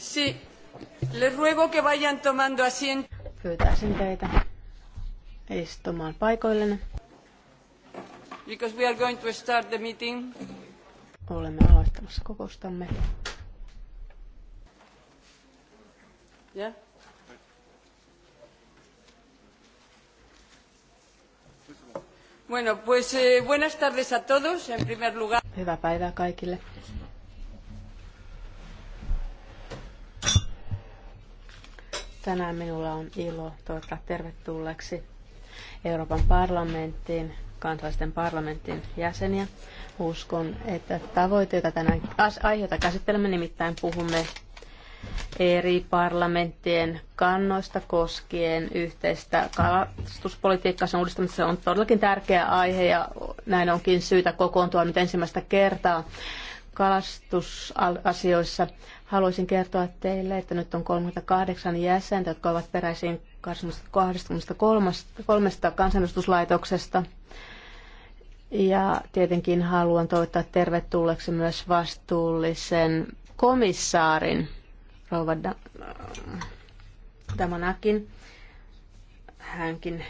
Sí. Les ruego que vayan tomando asiento. Pyytäisin teitä istumaan paikoillenne. Because we are going to start the meeting. Olemme aloittamassa kokoustamme. Yeah. Bueno, pues eh, buenas tardes a todos, en primer lugar. Hyvää päivää kaikille. Tänään minulla on ilo toivottaa tervetulleeksi Euroopan parlamenttiin, kansallisten parlamentin jäseniä. Uskon, että tavoitteita tänään aiheita käsittelemme, nimittäin puhumme eri parlamenttien kannoista koskien yhteistä kalastuspolitiikkaa. Sen uudistamista on todellakin tärkeä aihe ja näin onkin syytä kokoontua nyt ensimmäistä kertaa kalastusasioissa Haluaisin kertoa teille, että nyt on 38 jäsentä, jotka ovat peräisin 23 kansanedustuslaitoksesta. Ja tietenkin haluan toivottaa tervetulleeksi myös vastuullisen komissaarin, rouva Damanakin. Hänkin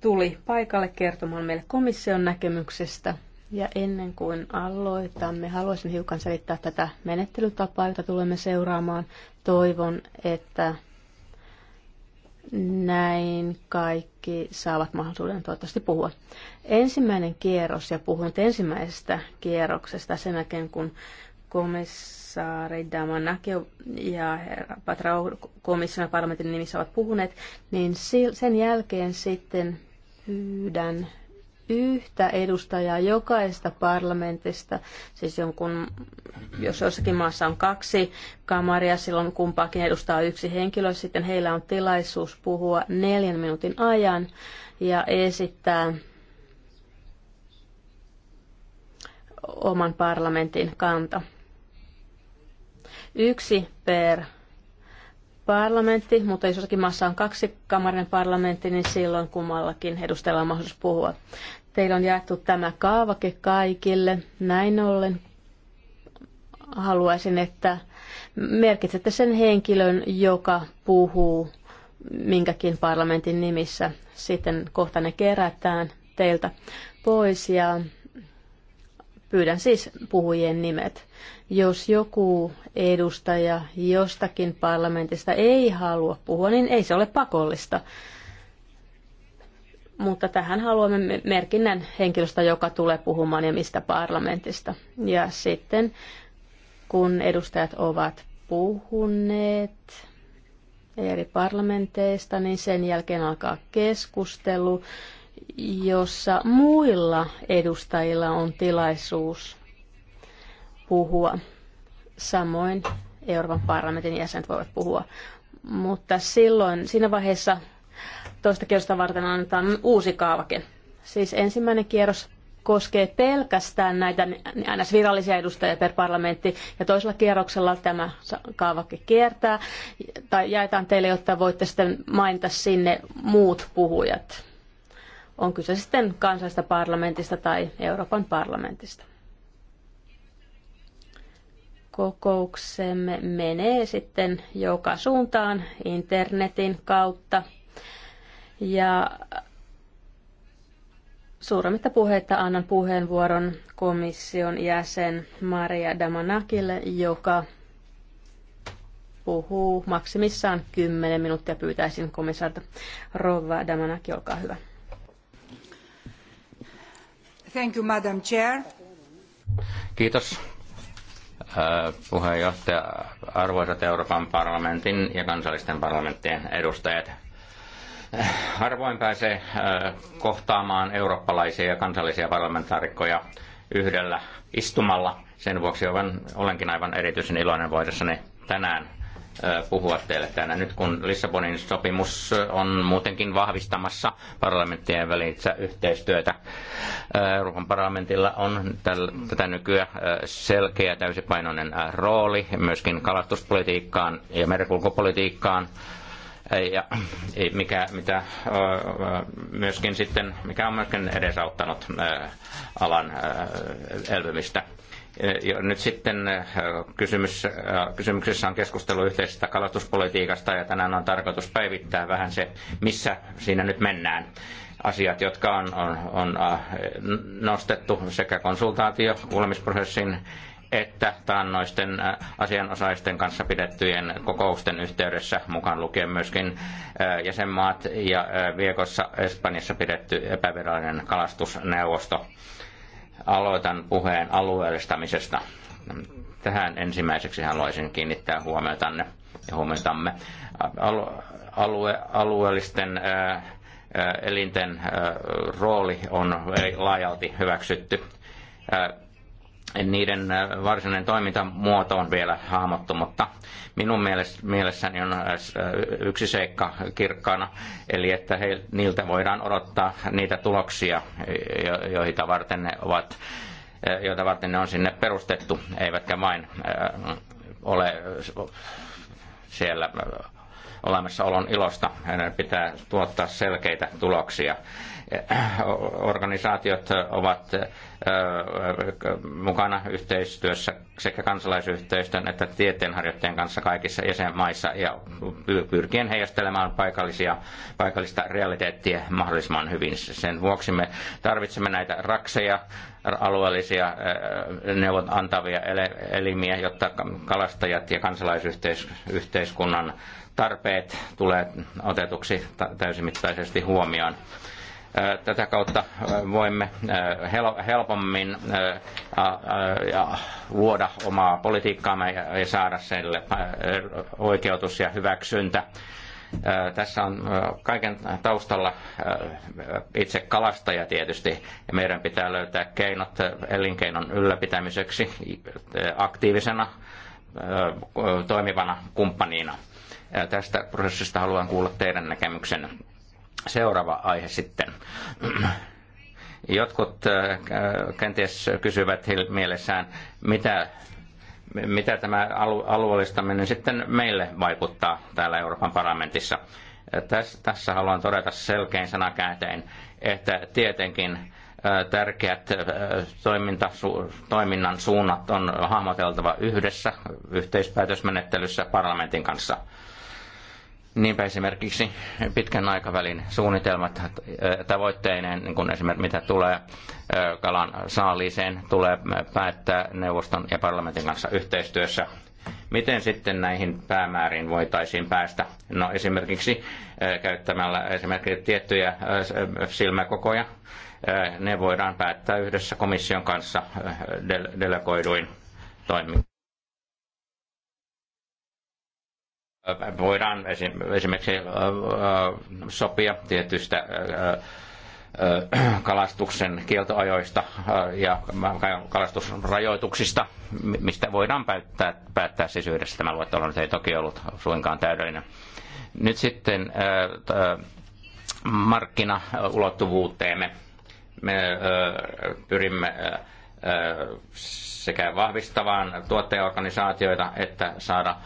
tuli paikalle kertomaan meille komission näkemyksestä – ja ennen kuin aloitamme, haluaisin hiukan selittää tätä menettelytapaa, jota tulemme seuraamaan. Toivon, että näin kaikki saavat mahdollisuuden toivottavasti puhua. Ensimmäinen kierros, ja puhun nyt ensimmäisestä kierroksesta sen jälkeen, kun komissaari Damanaki ja herra Patrao komission ja parlamentin nimissä ovat puhuneet, niin sen jälkeen sitten pyydän yhtä edustajaa jokaisesta parlamentista, siis jonkun, jos jossakin maassa on kaksi kamaria, silloin kumpaakin edustaa yksi henkilö, sitten heillä on tilaisuus puhua neljän minuutin ajan ja esittää oman parlamentin kanta. Yksi per parlamentti, mutta jos jossakin maassa on kaksikamarinen parlamentti, niin silloin kummallakin edustajalla on mahdollisuus puhua. Teillä on jaettu tämä kaavake kaikille. Näin ollen haluaisin, että merkitsette sen henkilön, joka puhuu minkäkin parlamentin nimissä. Sitten kohta ne kerätään teiltä pois ja Pyydän siis puhujien nimet. Jos joku edustaja jostakin parlamentista ei halua puhua, niin ei se ole pakollista. Mutta tähän haluamme merkinnän henkilöstä, joka tulee puhumaan ja mistä parlamentista. Ja sitten kun edustajat ovat puhuneet eri parlamenteista, niin sen jälkeen alkaa keskustelu jossa muilla edustajilla on tilaisuus puhua. Samoin Euroopan parlamentin jäsenet voivat puhua. Mutta silloin siinä vaiheessa toista kierrosta varten annetaan uusi kaavake. Siis ensimmäinen kierros koskee pelkästään näitä aina virallisia edustajia per parlamentti, ja toisella kierroksella tämä kaavake kiertää, tai jaetaan teille, jotta voitte sitten mainita sinne muut puhujat on kyse sitten kansallisesta parlamentista tai Euroopan parlamentista. Kokouksemme menee sitten joka suuntaan internetin kautta. Ja suuremmitta puheita annan puheenvuoron komission jäsen Maria Damanakille, joka puhuu maksimissaan 10 minuuttia. Pyytäisin komissaarta Rova Damanaki, olkaa hyvä. Madam Kiitos puheenjohtaja, arvoisat Euroopan parlamentin ja kansallisten parlamenttien edustajat. Harvoin pääsee kohtaamaan eurooppalaisia ja kansallisia parlamentaarikkoja yhdellä istumalla. Sen vuoksi olenkin aivan erityisen iloinen voidessani tänään puhua teille tänään. Nyt kun Lissabonin sopimus on muutenkin vahvistamassa parlamenttien välistä yhteistyötä, Euroopan parlamentilla on tätä nykyä selkeä täysipainoinen rooli myöskin kalastuspolitiikkaan ja merenkulkupolitiikkaan ja mikä, mitä, myöskin sitten, mikä on myöskin edesauttanut alan elpymistä. Nyt sitten äh, kysymys, äh, kysymyksessä on keskustelu yhteisestä kalastuspolitiikasta ja tänään on tarkoitus päivittää vähän se, missä siinä nyt mennään. Asiat, jotka on, on, on äh, nostettu sekä konsultaatio kuulemisprosessin että taannoisten asianosaisten kanssa pidettyjen kokousten yhteydessä, mukaan lukien myöskin jäsenmaat ja Viekossa Espanjassa pidetty epävirallinen kalastusneuvosto Aloitan puheen alueellistamisesta. Tähän ensimmäiseksi haluaisin kiinnittää huomiotanne ja huomiotamme alue, alueellisten ää, elinten ää, rooli on laajalti hyväksytty ää, niiden äh, varsinainen toimintamuoto on vielä hahmottumatta. Minun mielessäni on äh, äh, yksi seikka kirkkaana, eli että he, niiltä voidaan odottaa niitä tuloksia, joita varten ne ovat joita varten ne on sinne perustettu, eivätkä vain ole siellä olemassaolon ilosta. Hänen pitää tuottaa selkeitä tuloksia organisaatiot ovat mukana yhteistyössä sekä kansalaisyhteistön että tieteenharjoittajien kanssa kaikissa jäsenmaissa ja pyrkien heijastelemaan paikallisia, paikallista realiteettia mahdollisimman hyvin. Sen vuoksi me tarvitsemme näitä rakseja, alueellisia neuvot antavia elimiä, jotta kalastajat ja kansalaisyhteiskunnan tarpeet tulee otetuksi täysimittaisesti huomioon. Tätä kautta voimme helpommin luoda omaa politiikkaamme ja saada sille oikeutus ja hyväksyntä tässä on kaiken taustalla itse kalastaja tietysti, ja meidän pitää löytää keinot elinkeinon ylläpitämiseksi aktiivisena toimivana kumppanina. Tästä prosessista haluan kuulla teidän näkemyksenne. Seuraava aihe sitten. Jotkut äh, kenties kysyvät mielessään, mitä, mitä tämä alueellistaminen sitten meille vaikuttaa täällä Euroopan parlamentissa. Tässä, haluan todeta selkein sanakääntein, että tietenkin äh, tärkeät äh, toiminnan suunnat on hahmoteltava yhdessä yhteispäätösmenettelyssä parlamentin kanssa – Niinpä esimerkiksi pitkän aikavälin suunnitelmat äh, tavoitteineen, niin kuin esimerkiksi mitä tulee äh, kalan saaliiseen, tulee äh, päättää neuvoston ja parlamentin kanssa yhteistyössä. Miten sitten näihin päämääriin voitaisiin päästä? No esimerkiksi käyttämällä esimerkiksi tiettyjä silmäkokoja. Ne voidaan päättää yhdessä komission kanssa delegoiduin toimin voidaan esimerkiksi äh, äh, sopia tietystä äh, kalastuksen kieltoajoista ja kalastusrajoituksista, mistä voidaan päättää, päättää siis yhdessä. Tämä luettelo ei toki ollut suinkaan täydellinen. Nyt sitten markkinaulottuvuuteemme. Me pyrimme sekä vahvistamaan tuottajaorganisaatioita että saada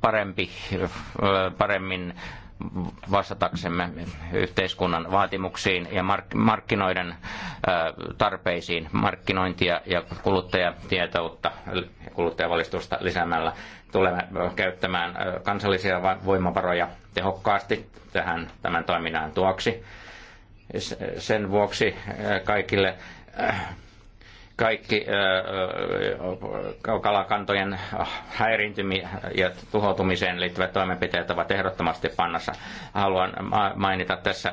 parempi, paremmin vastataksemme yhteiskunnan vaatimuksiin ja markkinoiden tarpeisiin, markkinointia ja kuluttajatietoutta, kuluttajavalistusta lisäämällä. Tulemme käyttämään kansallisia voimavaroja tehokkaasti tähän, tämän toiminnan tuoksi. Sen vuoksi kaikille kaikki kalakantojen häirintymi- ja tuhoutumiseen liittyvät toimenpiteet ovat ehdottomasti pannassa. Haluan mainita tässä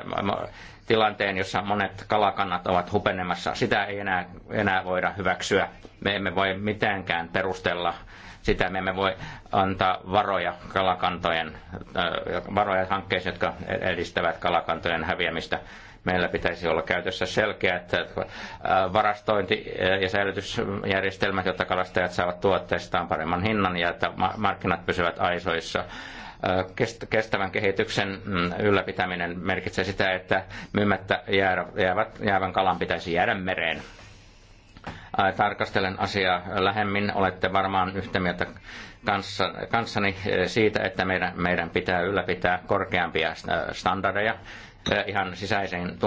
tilanteen, jossa monet kalakannat ovat hupenemassa. Sitä ei enää, enää voida hyväksyä. Me emme voi mitenkään perustella sitä. Me emme voi antaa varoja kalakantojen, varoja hankkeisiin, jotka edistävät kalakantojen häviämistä Meillä pitäisi olla käytössä selkeät äh, varastointi- äh, ja säilytysjärjestelmät, jotta kalastajat saavat tuotteistaan paremman hinnan ja että markkinat pysyvät aisoissa äh, kestävän kehityksen mm, ylläpitäminen merkitsee sitä, että myymättä jäävät, jäävän kalan pitäisi jäädä mereen. Tarkastelen asiaa lähemmin. Olette varmaan yhtä mieltä kanssani siitä, että meidän, meidän pitää ylläpitää korkeampia standardeja ihan sisäiseen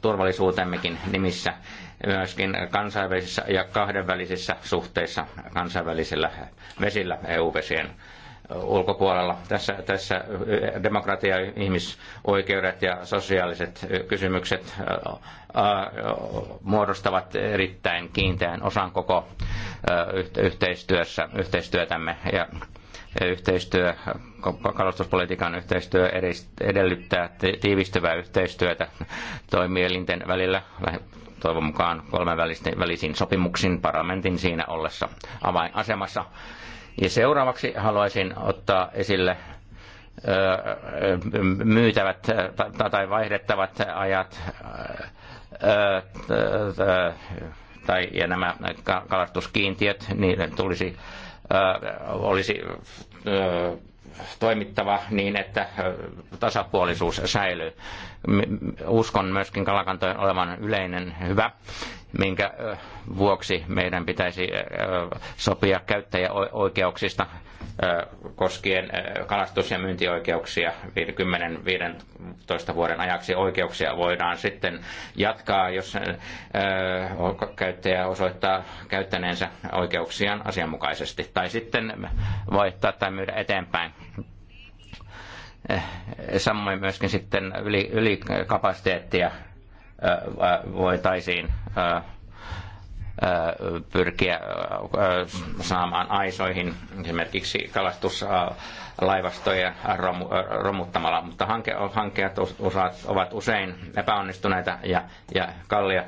turvallisuutemmekin nimissä myöskin kansainvälisissä ja kahdenvälisissä suhteissa kansainvälisillä vesillä EU-vesien ulkopuolella. Tässä, tässä demokratia, ihmisoikeudet ja sosiaaliset kysymykset muodostavat erittäin kiinteän osan koko yhteistyössä, yhteistyötämme. Ja yhteistyö, kalastuspolitiikan yhteistyö edellyttää tiivistyvää yhteistyötä toimielinten välillä, toivon mukaan kolmen välisiin sopimuksiin parlamentin siinä ollessa avainasemassa. Ja seuraavaksi haluaisin ottaa esille myytävät tai vaihdettavat ajat tai, ja nämä kalastuskiintiöt, niiden tulisi olisi toimittava niin, että tasapuolisuus säilyy. Uskon myöskin kalakantojen olevan yleinen hyvä minkä vuoksi meidän pitäisi sopia käyttäjäoikeuksista koskien kalastus- ja myyntioikeuksia 10-15 vuoden ajaksi oikeuksia voidaan sitten jatkaa, jos käyttäjä osoittaa käyttäneensä oikeuksiaan asianmukaisesti, tai sitten vaihtaa tai myydä eteenpäin samoin myöskin sitten yli, voitaisiin pyrkiä saamaan aisoihin esimerkiksi kalastuslaivastoja romuttamalla, mutta hankkeet ovat usein epäonnistuneita ja, ja kallia.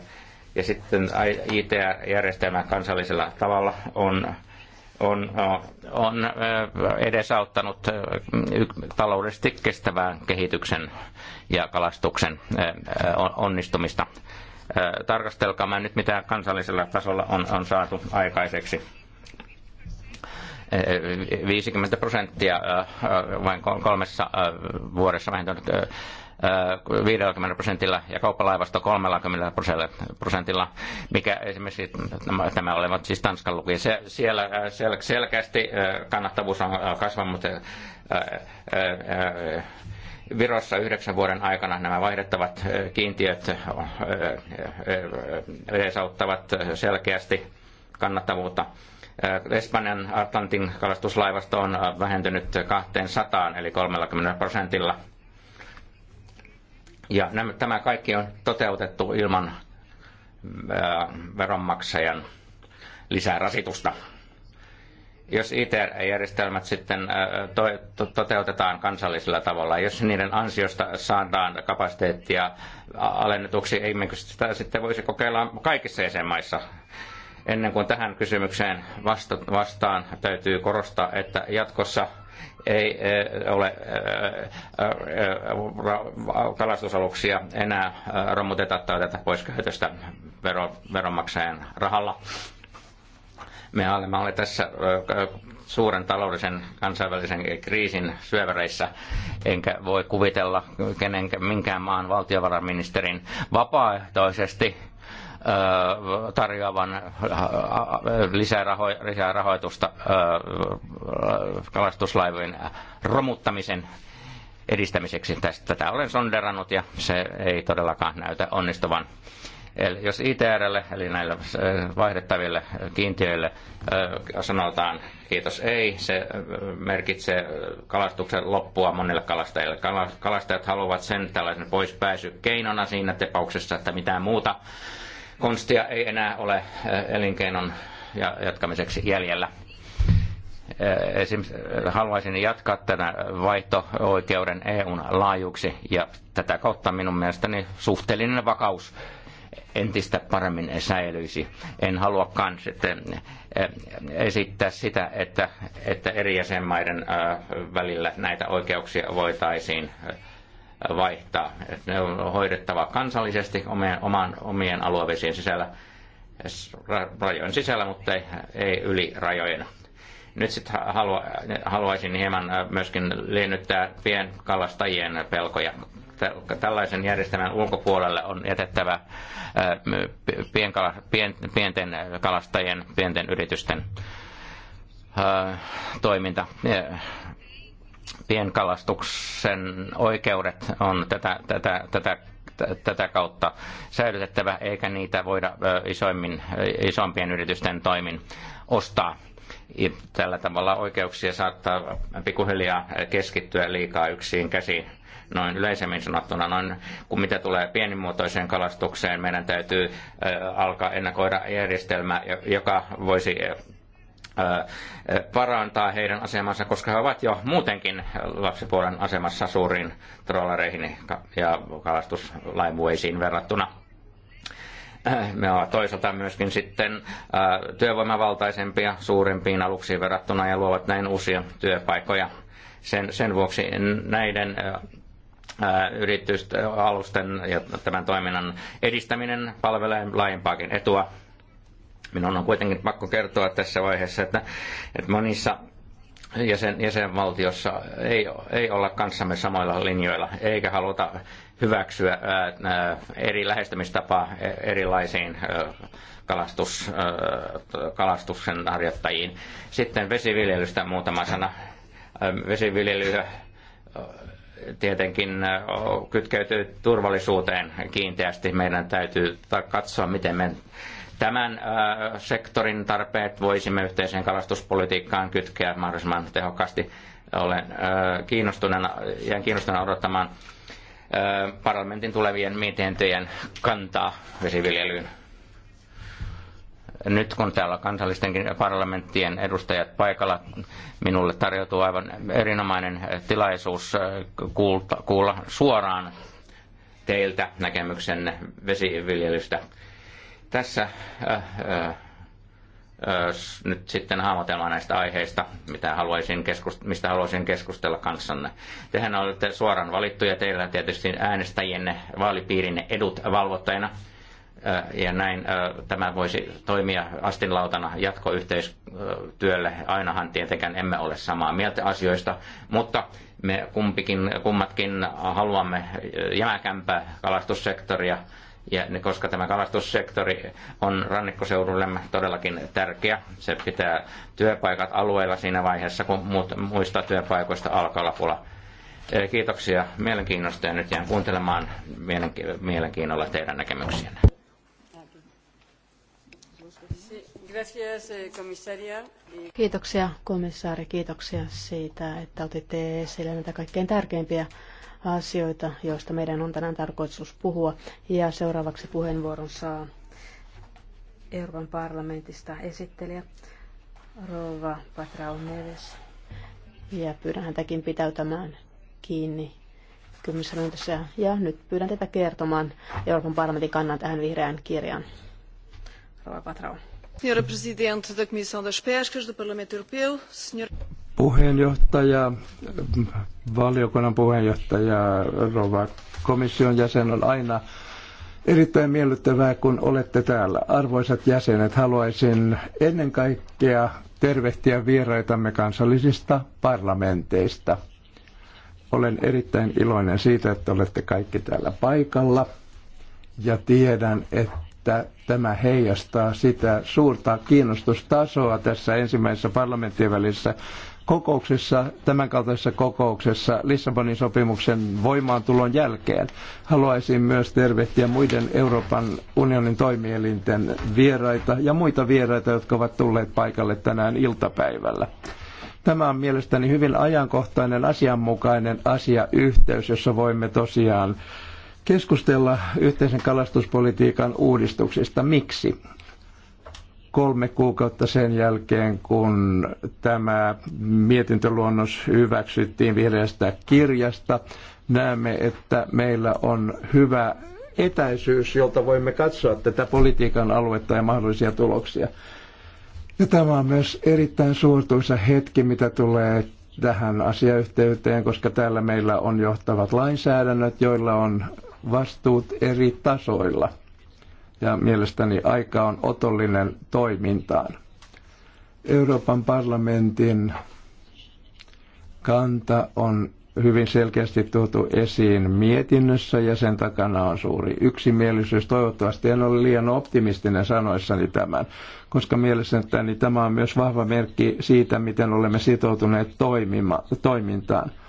Ja sitten ITR-järjestelmä kansallisella tavalla on on, äh, on äh, edesauttanut äh, taloudellisesti kestävään kehityksen ja kalastuksen onnistumista. Tarkastelkaa nyt, mitä kansallisella tasolla on, on saatu aikaiseksi. 50 prosenttia vain kolmessa vuodessa vähentynyt 50 äh, prosentilla ja kauppalaivasto 30 prosentilla, mikä esimerkiksi tämä olevat siis Tanskan luki. siellä äh, sel, selkeästi äh, kannattavuus on kasvanut. Virossa yhdeksän vuoden aikana nämä vaihdettavat kiintiöt edesauttavat selkeästi kannattavuutta. Espanjan Atlantin kalastuslaivasto on vähentynyt 200 eli 30 prosentilla – ja nämä, tämä kaikki on toteutettu ilman ää, veronmaksajan lisärasitusta. Jos IT-järjestelmät sitten toteutetaan kansallisella tavalla, jos niiden ansiosta saadaan kapasiteettia alennetuksi, ei sitä sitten voisi kokeilla kaikissa jäsenmaissa? Ennen kuin tähän kysymykseen vastaan, täytyy korostaa, että jatkossa – ei e, ole e, e, kalastusaluksia enää romuteta tai tätä pois käytöstä veronmaksajan rahalla. Me olemme tässä suuren taloudellisen kansainvälisen kriisin syöväreissä, enkä voi kuvitella kenenkään minkään maan valtiovarainministerin vapaaehtoisesti tarjoavan äh, lisää rahoitusta äh, äh, kalastuslaivojen romuttamisen edistämiseksi. Tätä olen sonderannut ja se ei todellakaan näytä onnistuvan. Eli jos ITRlle, eli näille vaihdettaville kiintiöille sanotaan kiitos ei, se merkitsee kalastuksen loppua monille kalastajille. Kalastajat haluavat sen tällaisen poispääsy keinona siinä tapauksessa, että mitään muuta konstia ei enää ole eh, elinkeinon jatkamiseksi jäljellä. Eh, haluaisin jatkaa tätä vaihto-oikeuden EUn laajuksi ja tätä kautta minun mielestäni suhteellinen vakaus entistä paremmin säilyisi. En haluakaan sitten eh, esittää sitä, että, että eri jäsenmaiden välillä näitä oikeuksia voitaisiin vaihtaa. Ne on hoidettava kansallisesti omien, oman, omien aluevesien sisällä, rajojen sisällä, mutta ei, ei yli rajojen. Nyt sitten halua, haluaisin hieman äh, myöskin liennyttää pienkalastajien pelkoja. Tällaisen järjestelmän ulkopuolelle on jätettävä äh, pienkala, pien, pienten kalastajien, pienten yritysten äh, toiminta pienkalastuksen oikeudet on tätä, tätä, tätä tätä kautta säilytettävä, eikä niitä voida isoimmin, isompien yritysten toimin ostaa. Tällä tavalla oikeuksia saattaa pikkuhiljaa keskittyä liikaa yksiin käsiin noin yleisemmin sanottuna, noin, kun mitä tulee pienimuotoiseen kalastukseen, meidän täytyy alkaa ennakoida järjestelmä, joka voisi parantaa heidän asemansa, koska he ovat jo muutenkin lapsipuolen asemassa suuriin trollareihin ja kalastuslaivueisiin verrattuna. Me ovat toisaalta myöskin sitten työvoimavaltaisempia suurempiin aluksiin verrattuna ja luovat näin uusia työpaikkoja. Sen, sen vuoksi näiden yritysten, alusten ja tämän toiminnan edistäminen palvelee laajempaakin etua Minun on kuitenkin pakko kertoa tässä vaiheessa, että, että monissa jäsen, jäsenvaltiossa ei, ei olla kanssamme samoilla linjoilla, eikä haluta hyväksyä ää, eri lähestymistapaa e, erilaisiin ää, kalastus, ää, kalastuksen harjoittajiin. Sitten vesiviljelystä muutama sana. Vesiviljely tietenkin kytkeytyy turvallisuuteen kiinteästi. Meidän täytyy katsoa, miten me tämän äh, sektorin tarpeet voisimme yhteiseen kalastuspolitiikkaan kytkeä mahdollisimman tehokkaasti. Olen äh, kiinnostuneena, jään kiinnostuneena odottamaan äh, parlamentin tulevien mietintöjen kantaa vesiviljelyyn. Nyt kun täällä on kansallistenkin parlamenttien edustajat paikalla, minulle tarjoutuu aivan erinomainen tilaisuus kuulta, kuulla suoraan teiltä näkemyksenne vesiviljelystä tässä äh, äh, äh, nyt sitten hahmotelma näistä aiheista, mitä haluaisin keskust- mistä haluaisin keskustella kanssanne. Tehän olette suoraan valittuja, teillä tietysti äänestäjienne vaalipiirinne edut valvottajina, ja näin tämä voisi toimia astinlautana jatkoyhteistyölle. Ainahan tietenkään emme ole samaa mieltä asioista, mutta me kumpikin, kummatkin haluamme jämäkämpää kalastussektoria, ja koska tämä kalastussektori on rannikkoseudullemme todellakin tärkeä, se pitää työpaikat alueella siinä vaiheessa, kun muut, muista työpaikoista alkaa olla pula. Kiitoksia mielenkiinnosta ja nyt jään kuuntelemaan mielenki- mielenkiinnolla teidän näkemyksiänne. Eh, kiitoksia komissaari, kiitoksia siitä, että otitte esille näitä kaikkein tärkeimpiä asioita, joista meidän on tänään tarkoitus puhua. Ja seuraavaksi puheenvuoron saa Euroopan parlamentista esittelijä Rova Patrao Neves. Ja pyydän häntäkin pitäytämään kiinni kymmenessä minuutissa. Ja nyt pyydän teitä kertomaan Euroopan parlamentin kannan tähän vihreään kirjaan. Rova Patrao. Senhora Presidente da Comissão das Pescas do Parlamento Europeu, senhora puheenjohtaja, valiokunnan puheenjohtaja, rova komission jäsen on aina erittäin miellyttävää, kun olette täällä. Arvoisat jäsenet, haluaisin ennen kaikkea tervehtiä vieraitamme kansallisista parlamenteista. Olen erittäin iloinen siitä, että olette kaikki täällä paikalla ja tiedän, että tämä heijastaa sitä suurta kiinnostustasoa tässä ensimmäisessä parlamenttien välisessä kokouksessa, tämänkaltaisessa kokouksessa Lissabonin sopimuksen voimaantulon jälkeen. Haluaisin myös tervehtiä muiden Euroopan unionin toimielinten vieraita ja muita vieraita, jotka ovat tulleet paikalle tänään iltapäivällä. Tämä on mielestäni hyvin ajankohtainen, asianmukainen asiayhteys, jossa voimme tosiaan keskustella yhteisen kalastuspolitiikan uudistuksista. Miksi? kolme kuukautta sen jälkeen, kun tämä mietintöluonnos hyväksyttiin vihreästä kirjasta, näemme, että meillä on hyvä etäisyys, jolta voimme katsoa tätä politiikan aluetta ja mahdollisia tuloksia. Ja tämä on myös erittäin suurtuisa hetki, mitä tulee tähän asiayhteyteen, koska täällä meillä on johtavat lainsäädännöt, joilla on vastuut eri tasoilla – ja mielestäni aika on otollinen toimintaan. Euroopan parlamentin kanta on hyvin selkeästi tuotu esiin mietinnössä ja sen takana on suuri yksimielisyys. Toivottavasti en ole liian optimistinen sanoissani tämän, koska mielestäni tämä on myös vahva merkki siitä, miten olemme sitoutuneet toimima, toimintaan –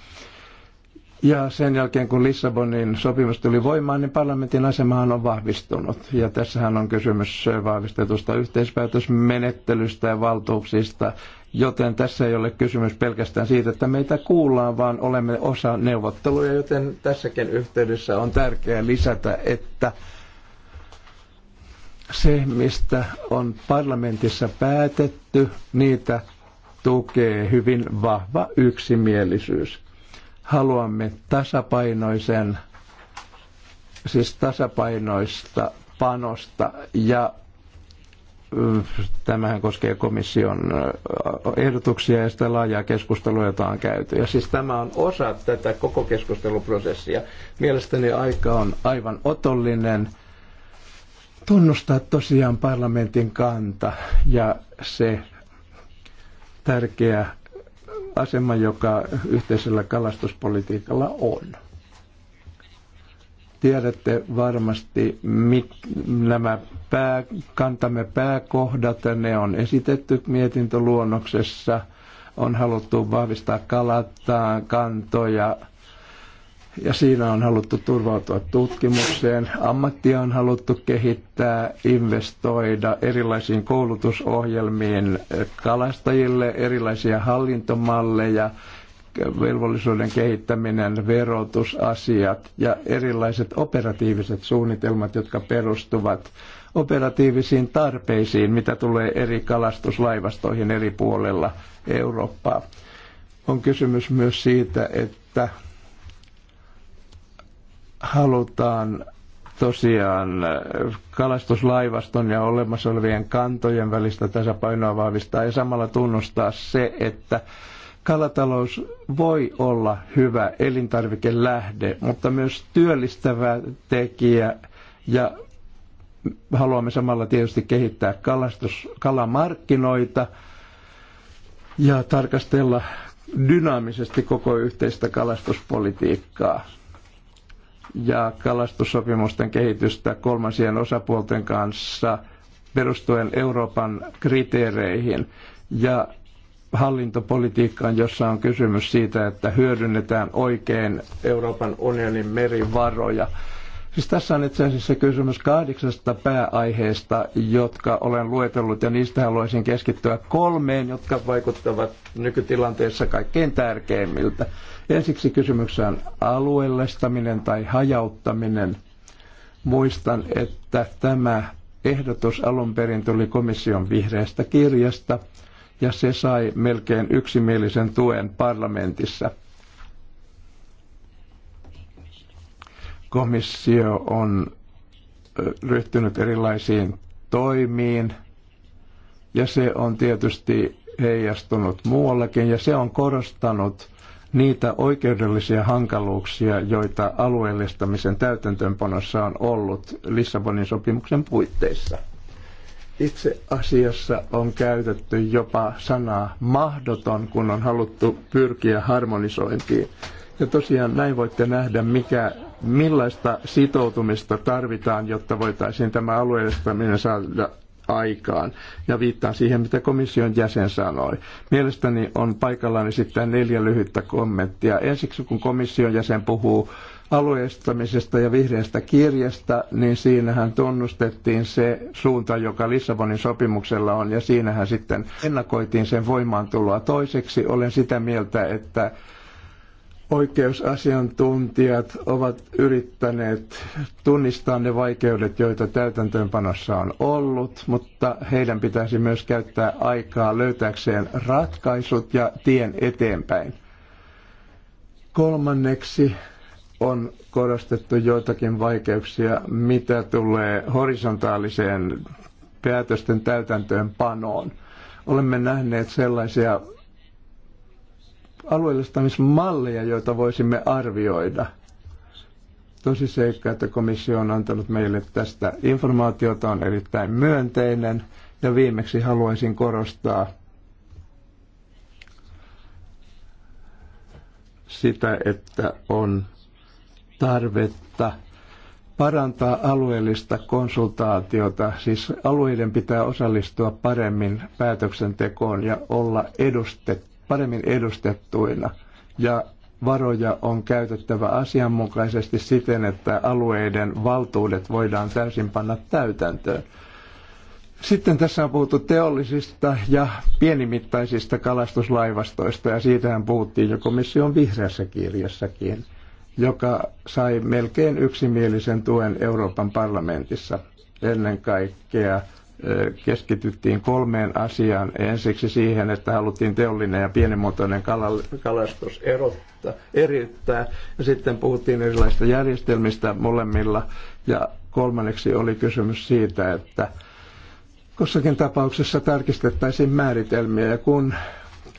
ja sen jälkeen, kun Lissabonin sopimus tuli voimaan, niin parlamentin asemahan on vahvistunut. Ja tässähän on kysymys vahvistetusta yhteispäätösmenettelystä ja valtuuksista, joten tässä ei ole kysymys pelkästään siitä, että meitä kuullaan, vaan olemme osa neuvotteluja, joten tässäkin yhteydessä on tärkeää lisätä, että se, mistä on parlamentissa päätetty, niitä tukee hyvin vahva yksimielisyys haluamme tasapainoisen, siis tasapainoista panosta ja tämähän koskee komission ehdotuksia ja sitä laajaa keskustelua, jota on käyty. Ja siis tämä on osa tätä koko keskusteluprosessia. Mielestäni aika on aivan otollinen tunnustaa tosiaan parlamentin kanta ja se tärkeä asema, joka yhteisellä kalastuspolitiikalla on. Tiedätte varmasti mit, nämä pää, kantamme pääkohdat, ne on esitetty mietintöluonnoksessa. On haluttu vahvistaa kalattaa kantoja ja siinä on haluttu turvautua tutkimukseen, ammattia on haluttu kehittää, investoida erilaisiin koulutusohjelmiin kalastajille, erilaisia hallintomalleja, velvollisuuden kehittäminen, verotusasiat ja erilaiset operatiiviset suunnitelmat, jotka perustuvat operatiivisiin tarpeisiin, mitä tulee eri kalastuslaivastoihin eri puolella Eurooppaa. On kysymys myös siitä, että halutaan tosiaan kalastuslaivaston ja olemassa olevien kantojen välistä tasapainoa vahvistaa ja samalla tunnustaa se, että kalatalous voi olla hyvä elintarvikelähde, mutta myös työllistävä tekijä ja haluamme samalla tietysti kehittää kalastus, kalamarkkinoita ja tarkastella dynaamisesti koko yhteistä kalastuspolitiikkaa ja kalastussopimusten kehitystä kolmansien osapuolten kanssa perustuen Euroopan kriteereihin ja hallintopolitiikkaan, jossa on kysymys siitä, että hyödynnetään oikein Euroopan unionin merivaroja. Siis tässä on itse asiassa kysymys kahdeksasta pääaiheesta, jotka olen luetellut, ja niistä haluaisin keskittyä kolmeen, jotka vaikuttavat nykytilanteessa kaikkein tärkeimmiltä. Ensiksi kysymyksessä on alueellistaminen tai hajauttaminen. Muistan, että tämä ehdotus alun perin tuli komission vihreästä kirjasta ja se sai melkein yksimielisen tuen parlamentissa. Komissio on ryhtynyt erilaisiin toimiin ja se on tietysti heijastunut muuallakin ja se on korostanut niitä oikeudellisia hankaluuksia, joita alueellistamisen täytäntöönpanossa on ollut Lissabonin sopimuksen puitteissa. Itse asiassa on käytetty jopa sanaa mahdoton, kun on haluttu pyrkiä harmonisointiin. Ja tosiaan näin voitte nähdä, mikä, millaista sitoutumista tarvitaan, jotta voitaisiin tämä alueellistaminen saada aikaan. Ja viittaan siihen, mitä komission jäsen sanoi. Mielestäni on paikallaan esittää neljä lyhyttä kommenttia. Ensiksi kun komission jäsen puhuu alueistamisesta ja vihreästä kirjasta, niin siinähän tunnustettiin se suunta, joka Lissabonin sopimuksella on, ja siinähän sitten ennakoitiin sen voimaantuloa. Toiseksi olen sitä mieltä, että oikeusasiantuntijat ovat yrittäneet tunnistaa ne vaikeudet, joita täytäntöönpanossa on ollut, mutta heidän pitäisi myös käyttää aikaa löytääkseen ratkaisut ja tien eteenpäin. Kolmanneksi on korostettu joitakin vaikeuksia, mitä tulee horisontaaliseen päätösten täytäntöönpanoon. Olemme nähneet sellaisia alueellistamismalleja, joita voisimme arvioida. Tosi seikka, että komissio on antanut meille tästä informaatiota, on erittäin myönteinen. Ja viimeksi haluaisin korostaa sitä, että on tarvetta parantaa alueellista konsultaatiota, siis alueiden pitää osallistua paremmin päätöksentekoon ja olla edustettu paremmin edustettuina ja varoja on käytettävä asianmukaisesti siten, että alueiden valtuudet voidaan täysin panna täytäntöön. Sitten tässä on puhuttu teollisista ja pienimittaisista kalastuslaivastoista ja siitähän puhuttiin jo komission vihreässä kirjassakin, joka sai melkein yksimielisen tuen Euroopan parlamentissa ennen kaikkea keskityttiin kolmeen asiaan. Ensiksi siihen, että haluttiin teollinen ja pienimuotoinen kalastus erottaa, eriyttää. Ja sitten puhuttiin erilaisista järjestelmistä molemmilla. Ja kolmanneksi oli kysymys siitä, että kussakin tapauksessa tarkistettaisiin määritelmiä. Ja kun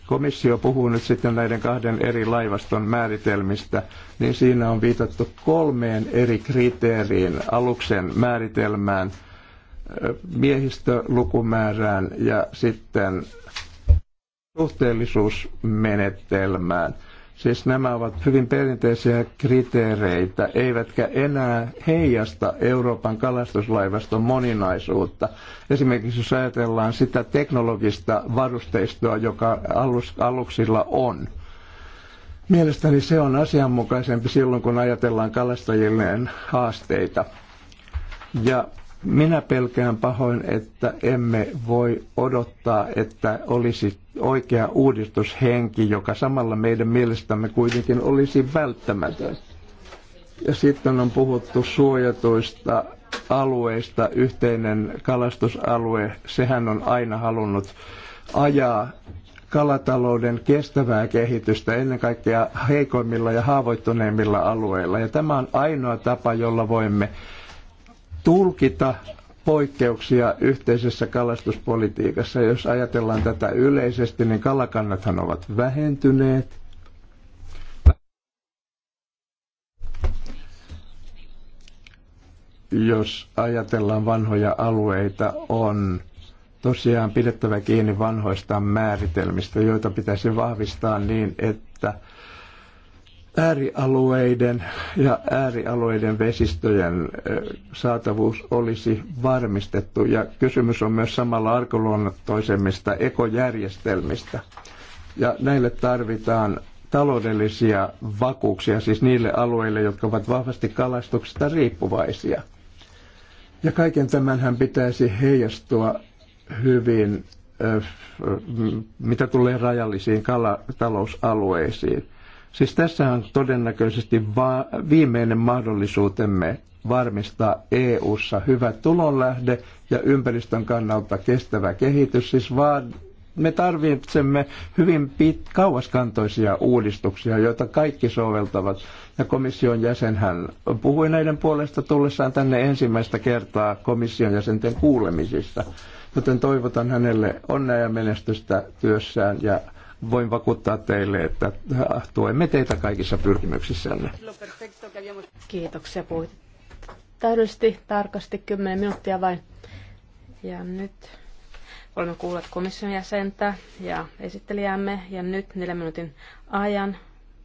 komissio puhuu nyt sitten näiden kahden eri laivaston määritelmistä, niin siinä on viitattu kolmeen eri kriteeriin aluksen määritelmään – miehistölukumäärään ja sitten suhteellisuusmenetelmään. Siis nämä ovat hyvin perinteisiä kriteereitä, eivätkä enää heijasta Euroopan kalastuslaivaston moninaisuutta. Esimerkiksi jos ajatellaan sitä teknologista varusteistoa, joka alus, aluksilla on. Mielestäni se on asianmukaisempi silloin, kun ajatellaan kalastajilleen haasteita. Ja minä pelkään pahoin, että emme voi odottaa, että olisi oikea uudistushenki, joka samalla meidän mielestämme kuitenkin olisi välttämätön. Ja sitten on puhuttu suojatuista alueista, yhteinen kalastusalue, sehän on aina halunnut ajaa kalatalouden kestävää kehitystä ennen kaikkea heikoimmilla ja haavoittuneimmilla alueilla. Ja tämä on ainoa tapa, jolla voimme tulkita poikkeuksia yhteisessä kalastuspolitiikassa. Jos ajatellaan tätä yleisesti, niin kalakannathan ovat vähentyneet – jos ajatellaan vanhoja alueita, on tosiaan pidettävä kiinni vanhoista määritelmistä, joita pitäisi vahvistaa niin, että äärialueiden ja äärialueiden vesistöjen saatavuus olisi varmistettu. Ja kysymys on myös samalla arkoluonnottoisemmista ekojärjestelmistä. Ja näille tarvitaan taloudellisia vakuuksia, siis niille alueille, jotka ovat vahvasti kalastuksesta riippuvaisia. Ja kaiken tämänhän pitäisi heijastua hyvin, mitä tulee rajallisiin kalatalousalueisiin Siis tässä on todennäköisesti va- viimeinen mahdollisuutemme varmistaa EU-ssa hyvä tulonlähde ja ympäristön kannalta kestävä kehitys. Siis vaan me tarvitsemme hyvin pit- kauaskantoisia uudistuksia, joita kaikki soveltavat. Ja komission jäsenhän puhui näiden puolesta tullessaan tänne ensimmäistä kertaa komission jäsenten kuulemisissa. Joten toivotan hänelle onnea ja menestystä työssään ja voin vakuuttaa teille, että tuemme teitä kaikissa pyrkimyksissänne. Kiitoksia. Puhuit täydellisesti, tarkasti, 10 minuuttia vain. Ja nyt olemme kuulleet komission jäsentä ja esittelijämme. Ja nyt neljän minuutin ajan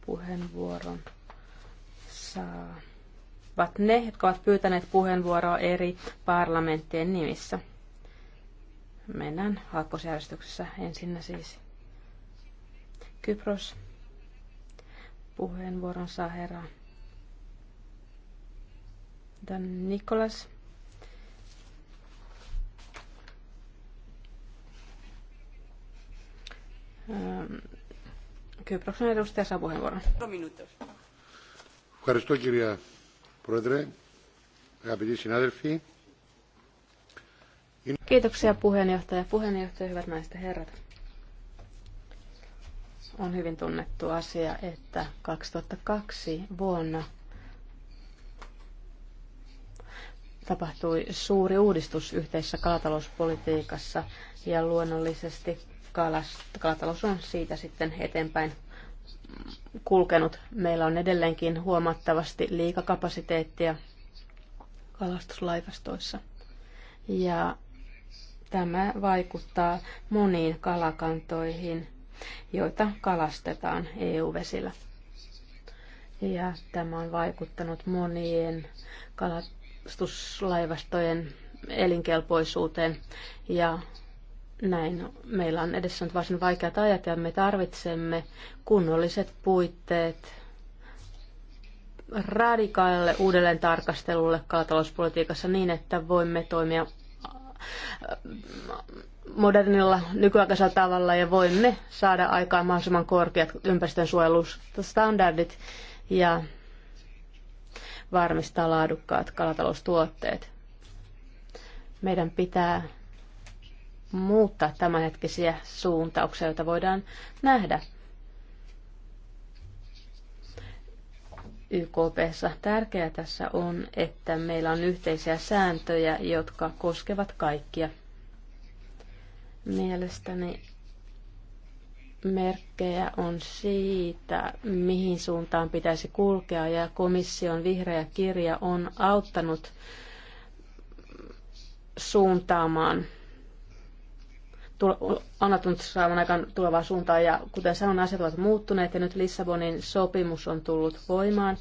puheenvuoron saavat ne, jotka ovat pyytäneet puheenvuoroa eri parlamenttien nimissä. Mennään hakkosjärjestyksessä ensinnä siis Kypros. Puheenvuoron saa herra Dan Nikolas. Ähm, Kyproksen edustaja saa puheenvuoron. Ευχαριστώ κυρία Πρόεδρε, αγαπητοί συνάδελφοι. Kiitoksia puheenjohtaja. Puheenjohtaja, hyvät naiset ja herrat. On hyvin tunnettu asia, että 2002 vuonna tapahtui suuri uudistus yhteisessä kalatalouspolitiikassa ja luonnollisesti kalatalous on siitä sitten eteenpäin kulkenut. Meillä on edelleenkin huomattavasti liikakapasiteettia kalastuslaivastoissa. Ja tämä vaikuttaa moniin kalakantoihin joita kalastetaan EU-vesillä. Ja tämä on vaikuttanut monien kalastuslaivastojen elinkelpoisuuteen ja näin meillä on edessä nyt varsin vaikeat ajat ja me tarvitsemme kunnolliset puitteet radikaalille uudelleen tarkastelulle kalatalouspolitiikassa niin, että voimme toimia modernilla nykyaikaisella tavalla ja voimme saada aikaan mahdollisimman korkeat ympäristönsuojelustandardit ja varmistaa laadukkaat kalataloustuotteet. Meidän pitää muuttaa tämänhetkisiä suuntauksia, joita voidaan nähdä YKPssa. Tärkeää tässä on, että meillä on yhteisiä sääntöjä, jotka koskevat kaikkia Mielestäni merkkejä on siitä, mihin suuntaan pitäisi kulkea, ja komission vihreä kirja on auttanut suuntaamaan on antanut saavan aikaan tulevaa suuntaa ja kuten sanon, asiat ovat muuttuneet ja nyt Lissabonin sopimus on tullut voimaan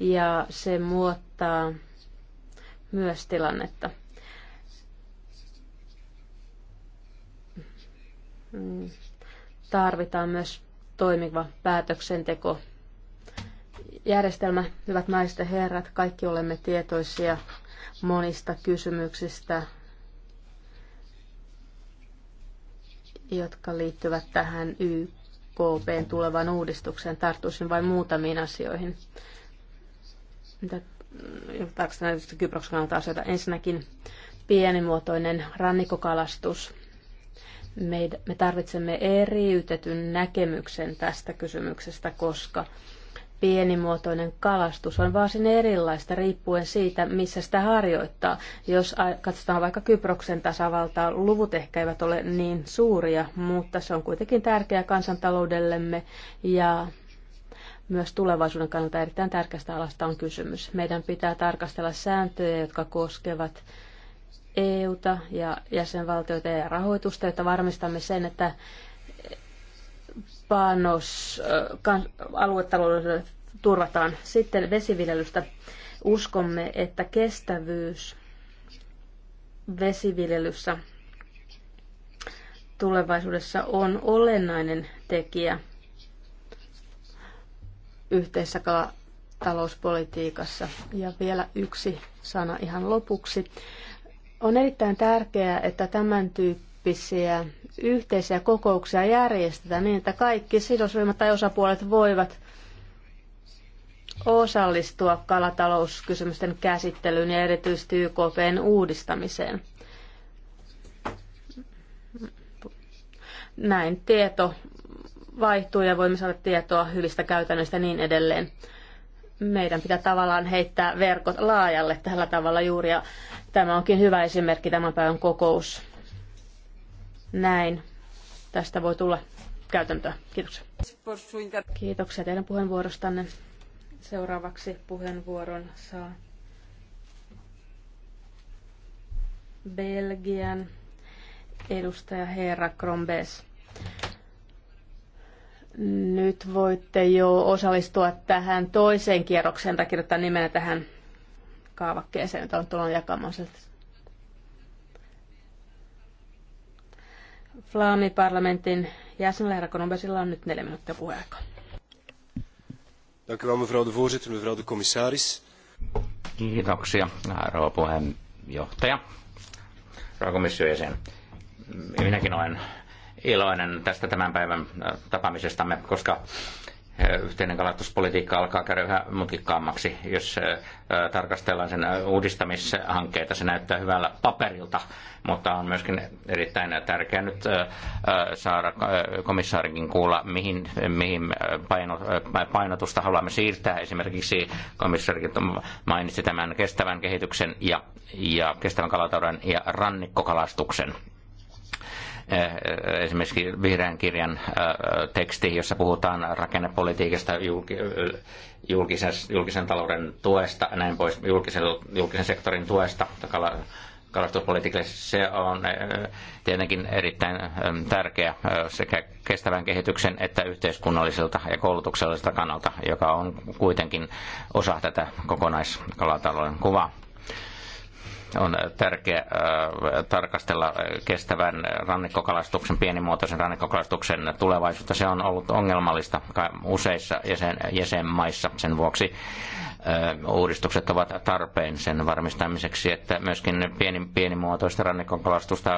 ja se muuttaa myös tilannetta. tarvitaan myös toimiva päätöksenteko. Järjestelmä, hyvät naiset ja herrat, kaikki olemme tietoisia monista kysymyksistä, jotka liittyvät tähän YKPn tulevaan uudistukseen. Tartuisin vain muutamiin asioihin. Mitä näitä Kyproksen asioita? Ensinnäkin pienimuotoinen rannikokalastus me tarvitsemme eriytetyn näkemyksen tästä kysymyksestä, koska pienimuotoinen kalastus on varsin erilaista riippuen siitä, missä sitä harjoittaa. Jos katsotaan vaikka Kyproksen tasavaltaa, luvut ehkä eivät ole niin suuria, mutta se on kuitenkin tärkeä kansantaloudellemme ja myös tulevaisuuden kannalta erittäin tärkeästä alasta on kysymys. Meidän pitää tarkastella sääntöjä, jotka koskevat EUta ja jäsenvaltioita ja rahoitusta, jotta varmistamme sen, että panos aluetaloudelle turvataan. Sitten vesiviljelystä uskomme, että kestävyys vesiviljelyssä tulevaisuudessa on olennainen tekijä yhteisessä talouspolitiikassa. Ja vielä yksi sana ihan lopuksi. On erittäin tärkeää, että tämän tyyppisiä yhteisiä kokouksia järjestetään niin, että kaikki sidosryhmät tai osapuolet voivat osallistua kalatalouskysymysten käsittelyyn ja erityisesti YKPn uudistamiseen. Näin tieto vaihtuu ja voimme saada tietoa hyvistä käytännöistä ja niin edelleen. Meidän pitää tavallaan heittää verkot laajalle tällä tavalla juuri ja Tämä onkin hyvä esimerkki tämän päivän kokous. Näin. Tästä voi tulla käytäntöä. Kiitoksia. Kiitoksia teidän puheenvuorostanne. Seuraavaksi puheenvuoron saa Belgian edustaja Herra Krombes. Nyt voitte jo osallistua tähän toiseen kierrokseen tai kirjoittaa nimenä tähän kaavakkeeseen, jota on tullut jakamassa. Flaami-parlamentin jäsenellä herra Konombesilla on nyt neljä minuuttia puheaikaa. Dank u wel, mevrouw de voorzitter, mevrouw de commissaris. Kiitoksia, rouva puheenjohtaja, rouva komission jäsen. Minäkin olen iloinen tästä tämän päivän äh, tapaamisestamme, koska yhteinen kalastuspolitiikka alkaa käydä yhä mutkikkaammaksi. Jos tarkastellaan sen uudistamishankkeita, se näyttää hyvällä paperilta, mutta on myöskin erittäin tärkeää nyt saada komissaarinkin kuulla, mihin, mihin painotusta haluamme siirtää. Esimerkiksi komissaarikin mainitsi tämän kestävän kehityksen ja, ja kestävän kalatauden ja rannikkokalastuksen Eh, esimerkiksi vihreän kirjan eh, teksti, jossa puhutaan rakennepolitiikasta, julkisen, julkisen talouden tuesta, näin pois, julkisen, julkisen sektorin tuesta, kalastuspolitiikalle se on eh, tietenkin erittäin tärkeä sekä kestävän kehityksen että yhteiskunnalliselta ja koulutukselliselta kannalta, joka on kuitenkin osa tätä kokonaiskalatalouden kuvaa on äh, tarkastella kestävän rannikkokalastuksen, pienimuotoisen rannikkokalastuksen tulevaisuutta. Se on ollut ongelmallista useissa jäsen, jäsenmaissa. Sen vuoksi uudistukset ovat tarpeen sen varmistamiseksi, että myöskin pieni, pienimuotoista rannikkokalastusta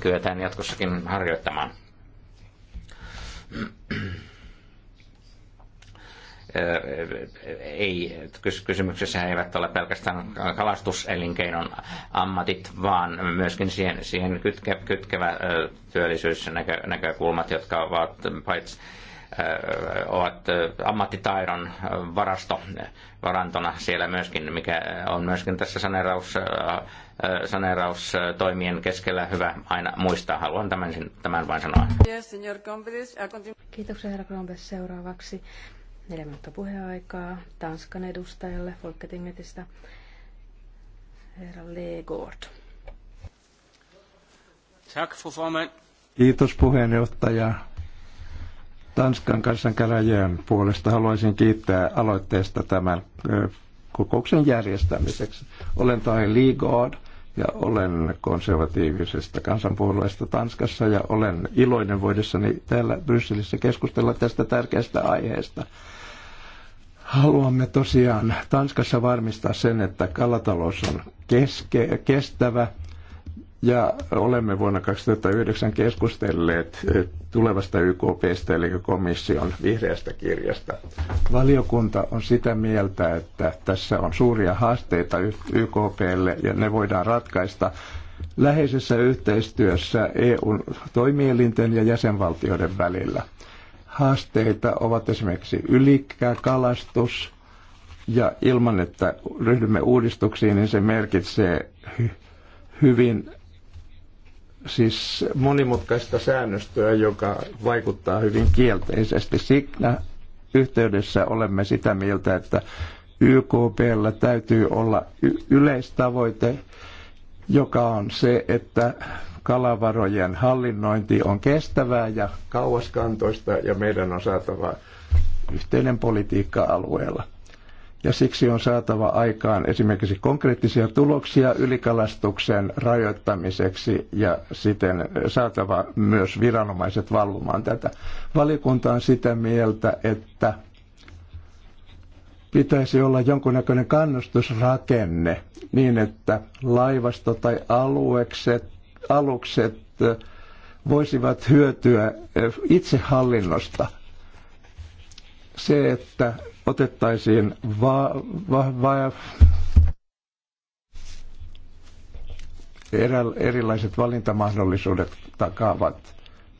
kyetään jatkossakin harjoittamaan ei, kysymyksessä eivät ole pelkästään kalastuselinkeinon ammatit, vaan myöskin siihen, siihen kytke, kytkevä työllisyysnäkökulmat, jotka ovat paitsi ovat ammattitaidon varasto, varantona siellä myöskin, mikä on myöskin tässä saneeraus, saneeraustoimien keskellä hyvä aina muistaa. Haluan tämän, tämän vain sanoa. Kiitoksia herra Grombes seuraavaksi. Neljä minuuttia puheaikaa Tanskan edustajalle Folketingetistä, herra Legord. Kiitos puheenjohtaja. Tanskan kansankäräjien puolesta haluaisin kiittää aloitteesta tämän kokouksen järjestämiseksi. Olen Tai Ligod ja olen konservatiivisesta kansanpuolueesta Tanskassa ja olen iloinen voidessani täällä Brysselissä keskustella tästä tärkeästä aiheesta. Haluamme tosiaan Tanskassa varmistaa sen, että kalatalous on keske- kestävä ja olemme vuonna 2009 keskustelleet eh, tulevasta YKPstä eli komission vihreästä kirjasta. Valiokunta on sitä mieltä, että tässä on suuria haasteita YKPlle ja ne voidaan ratkaista läheisessä yhteistyössä EUn toimielinten ja jäsenvaltioiden välillä haasteita ovat esimerkiksi ylikäkalastus ja ilman, että ryhdymme uudistuksiin, niin se merkitsee hy- hyvin siis monimutkaista säännöstöä, joka vaikuttaa hyvin kielteisesti. Siinä yhteydessä olemme sitä mieltä, että YKPllä täytyy olla yleistavoite, joka on se, että kalavarojen hallinnointi on kestävää ja kauaskantoista ja meidän on saatava yhteinen politiikka alueella. Ja siksi on saatava aikaan esimerkiksi konkreettisia tuloksia ylikalastuksen rajoittamiseksi ja siten saatava myös viranomaiset valvomaan tätä. Valiokunta on sitä mieltä, että pitäisi olla jonkunnäköinen kannustusrakenne niin, että laivasto tai alukset alukset voisivat hyötyä itsehallinnosta. Se, että otettaisiin va- va- va- erä- erilaiset valintamahdollisuudet takaavat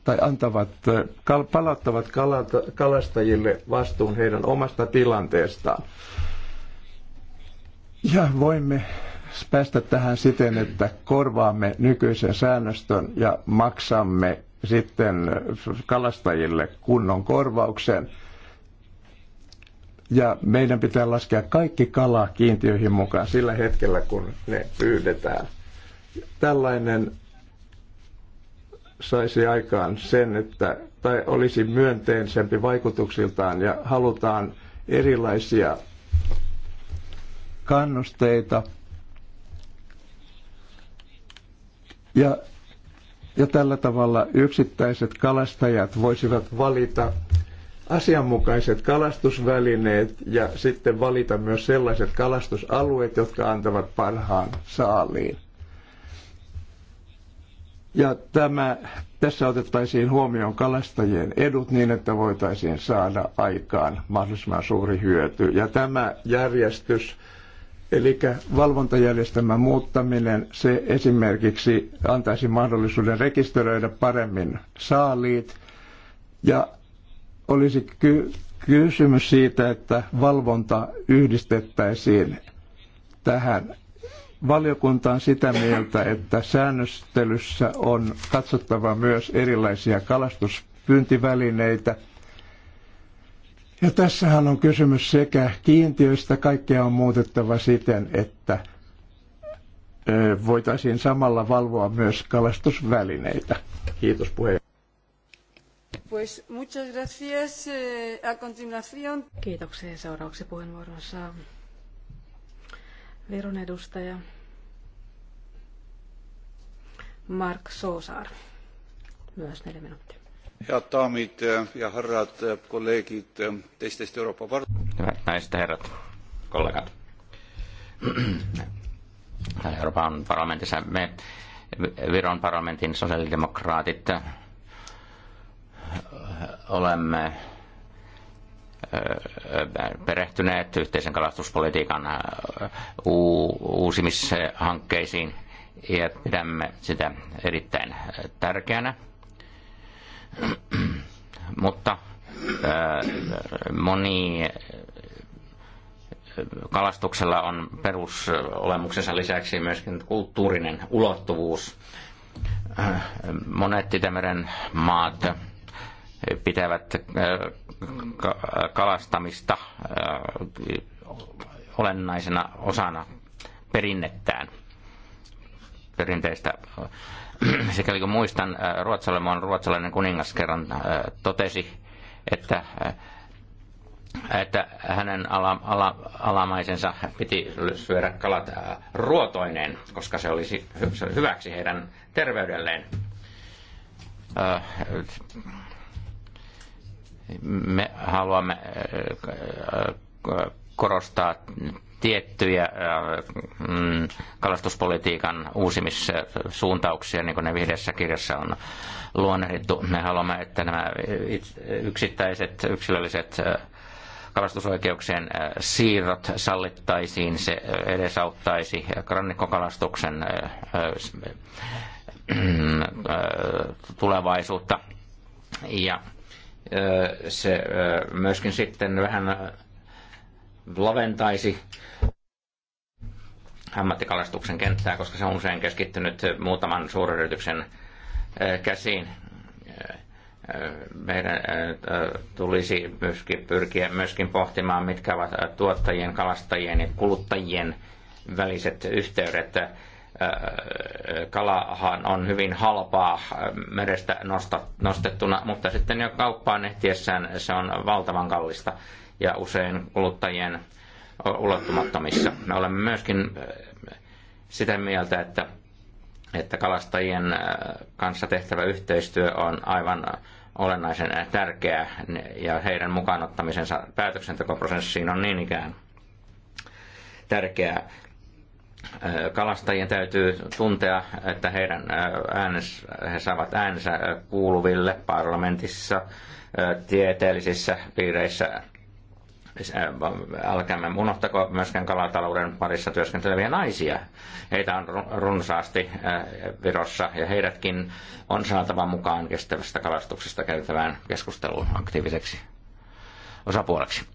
tai antavat, kal- palauttavat kalata, kalastajille vastuun heidän omasta tilanteestaan. Ja voimme päästä tähän siten, että korvaamme nykyisen säännöstön ja maksamme sitten kalastajille kunnon korvauksen. Ja meidän pitää laskea kaikki kala kiintiöihin mukaan sillä hetkellä, kun ne pyydetään. Tällainen saisi aikaan sen, että tai olisi myönteisempi vaikutuksiltaan ja halutaan erilaisia kannusteita Ja, ja tällä tavalla yksittäiset kalastajat voisivat valita asianmukaiset kalastusvälineet ja sitten valita myös sellaiset kalastusalueet, jotka antavat parhaan saaliin. Ja tämä, tässä otettaisiin huomioon kalastajien edut niin, että voitaisiin saada aikaan mahdollisimman suuri hyöty. Ja tämä järjestys Eli valvontajärjestelmän muuttaminen, se esimerkiksi antaisi mahdollisuuden rekisteröidä paremmin saaliit. Ja olisi ky- kysymys siitä, että valvonta yhdistettäisiin tähän. Valiokunta on sitä mieltä, että säännöstelyssä on katsottava myös erilaisia kalastuspyyntivälineitä – ja tässähän on kysymys sekä kiintiöistä, kaikkea on muutettava siten, että voitaisiin samalla valvoa myös kalastusvälineitä. Kiitos puheenjohtaja. Pues muchas gracias. Eh, a continuación... Kiitoksia. Seuraavaksi puheenvuoron saa Viron edustaja Mark Sosar, Myös neljä minuuttia. Head daamid eh, ja herrad, eh, kolleegid eh, teistest Euroopa Hyvät naiset ja herrat, kollegat. Euroopan parlamentissa me Viron parlamentin sosiaalidemokraatit olemme perehtyneet yhteisen kalastuspolitiikan uusimishankkeisiin ja pidämme sitä erittäin tärkeänä. Mutta moni kalastuksella on perusolemuksensa lisäksi myöskin kulttuurinen ulottuvuus. Monet Itämeren maat pitävät kalastamista olennaisena osana perinnettään, perinteistä sikäli kun muistan, äh, Ruotsalainen, ruotsalainen kuningas kerran äh, totesi, että äh, että hänen ala, ala, alamaisensa piti syödä kalat ruotoineen, koska se olisi hyväksi heidän terveydelleen. Me haluamme korostaa tiettyjä mm, kalastuspolitiikan uusimissuuntauksia, niin kuin ne vihdessä kirjassa on luonnehdittu. Me haluamme, että nämä yksittäiset, yksilölliset kalastusoikeuksien siirrot sallittaisiin, se edesauttaisi rannikkokalastuksen tulevaisuutta. Ja se myöskin sitten vähän laventaisi ammattikalastuksen kenttää, koska se on usein keskittynyt muutaman suuryrityksen eh, käsiin. Eh, eh, meidän tulisi myöskin pyrkiä myöskin pohtimaan, mitkä ovat tuottajien, kalastajien ja kuluttajien väliset yhteydet. Kalahan on hyvin halpaa merestä nostettuna, mutta sitten jo kauppaan ehtiessään se on valtavan kallista ja usein kuluttajien ulottumattomissa. Me olemme myöskin äh, sitä mieltä, että, että kalastajien äh, kanssa tehtävä yhteistyö on aivan olennaisen tärkeää ja heidän mukaanottamisensa päätöksentekoprosessiin on niin ikään tärkeää. Äh, kalastajien täytyy tuntea, että heidän äänes, he saavat äänensä kuuluville parlamentissa, tieteellisissä piireissä Siis, älkäämme unohtako myöskään kalatalouden parissa työskenteleviä naisia. Heitä on runsaasti Virossa ja heidätkin on saatava mukaan kestävästä kalastuksesta käytävään keskusteluun aktiiviseksi osapuoleksi.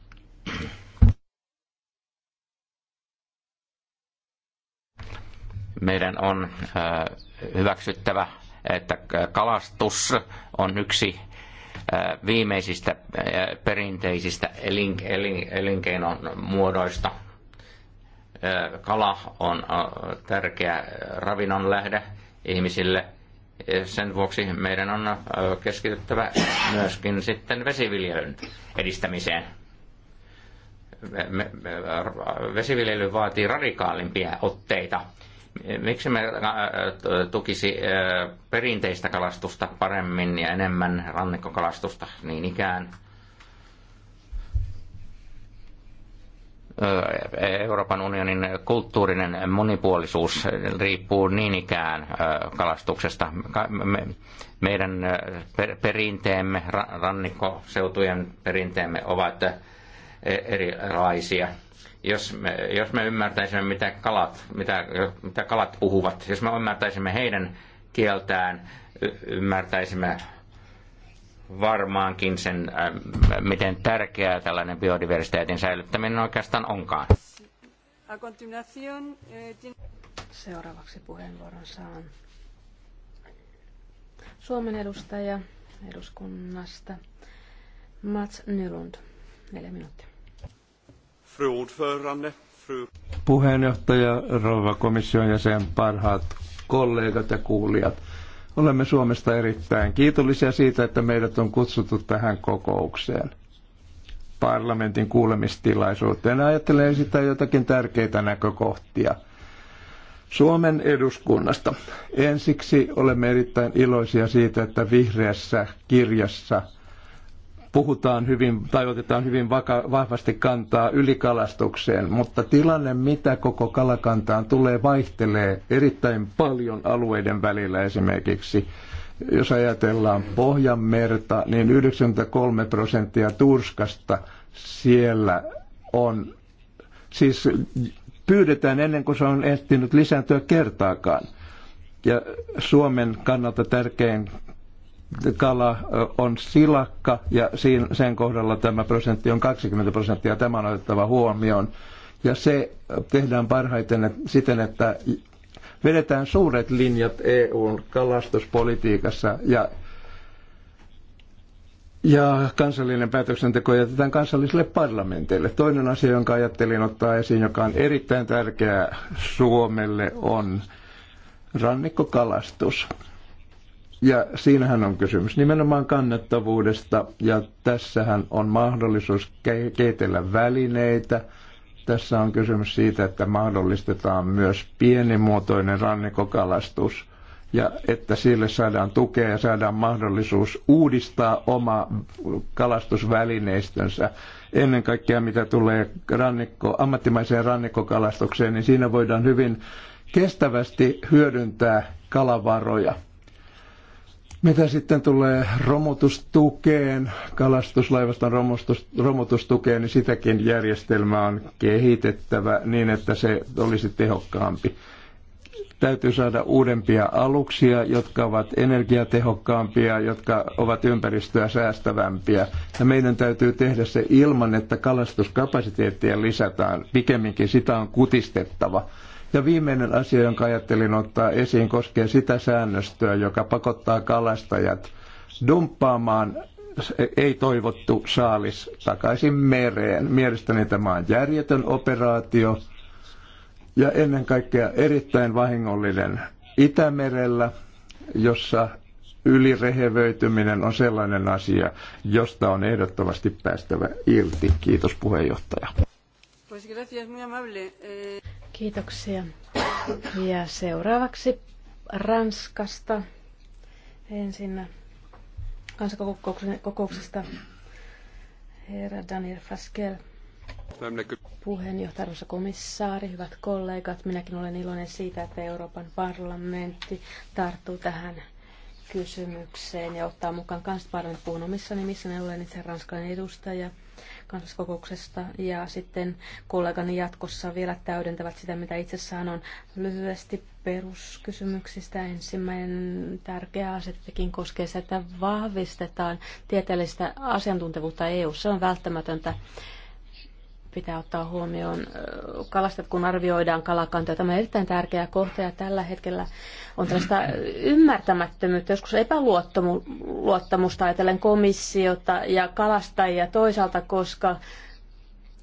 Meidän on hyväksyttävä, että kalastus on yksi viimeisistä perinteisistä elinkeinon muodoista. Kala on tärkeä ravinnon lähde ihmisille. Sen vuoksi meidän on keskityttävä myöskin sitten vesiviljelyn edistämiseen. Vesiviljely vaatii radikaalimpia otteita Miksi me äh, äh, tukisi äh, perinteistä kalastusta paremmin ja enemmän rannikkokalastusta niin ikään? Euroopan unionin kulttuurinen monipuolisuus riippuu niin ikään kalastuksesta. Meidän perinteemme, rannikkoseutujen perinteemme ovat erilaisia – jos me, jos me ymmärtäisimme, mitä kalat, mitä, mitä kalat puhuvat, jos me ymmärtäisimme heidän kieltään, ymmärtäisimme varmaankin sen, äh, miten tärkeää tällainen biodiversiteetin säilyttäminen oikeastaan onkaan. Eh, Seuraavaksi puheenvuoron saan Suomen edustaja eduskunnasta Mats Nylund. Neljä minuuttia. Fru ordförande, fru... Puheenjohtaja, rouva komission jäsen, parhaat kollegat ja kuulijat. Olemme Suomesta erittäin kiitollisia siitä, että meidät on kutsuttu tähän kokoukseen parlamentin kuulemistilaisuuteen. Ajattelen sitä jotakin tärkeitä näkökohtia. Suomen eduskunnasta. Ensiksi olemme erittäin iloisia siitä, että vihreässä kirjassa – puhutaan hyvin tai otetaan hyvin vaka, vahvasti kantaa ylikalastukseen, mutta tilanne, mitä koko kalakantaan tulee, vaihtelee erittäin paljon alueiden välillä esimerkiksi. Jos ajatellaan Pohjanmerta, niin 93 prosenttia Turskasta siellä on, siis pyydetään ennen kuin se on ehtinyt lisääntyä kertaakaan. Ja Suomen kannalta tärkein kala on silakka ja sen kohdalla tämä prosentti on 20 prosenttia. Tämä on otettava huomioon. Ja se tehdään parhaiten siten, että vedetään suuret linjat EUn kalastuspolitiikassa ja ja kansallinen päätöksenteko jätetään kansalliselle parlamentille. Toinen asia, jonka ajattelin ottaa esiin, joka on erittäin tärkeää Suomelle, on rannikkokalastus. Ja siinähän on kysymys nimenomaan kannattavuudesta ja tässähän on mahdollisuus keitellä välineitä. Tässä on kysymys siitä, että mahdollistetaan myös pienimuotoinen rannikokalastus ja että sille saadaan tukea ja saadaan mahdollisuus uudistaa oma kalastusvälineistönsä. Ennen kaikkea mitä tulee rannikko, ammattimaiseen rannikkokalastukseen, niin siinä voidaan hyvin kestävästi hyödyntää kalavaroja – mitä sitten tulee romutustukeen, kalastuslaivaston romotustukeen, romutustukeen, niin sitäkin järjestelmää on kehitettävä niin, että se olisi tehokkaampi. Täytyy saada uudempia aluksia, jotka ovat energiatehokkaampia, jotka ovat ympäristöä säästävämpiä. Ja meidän täytyy tehdä se ilman, että kalastuskapasiteettia lisätään. Pikemminkin sitä on kutistettava ja viimeinen asia, jonka ajattelin ottaa esiin, koskee sitä säännöstöä, joka pakottaa kalastajat dumppaamaan ei-toivottu saalis takaisin mereen. Mielestäni tämä on järjetön operaatio ja ennen kaikkea erittäin vahingollinen Itämerellä, jossa ylirehevöityminen on sellainen asia, josta on ehdottomasti päästävä irti. Kiitos puheenjohtaja. Pues gracias, muy amable. Eh, Kiitoksia. Ja seuraavaksi Ranskasta ensin kansankokouksesta herra Daniel Faskel. Puheenjohtaja, arvoisa komissaari, hyvät kollegat, minäkin olen iloinen siitä, että Euroopan parlamentti tarttuu tähän kysymykseen ja ottaa mukaan kansparlamentin puhun omissa nimissä. Minä olen itse ranskalainen edustaja kansalliskokouksesta ja sitten kollegani jatkossa vielä täydentävät sitä, mitä itse sanon lyhyesti peruskysymyksistä. Ensimmäinen tärkeä asia koskee sitä, että vahvistetaan tieteellistä asiantuntevuutta EU. Se on välttämätöntä pitää ottaa huomioon kalastat, kun arvioidaan kalakantoja. Tämä on erittäin tärkeä kohta ja tällä hetkellä on tällaista ymmärtämättömyyttä, joskus epäluottamusta ajatellen komissiota ja kalastajia toisaalta, koska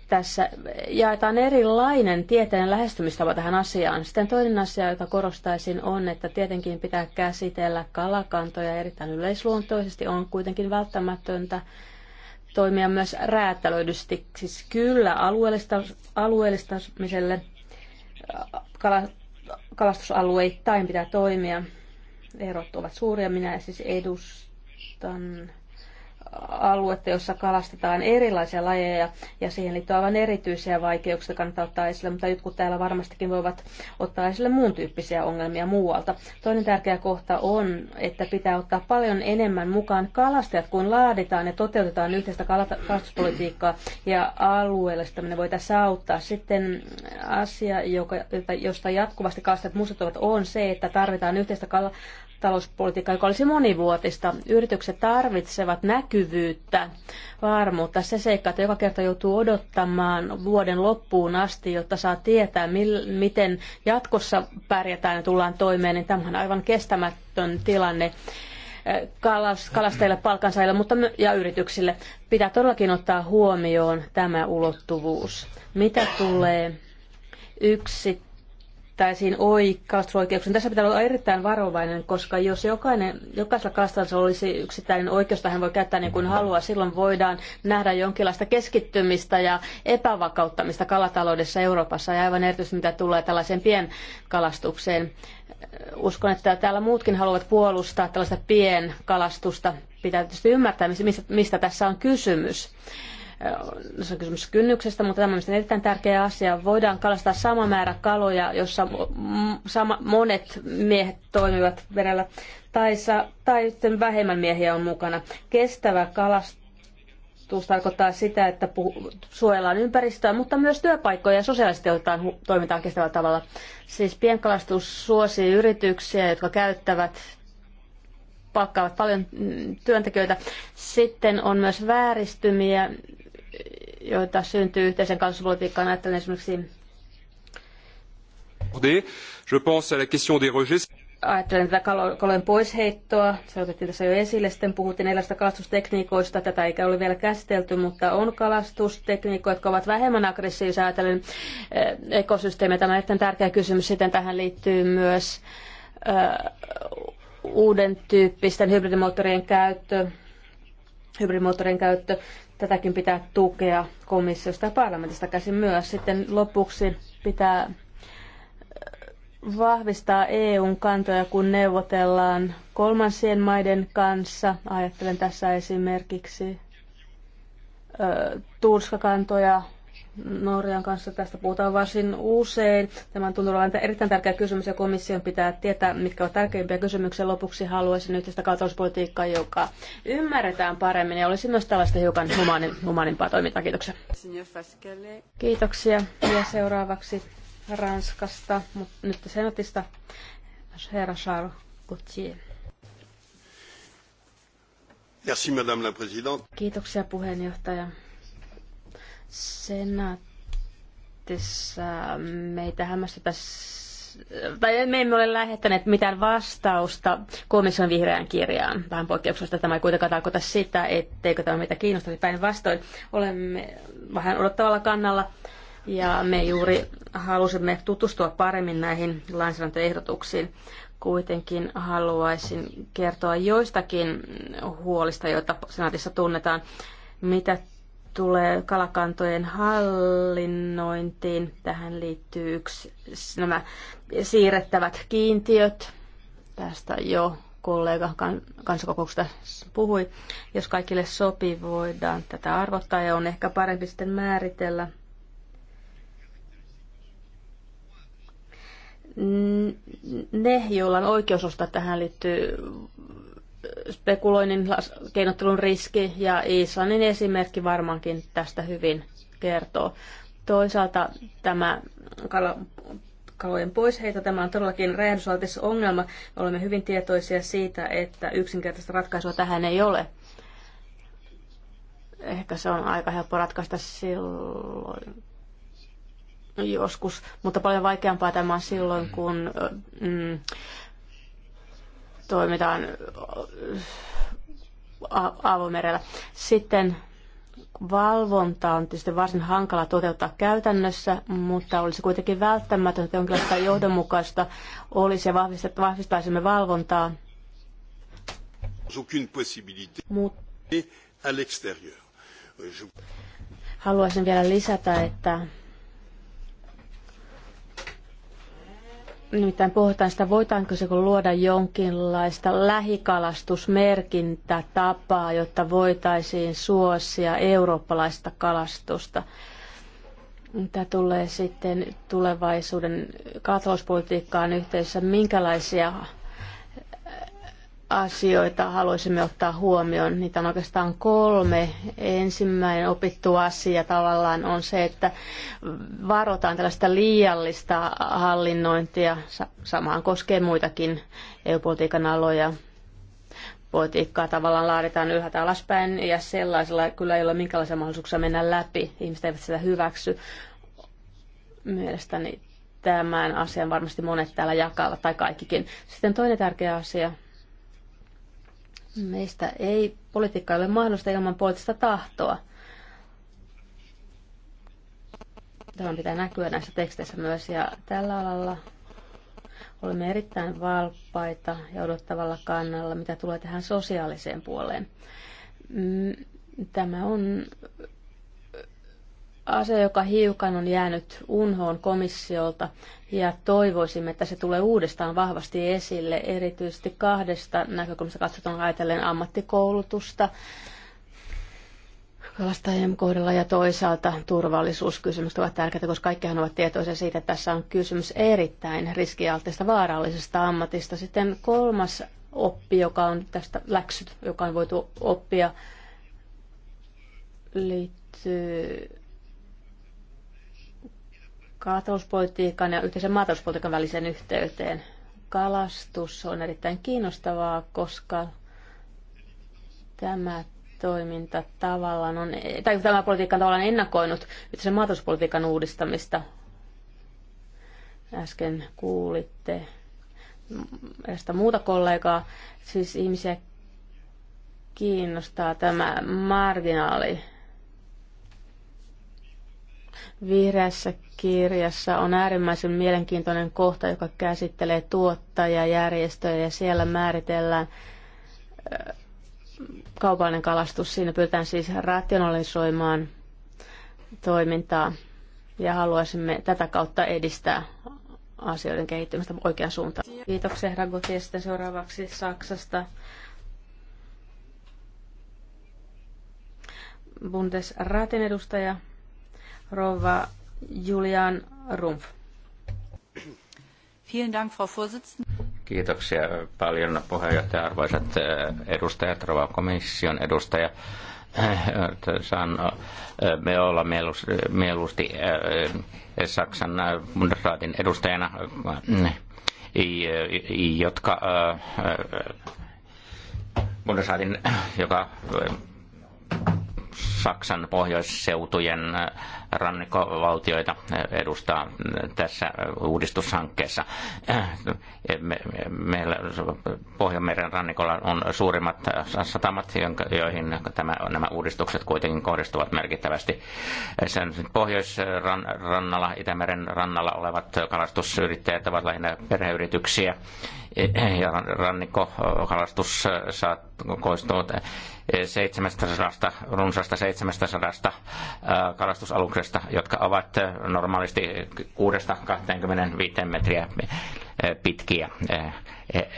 tässä jaetaan erilainen tieteen lähestymistapa tähän asiaan. Sitten toinen asia, jota korostaisin, on, että tietenkin pitää käsitellä kalakantoja erittäin yleisluontoisesti. On kuitenkin välttämätöntä toimia myös räätälöidysti. Siis kyllä alueellista, alueellistamiselle äh, kalastusalueittain pitää toimia. Erot ovat suuria. Minä siis edustan aluetta, jossa kalastetaan erilaisia lajeja ja siihen liittyy aivan erityisiä vaikeuksia kannattaa ottaa esille, mutta jotkut täällä varmastikin voivat ottaa esille muun tyyppisiä ongelmia muualta. Toinen tärkeä kohta on, että pitää ottaa paljon enemmän mukaan kalastajat, kun laaditaan ja toteutetaan yhteistä kalastuspolitiikkaa ja alueellistaminen voi tässä auttaa. Sitten asia, joka, josta jatkuvasti kalastajat muistuttavat, on se, että tarvitaan yhteistä kal- talouspolitiikkaa, joka olisi monivuotista. Yritykset tarvitsevat näkyvyyttä, varmuutta, se seikka, että joka kerta joutuu odottamaan vuoden loppuun asti, jotta saa tietää, mil, miten jatkossa pärjätään ja tullaan toimeen, niin tämä on aivan kestämätön tilanne eh, kalastajille, palkansaajille mutta ja yrityksille. Pitää todellakin ottaa huomioon tämä ulottuvuus. Mitä tulee yksittäin? tehtäisiin oikausoikeuksia. Tässä pitää olla erittäin varovainen, koska jos jokainen, jokaisella kastalla olisi yksittäinen oikeus, tähän voi käyttää niin kuin haluaa, silloin voidaan nähdä jonkinlaista keskittymistä ja epävakauttamista kalataloudessa Euroopassa ja aivan erityisesti mitä tulee tällaiseen pienkalastukseen. Uskon, että täällä muutkin haluavat puolustaa tällaista pienkalastusta. Pitää tietysti ymmärtää, mistä tässä on kysymys Äh, se on kysymys kynnyksestä, mutta tämä on erittäin tärkeä asia. Voidaan kalastaa sama määrä kaloja, jossa sama, monet miehet toimivat vedellä, tai, tai sitten vähemmän miehiä on mukana. Kestävä kalastus tarkoittaa sitä, että puh- suojellaan ympäristöä, mutta myös työpaikkoja ja sosiaalisesti otetaan toimitaan kestävällä tavalla. Siis pienkalastus suosii yrityksiä, jotka käyttävät palkkaavat paljon mm, työntekijöitä. Sitten on myös vääristymiä, joita syntyy yhteisen kalastuspolitiikan ajattelen esimerkiksi Je pense à la question des rejets. Ajattelen tätä kalojen poisheittoa. Se otettiin tässä jo esille. Sitten puhuttiin erilaisista kalastustekniikoista. Tätä ei ole vielä käsitelty, mutta on kalastustekniikoita, jotka ovat vähemmän aggressiivisia. Ajattelen eh, ekosysteemiä. Tämä on erittäin tärkeä kysymys. Sitten tähän liittyy myös eh, uuden tyyppisten hybridimoottorien käyttö Hybridimoottorien käyttö. Tätäkin pitää tukea komissiosta ja parlamentista käsin myös. Sitten lopuksi pitää äh, vahvistaa EUn kantoja, kun neuvotellaan kolmansien maiden kanssa. Ajattelen tässä esimerkiksi äh, Turskakantoja, Norjan kanssa. Tästä puhutaan varsin usein. Tämä on tuntunut olevan erittäin tärkeä kysymys ja komission pitää tietää, mitkä ovat tärkeimpiä kysymyksiä. Lopuksi haluaisin nyt tästä kaatolospolitiikkaa, joka ymmärretään paremmin ja olisi myös tällaista hiukan humaanin, toimintaa. Kiitoksia. Kiitoksia. Ja seuraavaksi Ranskasta, mutta nyt senatista, herra Charles Gauthier. Merci, Madame la Présidente. Kiitoksia puheenjohtaja senaattissa meitä hämmästytä tai me emme ole lähettäneet mitään vastausta komission vihreään kirjaan. Vähän poikkeuksesta tämä ei kuitenkaan tarkoita sitä, etteikö tämä meitä kiinnostaisi päinvastoin. Olemme vähän odottavalla kannalla ja me juuri halusimme tutustua paremmin näihin lainsäädäntöehdotuksiin. Kuitenkin haluaisin kertoa joistakin huolista, joita senaatissa tunnetaan. Mitä tulee kalakantojen hallinnointiin. Tähän liittyy yksi, nämä siirrettävät kiintiöt. Tästä jo kollega kansakokouksesta puhui. Jos kaikille sopii, voidaan tätä arvottaa ja on ehkä parempi sitten määritellä ne, joilla on oikeus ostaa, tähän liittyy spekuloinnin keinottelun riski ja Islannin esimerkki varmaankin tästä hyvin kertoo. Toisaalta tämä kalojen poisheito, tämä on todellakin räjähdysaltis ongelma. Olemme hyvin tietoisia siitä, että yksinkertaista ratkaisua tähän ei ole. Ehkä se on aika helppo ratkaista silloin joskus, mutta paljon vaikeampaa tämä on silloin, kun mm, toimitaan äh, avomerellä. Sitten valvonta on tietysti varsin hankala toteuttaa käytännössä, mutta olisi kuitenkin välttämätöntä, että jonkinlaista johdonmukaista olisi ja vahvistaisimme valvontaa. Haluaisin vielä lisätä, että Nimittäin pohditaan sitä, voitaanko se luoda jonkinlaista lähikalastusmerkintätapaa, jotta voitaisiin suosia eurooppalaista kalastusta. Mitä tulee sitten tulevaisuuden katalouspolitiikkaan yhteisössä, minkälaisia asioita haluaisimme ottaa huomioon. Niitä on oikeastaan kolme. Ensimmäinen opittu asia tavallaan on se, että varotaan tällaista liiallista hallinnointia. Samaan koskee muitakin EU-politiikan aloja. Politiikkaa tavallaan laaditaan ylhäältä alaspäin ja sellaisella kyllä ei ole minkälaisia mahdollisuuksia mennä läpi. Ihmiset eivät sitä hyväksy. Mielestäni tämän asian varmasti monet täällä jakavat, tai kaikkikin. Sitten toinen tärkeä asia Meistä ei politiikka ole mahdollista ilman poliittista tahtoa. Tämä pitää näkyä näissä teksteissä myös ja tällä alalla olemme erittäin valppaita ja odottavalla kannalla, mitä tulee tähän sosiaaliseen puoleen. Mm, tämä on asia, joka hiukan on jäänyt unhoon komissiolta ja toivoisimme, että se tulee uudestaan vahvasti esille, erityisesti kahdesta näkökulmasta katsotaan ajatellen ammattikoulutusta kalastajien kohdalla ja toisaalta turvallisuuskysymykset ovat tärkeitä, koska kaikkihan ovat tietoisia siitä, että tässä on kysymys erittäin riskialtista vaarallisesta ammatista. Sitten kolmas oppi, joka on tästä läksyt, joka on voitu oppia, liittyy kaatalouspolitiikan ja yhteisen maatalouspolitiikan välisen yhteyteen. Kalastus on erittäin kiinnostavaa, koska tämä toiminta tavallaan on, tai tämä politiikka on tavallaan ennakoinut yhteisen maatalouspolitiikan uudistamista. Äsken kuulitte erästä muuta kollegaa, siis ihmisiä kiinnostaa tämä marginaali Vihreässä kirjassa on äärimmäisen mielenkiintoinen kohta, joka käsittelee tuottajajärjestöjä ja siellä määritellään kaupallinen kalastus. Siinä pyritään siis rationalisoimaan toimintaa ja haluaisimme tätä kautta edistää asioiden kehittymistä oikeaan suuntaan. Kiitoksia herra Gotti. sitten seuraavaksi Saksasta. Bundesratin edustaja Rova Julian Rumpf. Vielen Dank, Frau Vorsitzende. Kiitoksia paljon puheenjohtaja, arvoisat eh, edustajat, rouva komission edustaja. Eh, saan eh, me olla mieluusti Saksan Bundesraatin edustajana, jotka Bundesraatin, joka Saksan pohjoisseutujen rannikkovaltioita edustaa tässä uudistushankkeessa. Meillä Pohjanmeren rannikolla on suurimmat satamat, joihin tämä, nämä uudistukset kuitenkin kohdistuvat merkittävästi. Sen pohjoisrannalla, Itämeren rannalla olevat kalastusyrittäjät ovat lähinnä perheyrityksiä ja rannikkokalastus saa koistua 700, runsaasta 700 kalastusaluksesta hiuksesta, jotka ovat eh, normaalisti 6-25 metriä eh, pitkiä. Eh,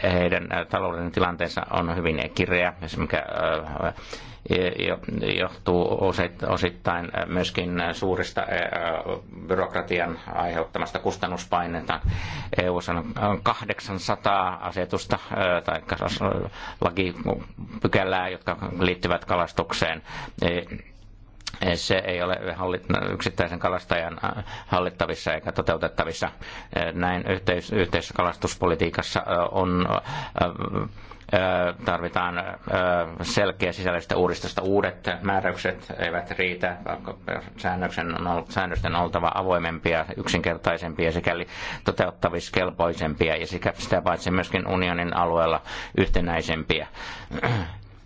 heidän talouden tilanteensa on hyvin kireä, mikä johtuu osittain myöskin suurista byrokratian aiheuttamasta kustannuspaineita. EU on 800 asetusta tai lakipykälää, jotka liittyvät kalastukseen. Eh, se ei ole no, yksittäisen kalastajan äh, hallittavissa eikä toteutettavissa. Eh, näin yhteis- yhteiskalastuspolitiikassa on tarvitaan selkeä sisällöstä uudistusta. Uudet määräykset eivät riitä, säännöksen on ollut, säännösten on oltava avoimempia, yksinkertaisempia, sekä toteuttaviskelpoisempia ja sitä paitsi myöskin unionin alueella yhtenäisempiä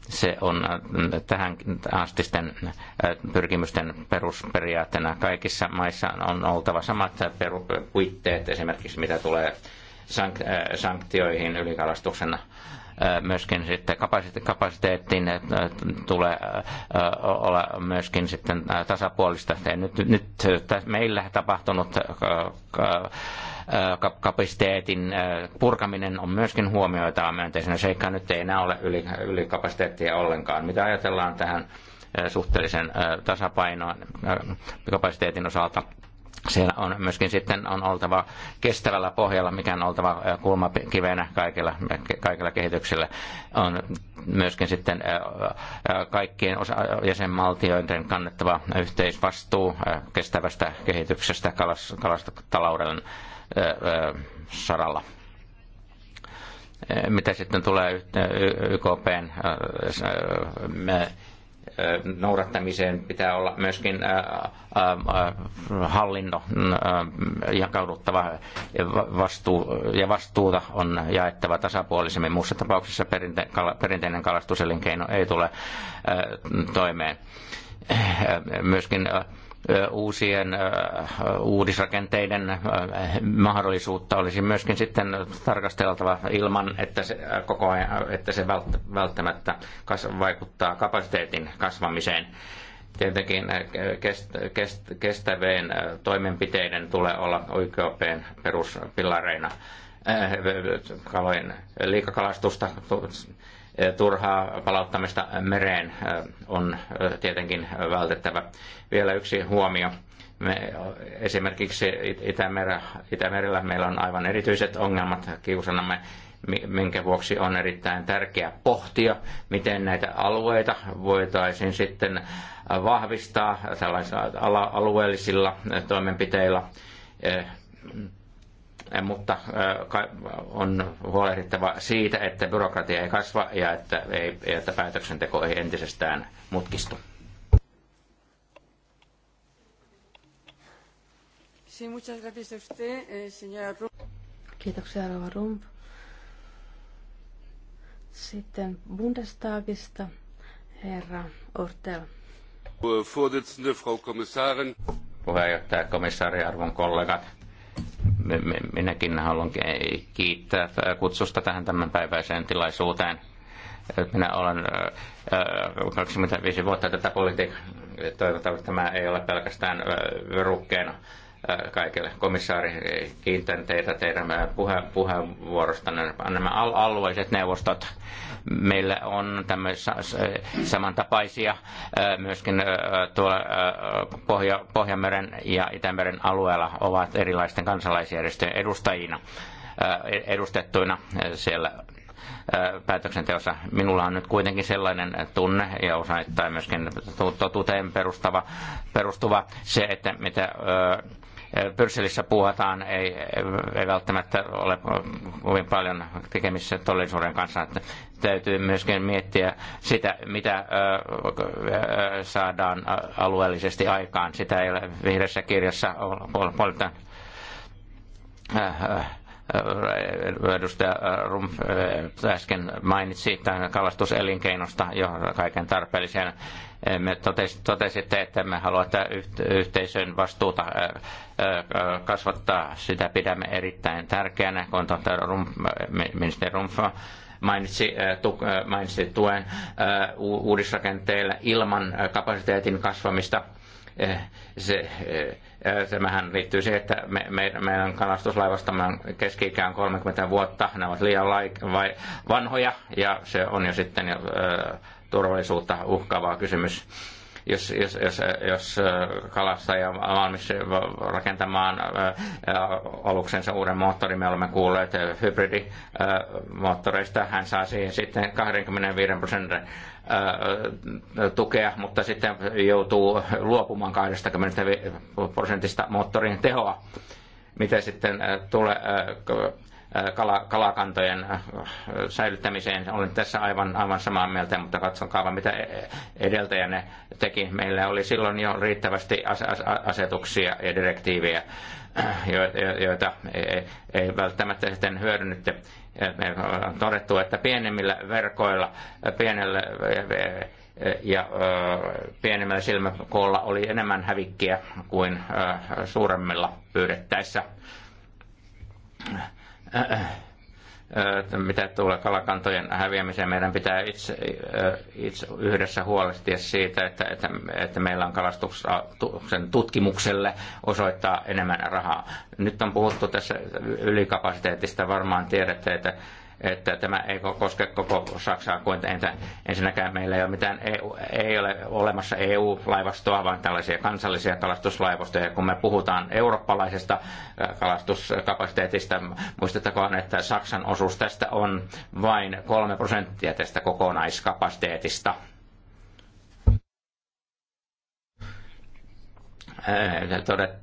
se on äh, tähän astisten äh, pyrkimysten perusperiaatteena. Kaikissa maissa on oltava samat puitteet, esimerkiksi mitä tulee äh, sanktioihin ylikalastuksen myöskin sitten kapasiteettiin tulee olla myöskin sitten tasapuolista. Nyt, nyt meillä tapahtunut kapasiteetin purkaminen on myöskin huomioitava myönteisenä seikkaa. Nyt ei enää ole ylikapasiteettia ollenkaan. Mitä ajatellaan tähän suhteellisen tasapainoon kapasiteetin osalta? siellä on myöskin sitten on oltava kestävällä pohjalla, mikä on oltava kulmakivenä kaikilla, kaikilla kehityksillä. On myöskin sitten kaikkien osa- jäsenvaltioiden kannettava yhteisvastuu kestävästä kehityksestä kalastotalouden saralla. Mitä sitten tulee YKPn noudattamiseen pitää olla myöskin hallinno jakauduttava vastuu, ja vastuuta on jaettava tasapuolisemmin. Muussa tapauksessa perinteinen kalastuselinkeino ei tule toimeen. Myöskin uusien uudisrakenteiden mahdollisuutta olisi myöskin sitten tarkasteltava ilman, että se, koko ajan, että se välttämättä vaikuttaa kapasiteetin kasvamiseen. Tietenkin kestävien toimenpiteiden tulee olla oikeopeen peruspilareina kalojen liikakalastusta turhaa palauttamista mereen on tietenkin vältettävä. Vielä yksi huomio. Me, esimerkiksi Itämerä, Itämerellä meillä on aivan erityiset ongelmat kiusanamme, minkä vuoksi on erittäin tärkeää pohtia, miten näitä alueita voitaisiin sitten vahvistaa tällaisilla alueellisilla toimenpiteillä Eh, mutta eh, on huolehdittava siitä, että byrokratia ei kasva ja että, ei, että päätöksenteko ei entisestään mutkistu. Sí, muchas eh, Rump. Kiitoksia, Rova Rump. Sitten Bundestagista herra Ortel. Puheenjohtaja, komissaari, arvon kollegat Minäkin haluan kiittää kutsusta tähän tämänpäiväiseen tilaisuuteen. Minä olen 25 äh, äh, vuotta tätä politiikkaa. Toivottavasti tämä ei ole pelkästään verukkeena äh, kaikille. Komissaari, kiitän teitä teidän puheenvuorostanne. Nämä alueiset neuvostot Meillä on tämmöisiä samantapaisia myöskin tuolla Pohja, Pohjanmeren ja Itämeren alueella ovat erilaisten kansalaisjärjestöjen edustajina e-, edustettuina siellä päätöksenteossa. Minulla on nyt kuitenkin sellainen tunne ja osittain myöskin totuuteen perustava, perustuva se, että mitä Brysselissä puhutaan, ei, ei välttämättä ole kovin paljon tekemisissä todellisuuden kanssa. Että täytyy myöskin miettiä sitä, mitä saadaan alueellisesti aikaan. Sitä ei ole vihreässä kirjassa puolta edustaja Rump äsken mainitsi tämän kalastuselinkeinosta jo kaiken tarpeelliseen me totesitte, että me haluamme yhteisön vastuuta kasvattaa. Sitä pidämme erittäin tärkeänä, kun ministeri Rumpf mainitsi, mainitsi tuen uudisrakenteille ilman kapasiteetin kasvamista. Se, tämähän liittyy siihen, että me, me, meidän kalastuslaivastamme on keski 30 vuotta. Nämä ovat liian laik, vai, vanhoja ja se on jo sitten jo, turvallisuutta uhkaava kysymys. Jos, jos, jos, jos äh, kalastaja on valmis rakentamaan äh, äh, aluksensa uuden moottorin, me olemme kuulleet hybridimoottoreista, hän saa siihen sitten 25 prosentin tukea, mutta sitten joutuu luopumaan 20 prosentista moottorin tehoa. miten sitten tulee Äh, kalakantojen äh, säilyttämiseen. Olen tässä aivan, aivan samaa mieltä, mutta katsokaa mitä e, e, edeltäjänne teki. Meillä oli silloin jo riittävästi asetuksia ja direktiivejä, äh, joita e, ei välttämättä sitten hyödynnytte. On todettu, että pienemmillä verkoilla, pienellä ja pienemmällä silmäkoolla oli enemmän hävikkiä kuin suuremmilla pyydettäessä Äh, äh, äh, mitä tulee kalakantojen häviämiseen, meidän pitää itse, itse yhdessä huolehtia siitä, että, että, että meillä on kalastuksen tutkimukselle osoittaa enemmän rahaa. Nyt on puhuttu tässä ylikapasiteetista, varmaan tiedätte, että että tämä ei koske koko Saksaa, kun entä, ensinnäkään meillä ei ole mitään EU, ei ole olemassa EU-laivastoa, vaan tällaisia kansallisia kalastuslaivastoja. Kun me puhutaan eurooppalaisesta äh, kalastuskapasiteetista, muistettakoon, että Saksan osuus tästä on vain 3 prosenttia tästä kokonaiskapasiteetista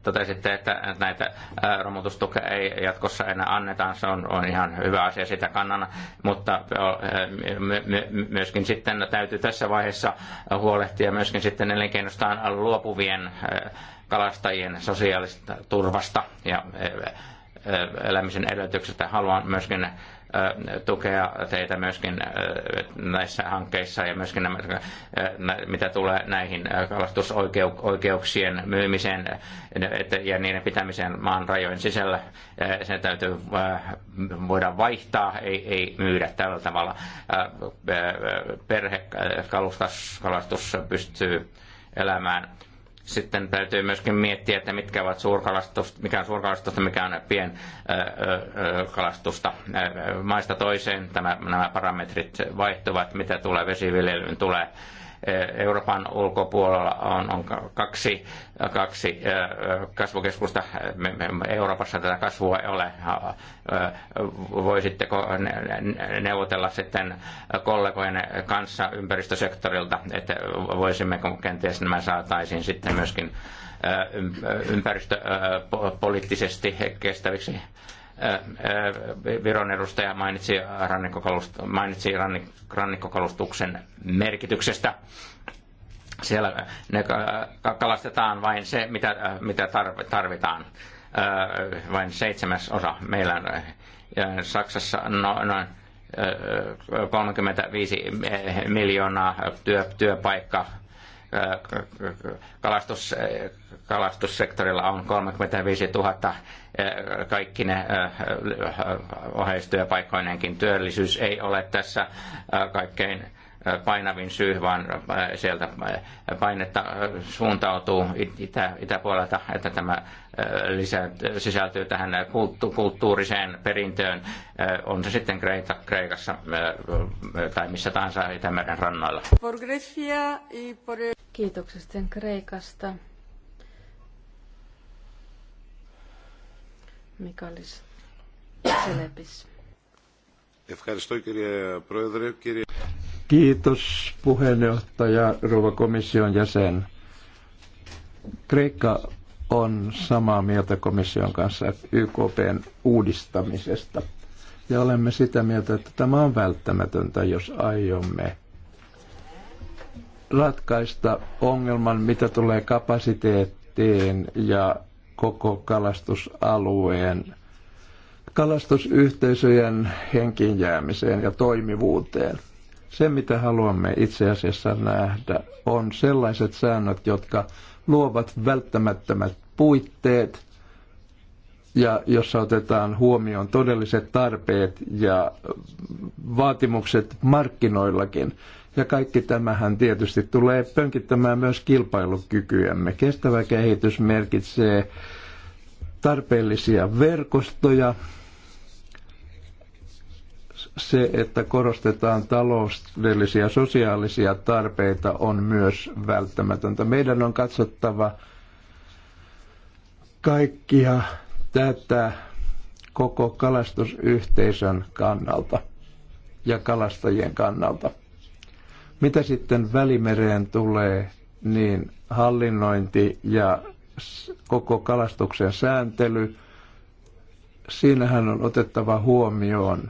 totesitte, että näitä romutustukea ei jatkossa enää anneta. Se on, on ihan hyvä asia sitä kannan, mutta myöskin sitten täytyy tässä vaiheessa huolehtia myöskin sitten elinkeinostaan luopuvien kalastajien sosiaalista turvasta ja elämisen edellytyksestä. Haluan myöskin tukea teitä myöskin näissä hankkeissa ja myöskin nämä, mitä tulee näihin kalastusoikeuksien myymiseen ja niiden pitämiseen maan rajojen sisällä. Se täytyy voida vaihtaa, ei, ei myydä tällä tavalla. Perhekalastus pystyy elämään sitten täytyy myöskin miettiä, että mitkä ovat suurkalastusta, mikä on suurkalastusta, mikä on pienkalastusta. Maista toiseen tämä, nämä parametrit vaihtuvat, mitä tulee vesiviljelyyn tulee Eh, Euroopan ulkopuolella on, on kaksi, kaksi eh, kasvukeskusta. Euroopassa tätä kasvua ei ole. Eh, voisitteko neuvotella sitten kollegojen kanssa ympäristösektorilta, että voisimme kenties nämä saataisiin sitten myöskin ympäristöpoliittisesti kestäviksi Viron edustaja mainitsi, mainitsi rannikkokalustuksen merkityksestä. Siellä ne kalastetaan vain se, mitä, mitä tarvitaan. Vain seitsemäs osa. Meillä on Saksassa no, noin 35 e, miljoonaa työ, työpaikkaa kalastus, kalastussektorilla on 35 000 kaikki ne oheistyöpaikkoinenkin työllisyys ei ole tässä kaikkein painavin syy, vaan sieltä painetta suuntautuu itä, itäpuolelta, että tämä lisä, sisältyy tähän kulttuuriseen perintöön, on se sitten Kreita, Kreikassa tai missä tahansa Itämeren rannoilla. Kiitoksia Kreikasta. Μικάλης Σελέπης. Ευχαριστώ κύριε Πρόεδρε. Κύριε... Kiitos puheenjohtaja komission jäsen. Kreikka on samaa mieltä komission kanssa YKPn uudistamisesta. Ja olemme sitä mieltä, että tämä on välttämätöntä, jos aiomme ratkaista ongelman, mitä tulee kapasiteettiin ja koko kalastusalueen kalastusyhteisöjen henkiin jäämiseen ja toimivuuteen. Se, mitä haluamme itse asiassa nähdä, on sellaiset säännöt, jotka luovat välttämättömät puitteet ja jossa otetaan huomioon todelliset tarpeet ja vaatimukset markkinoillakin ja kaikki tämähän tietysti tulee pönkittämään myös kilpailukykyämme. Kestävä kehitys merkitsee tarpeellisia verkostoja, se, että korostetaan taloudellisia ja sosiaalisia tarpeita, on myös välttämätöntä. Meidän on katsottava kaikkia tätä koko kalastusyhteisön kannalta ja kalastajien kannalta. Mitä sitten välimereen tulee, niin hallinnointi ja koko kalastuksen sääntely, siinähän on otettava huomioon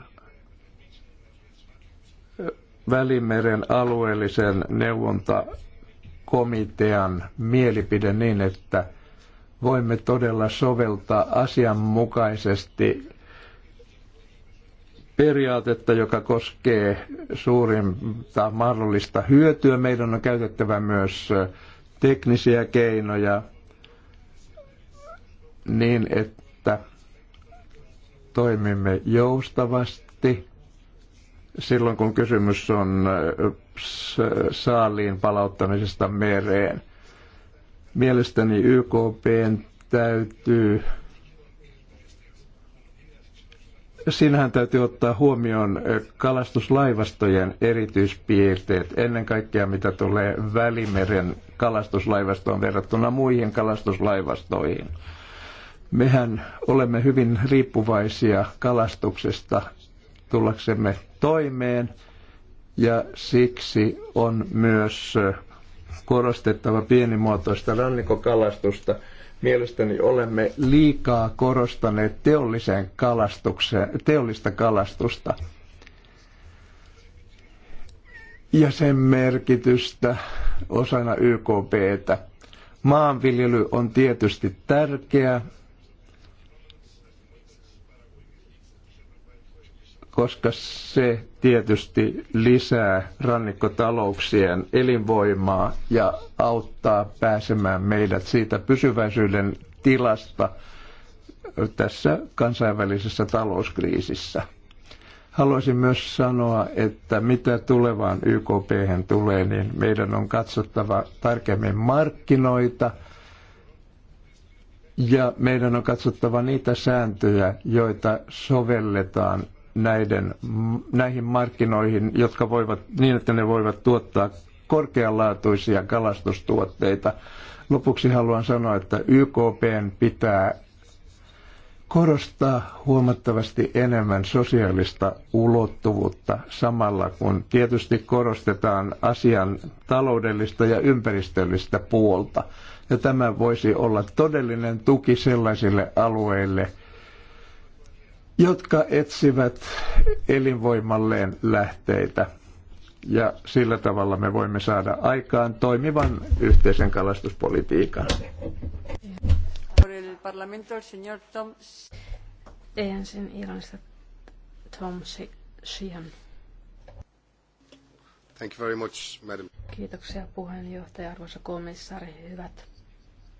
Välimeren alueellisen neuvontakomitean mielipide niin, että voimme todella soveltaa asianmukaisesti periaatetta, joka koskee suurinta mahdollista hyötyä. Meidän on käytettävä myös teknisiä keinoja niin, että toimimme joustavasti silloin, kun kysymys on saaliin palauttamisesta mereen. Mielestäni YKPn täytyy Siinähän täytyy ottaa huomioon kalastuslaivastojen erityispiirteet, ennen kaikkea mitä tulee Välimeren kalastuslaivastoon verrattuna muihin kalastuslaivastoihin. Mehän olemme hyvin riippuvaisia kalastuksesta tullaksemme toimeen ja siksi on myös korostettava pienimuotoista rannikokalastusta – Mielestäni olemme liikaa korostaneet teolliseen kalastukseen, teollista kalastusta ja sen merkitystä osana YKPtä. Maanviljely on tietysti tärkeä, koska se tietysti lisää rannikkotalouksien elinvoimaa ja auttaa pääsemään meidät siitä pysyväisyyden tilasta tässä kansainvälisessä talouskriisissä. Haluaisin myös sanoa, että mitä tulevaan YKP tulee, niin meidän on katsottava tarkemmin markkinoita ja meidän on katsottava niitä sääntöjä, joita sovelletaan näiden, näihin markkinoihin, jotka voivat, niin että ne voivat tuottaa korkealaatuisia kalastustuotteita. Lopuksi haluan sanoa, että YKP pitää korostaa huomattavasti enemmän sosiaalista ulottuvuutta samalla, kun tietysti korostetaan asian taloudellista ja ympäristöllistä puolta. Ja tämä voisi olla todellinen tuki sellaisille alueille – jotka etsivät elinvoimalleen lähteitä. Ja sillä tavalla me voimme saada aikaan toimivan yhteisen kalastuspolitiikan. Tom Thank you very much, madam. Kiitoksia puheenjohtaja, arvoisa komissaari, hyvät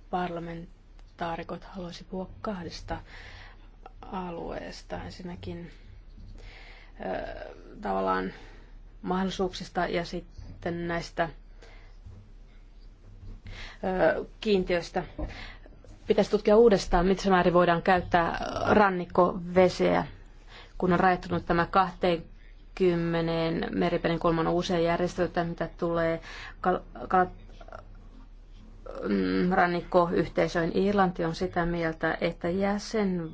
parlamentaarikot. Haluaisin puhua kahdesta alueesta. Ensinnäkin tavallaan mahdollisuuksista ja sitten näistä kiintiöistä. Pitäisi tutkia uudestaan, missä määrin voidaan käyttää rannikkovesiä, kun on rajoittunut tämä 20 meripelin kolman usein järjestöitä, mitä tulee kal- kal- mm, rannikkoyhteisöön. Irlanti on sitä mieltä, että jäsen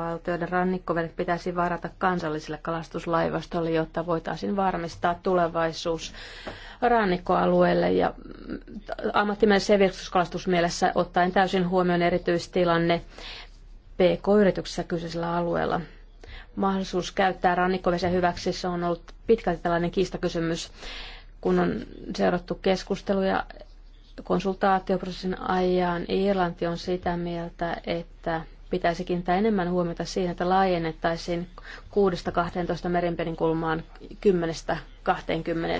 jäsenvaltioiden rannikkovedet pitäisi varata kansallisille kalastuslaivastolle, jotta voitaisiin varmistaa tulevaisuus rannikkoalueelle ja ammattimainen sevirtyskalastus mielessä ottaen täysin huomioon erityistilanne PK-yrityksessä kyseisellä alueella. Mahdollisuus käyttää rannikkovesiä hyväksi, se on ollut pitkälti tällainen kiistakysymys, kun on seurattu keskusteluja konsultaatioprosessin ajan Irlanti on sitä mieltä, että pitäisi kiinnittää enemmän huomiota siihen, että laajennettaisiin 6-12 merenpenin kulmaan 10-20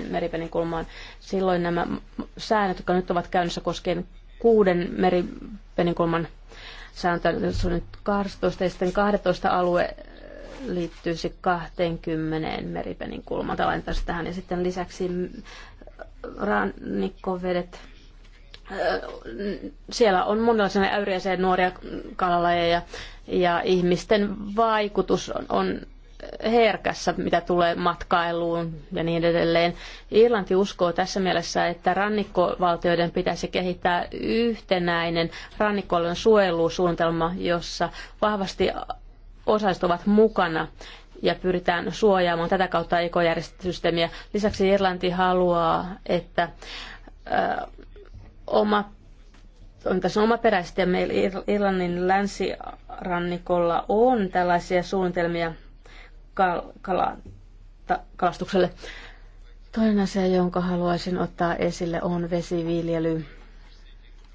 meripenin kulmaan. Silloin nämä säännöt, jotka nyt ovat käynnissä koskien kuuden meripenin kulman sääntöä, jossa on nyt 12 ja sitten 12 alue liittyisi 20 meripenin kulmaan. Tällainen tähän ja sitten lisäksi rannikkovedet siellä on monenlaisia äyriäisiä nuoria kalalajeja ja ihmisten vaikutus on, on herkässä, mitä tulee matkailuun ja niin edelleen. Irlanti uskoo tässä mielessä, että rannikkovaltioiden pitäisi kehittää yhtenäinen rannikkoalueen suojelusuunnitelma, jossa vahvasti osallistuvat mukana ja pyritään suojaamaan tätä kautta ekojärjestelmiä. Lisäksi Irlanti haluaa, että oma, on tässä omaperäisesti ja meillä Irlannin länsirannikolla on tällaisia suunnitelmia kal- kala- ta- kalastukselle. Toinen asia, jonka haluaisin ottaa esille, on vesiviljely.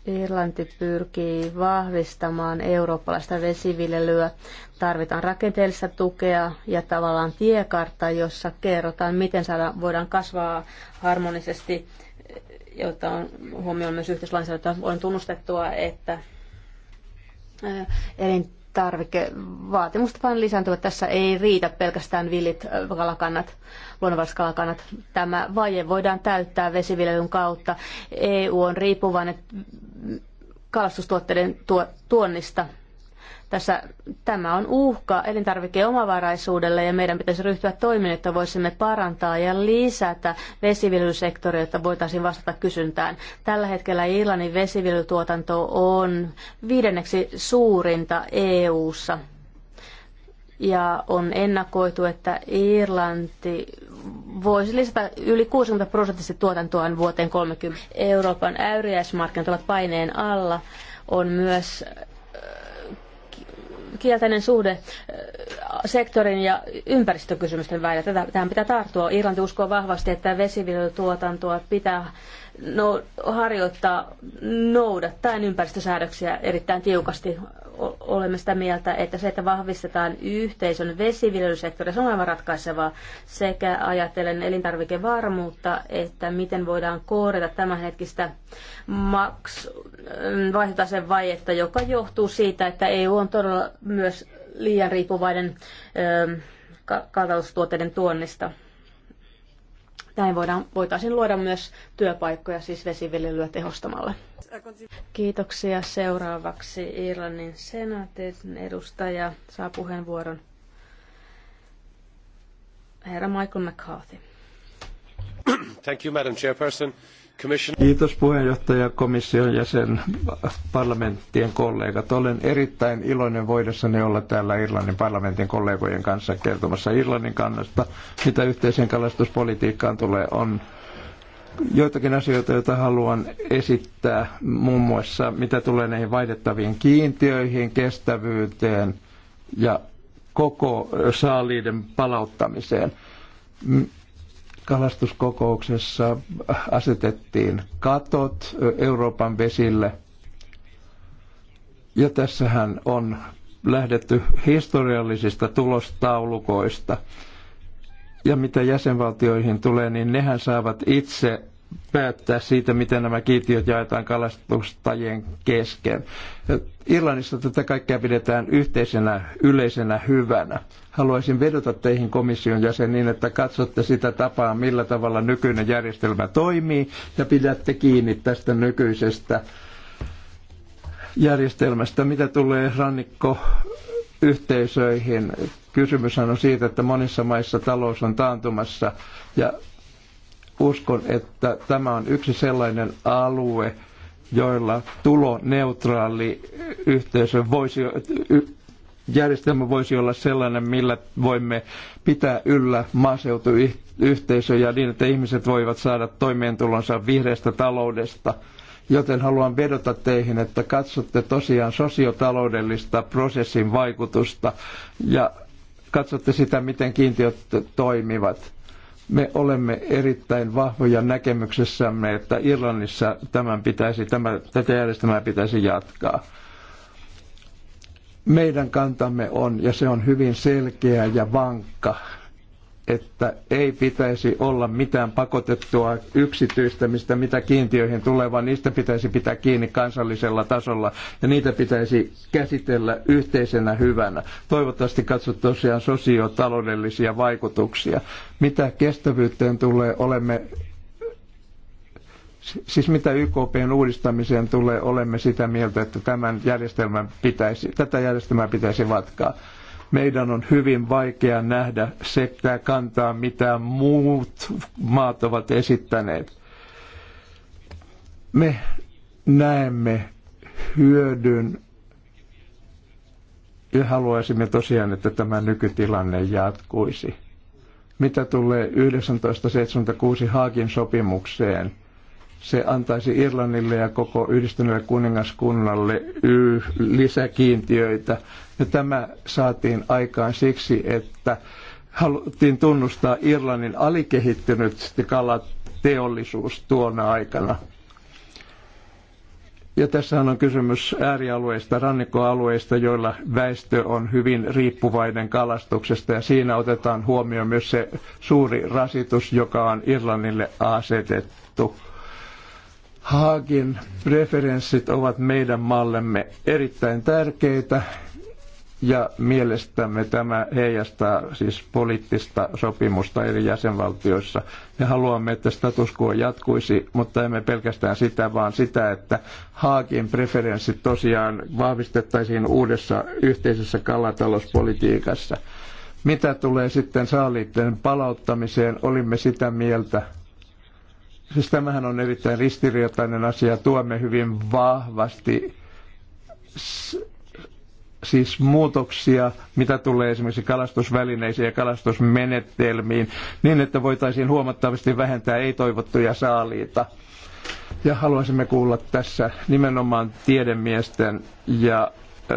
Irlanti pyrkii vahvistamaan eurooppalaista vesiviljelyä. Tarvitaan rakenteellista tukea ja tavallaan tiekartta, jossa kerrotaan, miten saada, voidaan kasvaa harmonisesti jotta on huomioon myös yhteislainsäädäntö, on tunnustettua, että eh, elintarvikevaatimukset vain lisääntyvät. Tässä ei riitä pelkästään villit eh, kalakannat, luonnonvaraiskalakannat. Tämä vaje voidaan täyttää vesiviljelyn kautta. EU on riippuvainen kalastustuotteiden tuonnista tässä, tämä on uhka elintarvikeomavaraisuudelle ja meidän pitäisi ryhtyä toimiin, että voisimme parantaa ja lisätä vesiviljelysektoria, jotta voitaisiin vastata kysyntään. Tällä hetkellä Irlannin vesiviljelytuotanto on viidenneksi suurinta EU-ssa ja on ennakoitu, että Irlanti voisi lisätä yli 60 prosenttisesti tuotantoaan vuoteen 30. Euroopan äyriäismarkkinat ovat paineen alla. On myös kielteinen suhde sektorin ja ympäristökysymysten välillä. Tätä, tähän pitää tarttua. Irlanti uskoo vahvasti, että vesiviljelytuotantoa pitää no, harjoittaa noudattaen ympäristösäädöksiä erittäin tiukasti. olemme sitä mieltä, että se, että vahvistetaan yhteisön vesiviljelysektoria, se on aivan ratkaisevaa sekä ajatellen elintarvikevarmuutta, että miten voidaan kohdata tämänhetkistä maks- vaihtotaseen vajetta, joka johtuu siitä, että EU on todella myös liian riippuvainen ähm, kaltaloustuotteiden tuonnista. Näin voidaan, voitaisiin luoda myös työpaikkoja siis vesiviljelyä tehostamalla. Kiitoksia. Seuraavaksi Irlannin senaatin edustaja saa puheenvuoron. Herra Michael McCarthy. Thank you, Madam Chairperson. Kiitos puheenjohtaja, komission jäsen, parlamenttien kollegat. Olen erittäin iloinen voidessani olla täällä Irlannin parlamentin kollegojen kanssa kertomassa Irlannin kannasta, mitä yhteiseen kalastuspolitiikkaan tulee. On joitakin asioita, joita haluan esittää, muun muassa mitä tulee näihin vaihdettaviin kiintiöihin, kestävyyteen ja koko saaliiden palauttamiseen kalastuskokouksessa asetettiin katot Euroopan vesille. Ja tässähän on lähdetty historiallisista tulostaulukoista. Ja mitä jäsenvaltioihin tulee, niin nehän saavat itse päättää siitä, miten nämä kiintiöt jaetaan kalastustajien kesken. Irlannissa tätä kaikkea pidetään yhteisenä yleisenä hyvänä. Haluaisin vedota teihin komission jäsen niin, että katsotte sitä tapaa, millä tavalla nykyinen järjestelmä toimii ja pidätte kiinni tästä nykyisestä järjestelmästä. Mitä tulee rannikko yhteisöihin. Kysymyshän on siitä, että monissa maissa talous on taantumassa ja Uskon, että tämä on yksi sellainen alue, joilla tuloneutraali yhteisö voisi, järjestelmä voisi olla sellainen, millä voimme pitää yllä maaseutuyhteisöjä niin, että ihmiset voivat saada toimeentulonsa vihreästä taloudesta. Joten haluan vedota teihin, että katsotte tosiaan sosiotaloudellista prosessin vaikutusta ja katsotte sitä, miten kiintiöt toimivat. Me olemme erittäin vahvoja näkemyksessämme, että Irlannissa tämän pitäisi, tämä, tätä järjestelmää pitäisi jatkaa. Meidän kantamme on, ja se on hyvin selkeä ja vankka, että ei pitäisi olla mitään pakotettua yksityistämistä, mitä kiintiöihin tulee, vaan niistä pitäisi pitää kiinni kansallisella tasolla ja niitä pitäisi käsitellä yhteisenä hyvänä. Toivottavasti katsot tosiaan sosiotaloudellisia vaikutuksia. Mitä kestävyyteen tulee, olemme siis mitä YKPn uudistamiseen tulee, olemme sitä mieltä, että tämän järjestelmän pitäisi, tätä järjestelmää pitäisi vatkaa meidän on hyvin vaikea nähdä sekä kantaa, mitä muut maat ovat esittäneet. Me näemme hyödyn ja haluaisimme tosiaan, että tämä nykytilanne jatkuisi. Mitä tulee 1976 haakin sopimukseen – se antaisi Irlannille ja koko yhdistyneelle kuningaskunnalle lisäkiintiöitä. Ja tämä saatiin aikaan siksi, että haluttiin tunnustaa Irlannin alikehittynyt kalateollisuus tuona aikana. Ja tässä on kysymys äärialueista, rannikkoalueista, joilla väestö on hyvin riippuvainen kalastuksesta ja siinä otetaan huomioon myös se suuri rasitus, joka on Irlannille asetettu. Haagin preferenssit ovat meidän mallemme erittäin tärkeitä ja mielestämme tämä heijastaa siis poliittista sopimusta eri jäsenvaltioissa. Ja haluamme, että status quo jatkuisi, mutta emme pelkästään sitä, vaan sitä, että Haagin preferenssit tosiaan vahvistettaisiin uudessa yhteisessä kalatalouspolitiikassa. Mitä tulee sitten saaliitteen palauttamiseen, olimme sitä mieltä, Siis tämähän on erittäin ristiriitainen asia. Tuomme hyvin vahvasti siis muutoksia, mitä tulee esimerkiksi kalastusvälineisiin ja kalastusmenetelmiin, niin että voitaisiin huomattavasti vähentää ei-toivottuja saaliita. Ja haluaisimme kuulla tässä nimenomaan tiedemiesten ja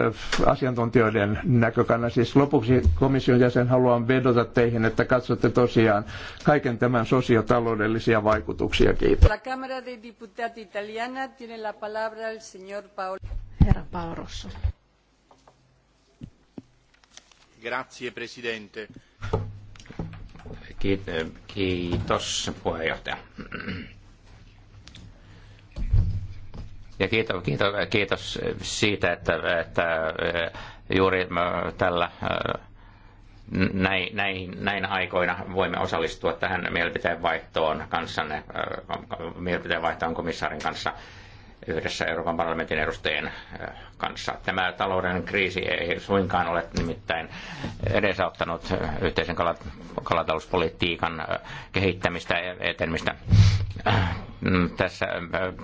Äh, asiantuntijoiden näkökannan. Siis lopuksi komission jäsen haluan vedota teihin, että katsotte tosiaan kaiken tämän sosiotaloudellisia vaikutuksia. Kiitos. La Cámara de Diputati Italiana tiene la palabra el señor Paolo. Herra Paolo Rosso. Grazie, Presidente. Kiitos puheenjohtaja. Ja kiitos, kiitos, kiitos siitä, että, että eh, juuri eh, tällä eh, näin, näin, näin aikoina voimme osallistua tähän mielipiteen vaihtoon kanssanne, mielipiteen komissaarin kanssa yhdessä Euroopan parlamentin edustajien eh, kanssa. Tämä talouden kriisi ei suinkaan ole nimittäin edesauttanut eh, yhteisen kalatalouspolitiikan eh, kehittämistä ja etenemistä. Tässä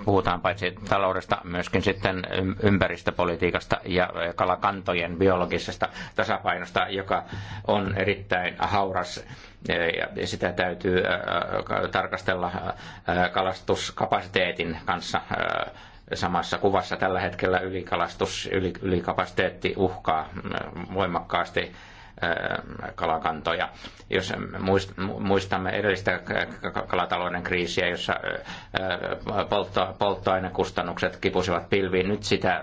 puhutaan paitsi taloudesta myöskin sitten ympäristöpolitiikasta ja kalakantojen biologisesta tasapainosta, joka on erittäin hauras ja sitä täytyy tarkastella kalastuskapasiteetin kanssa samassa kuvassa tällä hetkellä ylikalastus, ylikapasiteetti uhkaa mm, voimakkaasti äh, kalakantoja. Jos muistamme edellistä kalatalouden kriisiä, jossa äh, äh, polttoainekustannukset kipusivat pilviin, nyt sitä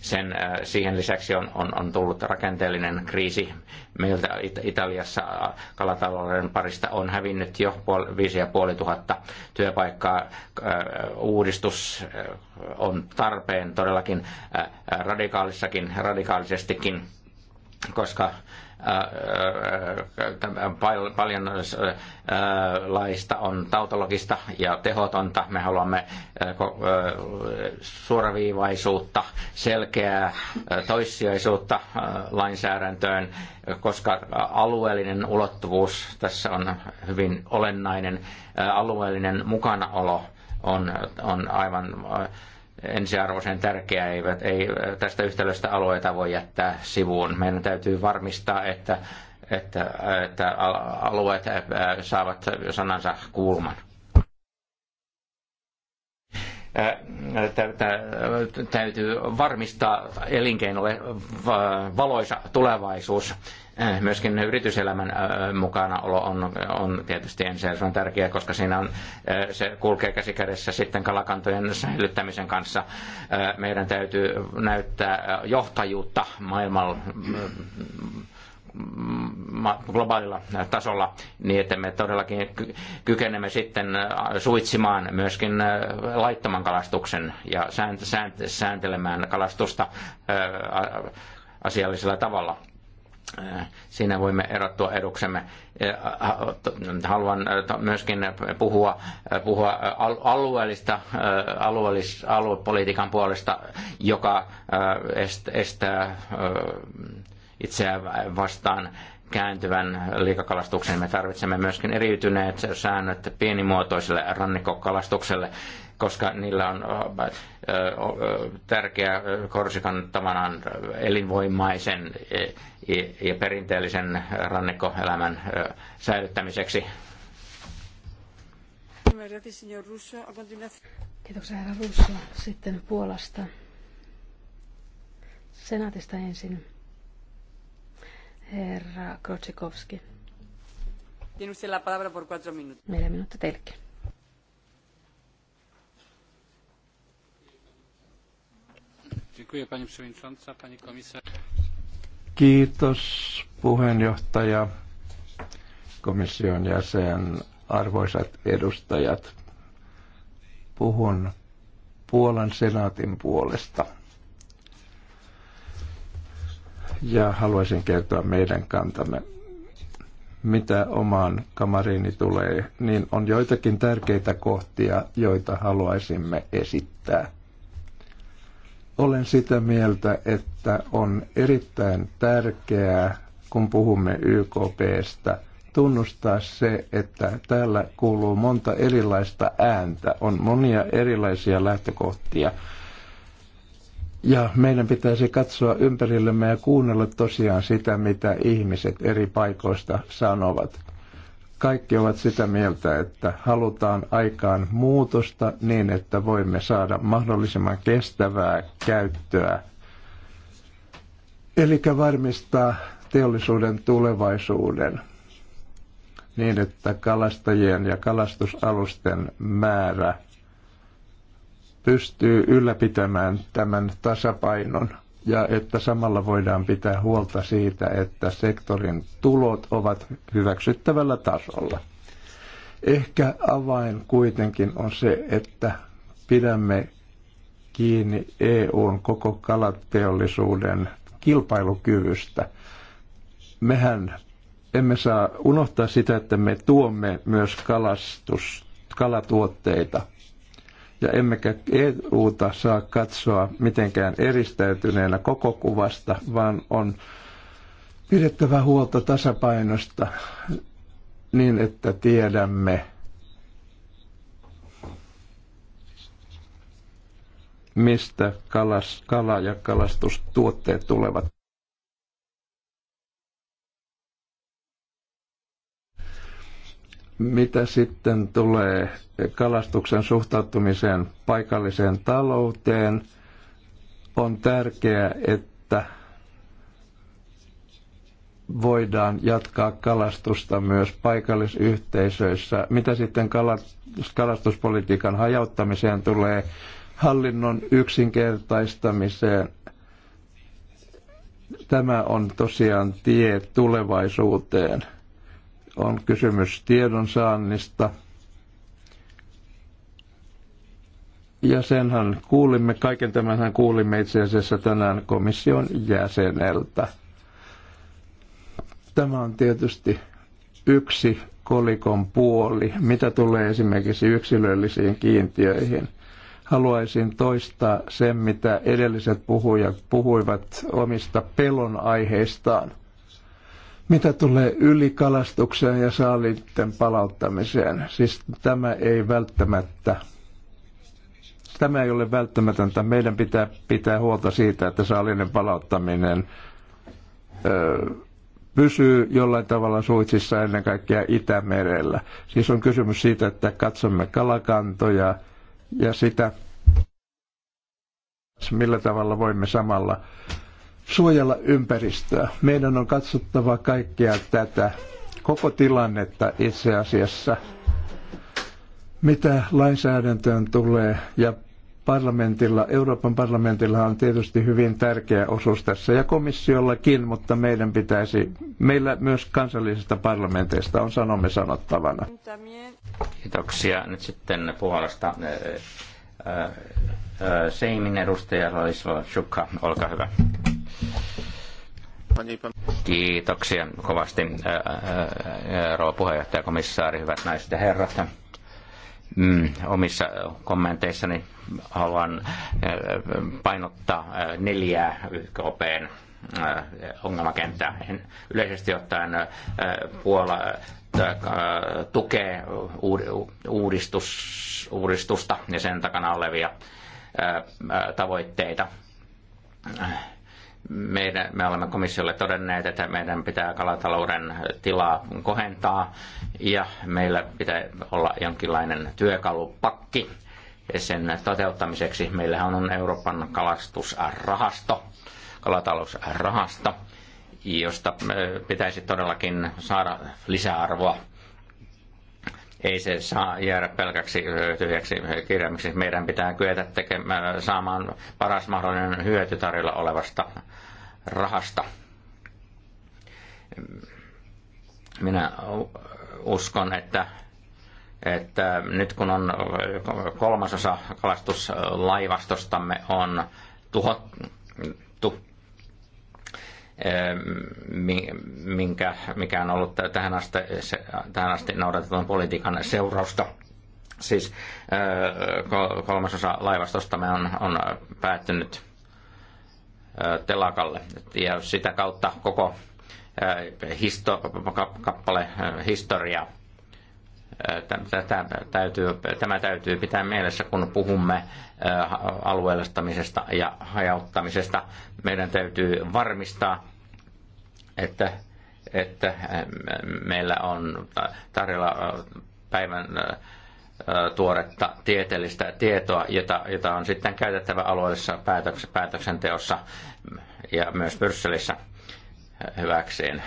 sen, äh, siihen lisäksi on, on, on tullut rakenteellinen kriisi. Meiltä Italiassa kalatalouden parista on hävinnyt jo 5500 työpaikkaa. Äh, uudistus äh, on tarpeen todellakin radikaalissakin, radikaalisestikin koska paljon äh, äh, äh, laista on tautologista ja tehotonta. Me haluamme suoraviivaisuutta, selkeää toissijaisuutta lainsäädäntöön, koska alueellinen ulottuvuus tässä on hyvin olennainen. Alueellinen mukanaolo on, on aivan ensiarvoisen tärkeää. Eivät, ei äh, tästä yhtälöstä alueita voi jättää sivuun. Meidän täytyy varmistaa, että, että, äh, että alueet äh, saavat sanansa kuulman. Täytyy varmistaa elinkeinolle valoisa tulevaisuus Eh, myöskin yrityselämän mukanaolo on, on tietysti ensiarvoisen tärkeää, koska siinä on, se kulkee käsikädessä sitten kalakantojen säilyttämisen kanssa. Meidän täytyy näyttää johtajuutta maailmalla mm, mm, mm, globaalilla tasolla niin, että me todellakin kykenemme sitten suitsimaan myöskin laittoman kalastuksen ja sääntelemään kalastusta asiallisella tavalla siinä voimme erottua eduksemme. Haluan myöskin puhua, puhua alueellista, alueellis, aluepolitiikan puolesta, joka äh, estää äh, itseään vastaan kääntyvän liikakalastuksen. Me tarvitsemme myöskin eriytyneet säännöt pienimuotoiselle rannikkokalastukselle, koska niillä on äh, tärkeä Korsikan tavanan elinvoimaisen e, e, ja perinteellisen rannikkoelämän säilyttämiseksi. Kiitoksia herra Russo. Sitten Puolasta. Senaatista ensin. Herra Krotsikovski. Tiene usted la palabra por cuatro minutos. Meillä minuutti teillekin. Kiitos puheenjohtaja, komission jäsen, arvoisat edustajat. Puhun Puolan senaatin puolesta. Ja haluaisin kertoa meidän kantamme mitä omaan kamariini tulee, niin on joitakin tärkeitä kohtia, joita haluaisimme esittää. Olen sitä mieltä, että on erittäin tärkeää, kun puhumme YKPstä, tunnustaa se, että täällä kuuluu monta erilaista ääntä, on monia erilaisia lähtökohtia. Ja meidän pitäisi katsoa ympärillemme ja kuunnella tosiaan sitä, mitä ihmiset eri paikoista sanovat. Kaikki ovat sitä mieltä, että halutaan aikaan muutosta niin, että voimme saada mahdollisimman kestävää käyttöä. Eli varmistaa teollisuuden tulevaisuuden niin, että kalastajien ja kalastusalusten määrä pystyy ylläpitämään tämän tasapainon – ja että samalla voidaan pitää huolta siitä, että sektorin tulot ovat hyväksyttävällä tasolla. Ehkä avain kuitenkin on se, että pidämme kiinni EUn koko kalateollisuuden kilpailukyvystä. Mehän emme saa unohtaa sitä, että me tuomme myös kalastus, kalatuotteita – ja emmekä EUta saa katsoa mitenkään eristäytyneenä koko kuvasta, vaan on pidettävä huolta tasapainosta niin, että tiedämme, mistä kalas, kala- ja kalastustuotteet tulevat. Mitä sitten tulee kalastuksen suhtautumiseen paikalliseen talouteen, on tärkeää, että voidaan jatkaa kalastusta myös paikallisyhteisöissä. Mitä sitten kalastuspolitiikan hajauttamiseen tulee, hallinnon yksinkertaistamiseen, tämä on tosiaan tie tulevaisuuteen – on kysymys tiedonsaannista. Ja senhän kuulimme, kaiken tämänhän kuulimme itse asiassa tänään komission jäseneltä. Tämä on tietysti yksi kolikon puoli, mitä tulee esimerkiksi yksilöllisiin kiintiöihin. Haluaisin toistaa sen, mitä edelliset puhujat puhuivat omista pelon aiheistaan – mitä tulee ylikalastukseen ja saaliitten palauttamiseen, siis tämä ei välttämättä Tämä ei ole välttämätöntä. Meidän pitää pitää huolta siitä, että saalinen palauttaminen ö, pysyy jollain tavalla suitsissa ennen kaikkea Itämerellä. Siis on kysymys siitä, että katsomme kalakantoja ja sitä, millä tavalla voimme samalla suojella ympäristöä. Meidän on katsottava kaikkea tätä, koko tilannetta itse asiassa, mitä lainsäädäntöön tulee ja parlamentilla, Euroopan parlamentilla on tietysti hyvin tärkeä osuus tässä ja komissiollakin, mutta meidän pitäisi, meillä myös kansallisista parlamenteista on sanomme sanottavana. Kiitoksia. Nyt sitten puolesta eh, eh, eh, Seimin edustaja Ladislav Shukka, olkaa hyvä. Kiitoksia kovasti, rouva puheenjohtaja, komissaari, hyvät naiset ja herrat. Mm, omissa kommenteissani haluan painottaa neljää YKPn ongelmakenttää. Yleisesti ottaen Puola tukee uudistus, uudistusta ja sen takana olevia tavoitteita meidän, me olemme komissiolle todenneet, että meidän pitää kalatalouden tilaa kohentaa ja meillä pitää olla jonkinlainen työkalupakki sen toteuttamiseksi. Meillähän on Euroopan kalastusrahasto, kalatalousrahasto, josta pitäisi todellakin saada lisäarvoa ei se saa jäädä pelkäksi tyhjäksi kirjaimiksi. Meidän pitää kyetä tekemään, saamaan paras mahdollinen hyöty tarjolla olevasta rahasta. Minä uskon, että, että nyt kun on kolmasosa kalastuslaivastostamme on tuhottu, minkä, mikä on ollut tähän asti, tähän asti noudatetun politiikan seurausta. Siis kolmasosa laivastosta me on, on päättynyt telakalle ja sitä kautta koko histo, kappale historia Tätä täytyy, tämä täytyy pitää mielessä, kun puhumme alueellistamisesta ja hajauttamisesta. Meidän täytyy varmistaa, että, että meillä on tarjolla päivän tuoretta tieteellistä tietoa, jota, jota on sitten käytettävä alueellisessa päätöksenteossa ja myös Brysselissä hyväkseen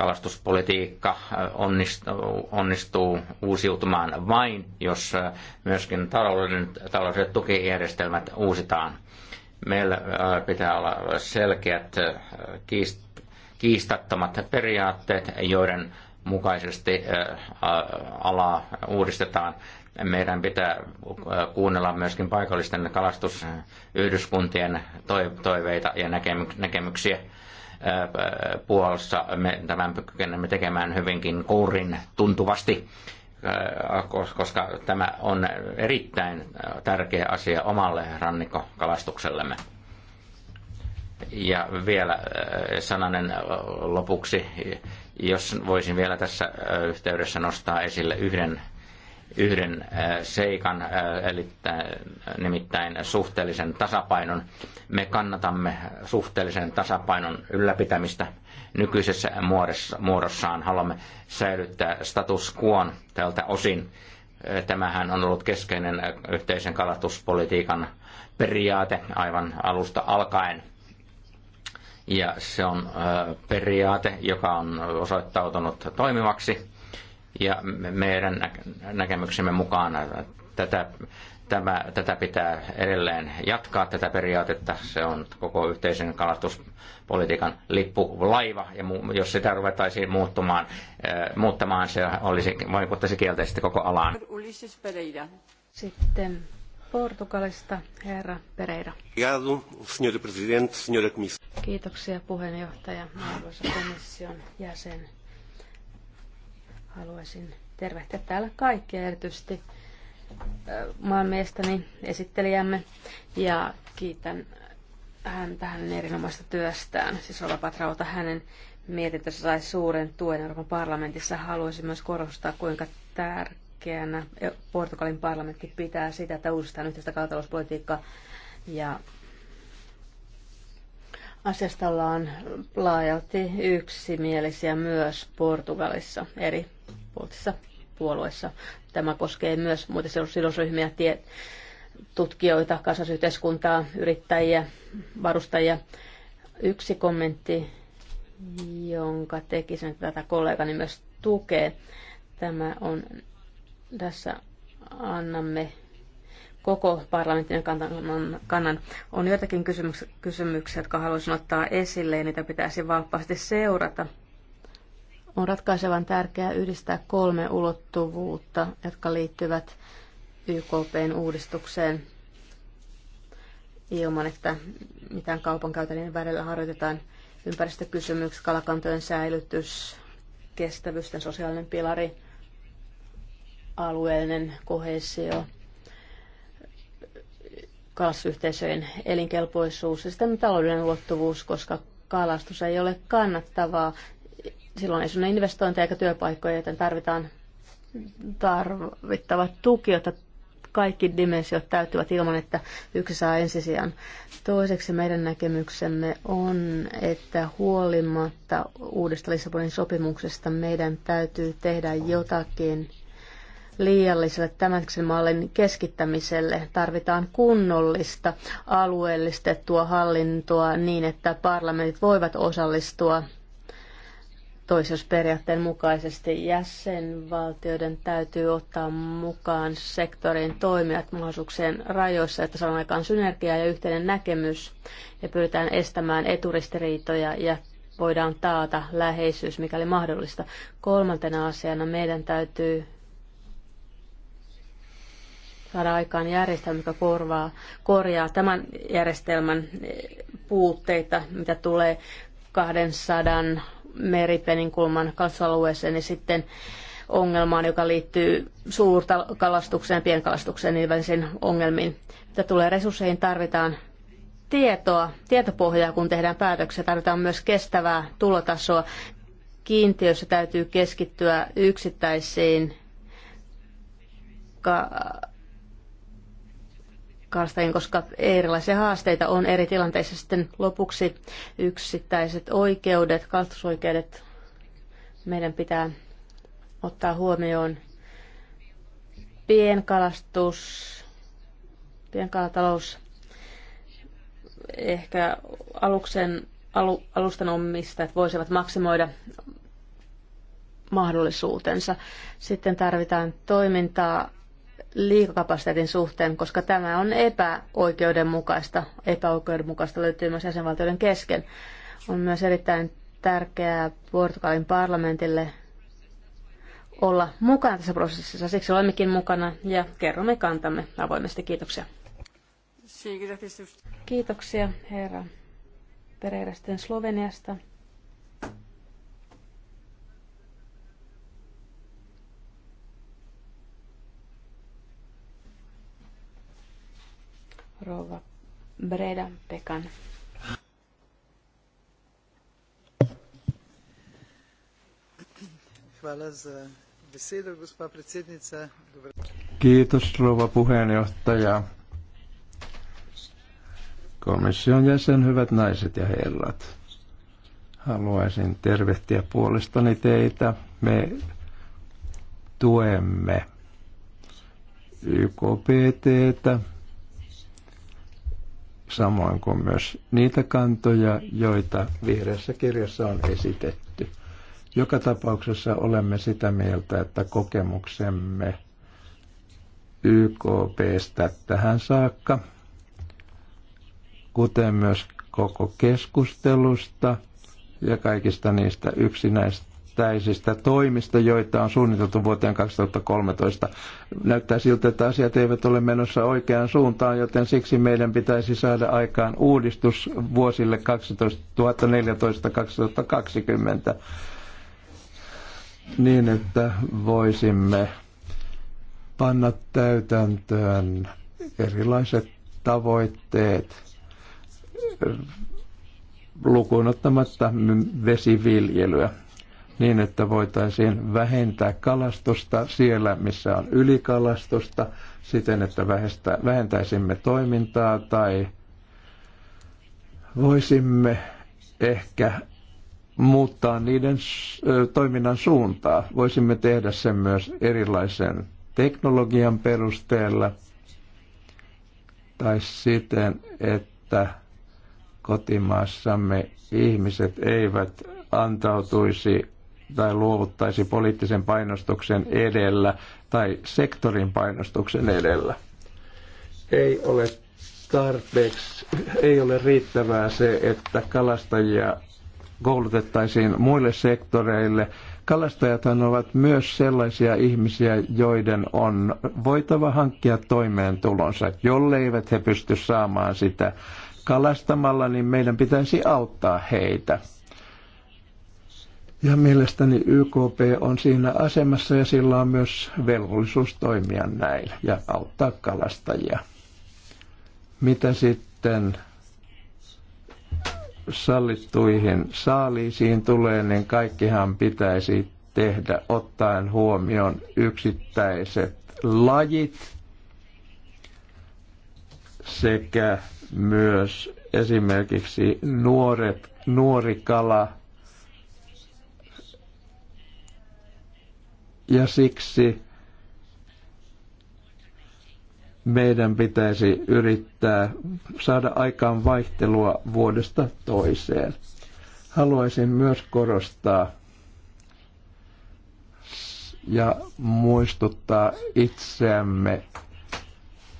kalastuspolitiikka äh, onnistuu uusiutumaan vain, jos äh, myöskin taloudelliset tukijärjestelmät uusitaan. Meillä äh, pitää olla selkeät kiistattomat periaatteet, joiden mukaisesti alaa uudistetaan. Meidän pitää kuunnella myöskin paikallisten kalastusyhdyskuntien toiveita ja näkemyksiä puolessa me tämän kykenemme tekemään hyvinkin kourin tuntuvasti, koska tämä on erittäin tärkeä asia omalle rannikkokalastuksellemme. Ja vielä sananen lopuksi, jos voisin vielä tässä yhteydessä nostaa esille yhden yhden äh, seikan, äh, eli äh, nimittäin suhteellisen tasapainon. Me kannatamme suhteellisen tasapainon ylläpitämistä nykyisessä muodossaan. Haluamme säilyttää status quo tältä osin. Tämähän on ollut keskeinen yhteisen kalastuspolitiikan periaate aivan alusta alkaen. Ja se on periaate, joka on osoittautunut toimivaksi ja meidän näkemyksemme mukaan tätä, tämä, tätä pitää edelleen jatkaa, tätä periaatetta. Se on koko yhteisen kalastuspolitiikan lippulaiva, ja jos sitä ruvetaisiin muuttumaan, äh, muuttamaan, se olisi, vaikuttaisi kielteisesti koko alaan. Sitten Portugalista herra Pereira. Kiitoksia puheenjohtaja, arvoisa komission jäsen. Haluaisin tervehtiä täällä kaikkia, erityisesti maanmiestäni esittelijämme, ja kiitän hän tähän erinomaista työstään. Siis Ola Patrauta hänen mietintönsä sai suuren tuen Euroopan parlamentissa. Haluaisin myös korostaa, kuinka tärkeänä Portugalin parlamentti pitää sitä, että uudistetaan yhteistä kalatalouspolitiikkaa ja Asiasta ollaan laajalti yksimielisiä myös Portugalissa eri poliittisissa puolueissa. Tämä koskee myös muita sidosryhmiä, tie, tutkijoita, kansallisyhteiskuntaa, yrittäjiä, varustajia. Yksi kommentti, jonka tekisin, tätä kollegani myös tukee. Tämä on, tässä annamme koko parlamentin kannan, kannan. On joitakin kysymyks- kysymyksiä, jotka haluaisin ottaa esille ja niitä pitäisi valppaasti seurata. On ratkaisevan tärkeää yhdistää kolme ulottuvuutta, jotka liittyvät YKPn uudistukseen ilman, että mitään kaupankäytävien välillä harjoitetaan ympäristökysymykset, kalakantojen säilytys, kestävyysten sosiaalinen pilari, alueellinen kohesio – kalastusyhteisöjen elinkelpoisuus ja sitten taloudellinen luottuvuus, koska kalastus ei ole kannattavaa. Silloin ei sinne investointeja eikä työpaikkoja, joten tarvitaan tarvittava tuki, jotta kaikki dimensiot täyttyvät ilman, että yksi saa ensisijan. Toiseksi meidän näkemyksemme on, että huolimatta uudesta Lissabonin sopimuksesta meidän täytyy tehdä jotakin liialliselle tämänkin mallin keskittämiselle. Tarvitaan kunnollista alueellistettua hallintoa niin, että parlamentit voivat osallistua toisuusperiaatteen mukaisesti jäsenvaltioiden täytyy ottaa mukaan sektorin toimijat mahdollisuuksien rajoissa, että saadaan aikaan synergiaa ja yhteinen näkemys ja pyritään estämään eturistiriitoja ja voidaan taata läheisyys, mikäli mahdollista. Kolmantena asiana meidän täytyy saada aikaan järjestelmä, joka korvaa, korjaa tämän järjestelmän eh, puutteita, mitä tulee 200 meripeninkulman kansalueeseen, ja sitten ongelmaan, joka liittyy suurta kalastukseen, pienkalastukseen, niiden välisiin ongelmiin. Mitä tulee resursseihin, tarvitaan tietoa, tietopohjaa, kun tehdään päätöksiä. Tarvitaan myös kestävää tulotasoa. Kiintiössä täytyy keskittyä yksittäisiin ka- Karlstein, koska erilaisia haasteita on eri tilanteissa. Sitten lopuksi yksittäiset oikeudet, kalastusoikeudet meidän pitää ottaa huomioon. Pienkalastus, pienkalatalous, ehkä aluksen, alu, alustan että voisivat maksimoida mahdollisuutensa. Sitten tarvitaan toimintaa liikakapasiteetin suhteen, koska tämä on epäoikeudenmukaista. Epäoikeudenmukaista löytyy myös jäsenvaltioiden kesken. On myös erittäin tärkeää Portugalin parlamentille olla mukana tässä prosessissa. Siksi olemmekin mukana ja kerromme kantamme avoimesti. Kiitoksia. Kiitoksia herra Pereirästen Sloveniasta. rouva Breda Pekan. Hvala za besedo, gospa predsednica. Dobre... Kiitos, rouva puheenjohtaja. Komission jäsen, hyvät naiset ja herrat. Haluaisin tervehtiä puolestani teitä. Me tuemme YKPTtä samoin kuin myös niitä kantoja, joita vihreässä kirjassa on esitetty. Joka tapauksessa olemme sitä mieltä, että kokemuksemme YKPstä tähän saakka, kuten myös koko keskustelusta ja kaikista niistä yksinäistä yksittäisistä toimista, joita on suunniteltu vuoteen 2013. Näyttää siltä, että asiat eivät ole menossa oikeaan suuntaan, joten siksi meidän pitäisi saada aikaan uudistus vuosille 2014-2020 niin, että voisimme panna täytäntöön erilaiset tavoitteet lukuun ottamatta vesiviljelyä niin, että voitaisiin vähentää kalastusta siellä, missä on ylikalastusta, siten, että vähentäisimme toimintaa tai voisimme ehkä muuttaa niiden toiminnan suuntaa. Voisimme tehdä sen myös erilaisen teknologian perusteella tai siten, että kotimaassamme ihmiset eivät antautuisi tai luovuttaisi poliittisen painostuksen edellä tai sektorin painostuksen edellä. Ei ole tarpeeksi, ei ole riittävää se, että kalastajia koulutettaisiin muille sektoreille. Kalastajathan ovat myös sellaisia ihmisiä, joiden on voitava hankkia toimeentulonsa, jolleivät he pysty saamaan sitä kalastamalla, niin meidän pitäisi auttaa heitä. Ja mielestäni YKP on siinä asemassa ja sillä on myös velvollisuus toimia näin ja auttaa kalastajia. Mitä sitten sallittuihin saaliisiin tulee, niin kaikkihan pitäisi tehdä ottaen huomioon yksittäiset lajit sekä myös esimerkiksi nuoret, nuori kala – Ja siksi meidän pitäisi yrittää saada aikaan vaihtelua vuodesta toiseen. Haluaisin myös korostaa ja muistuttaa itseämme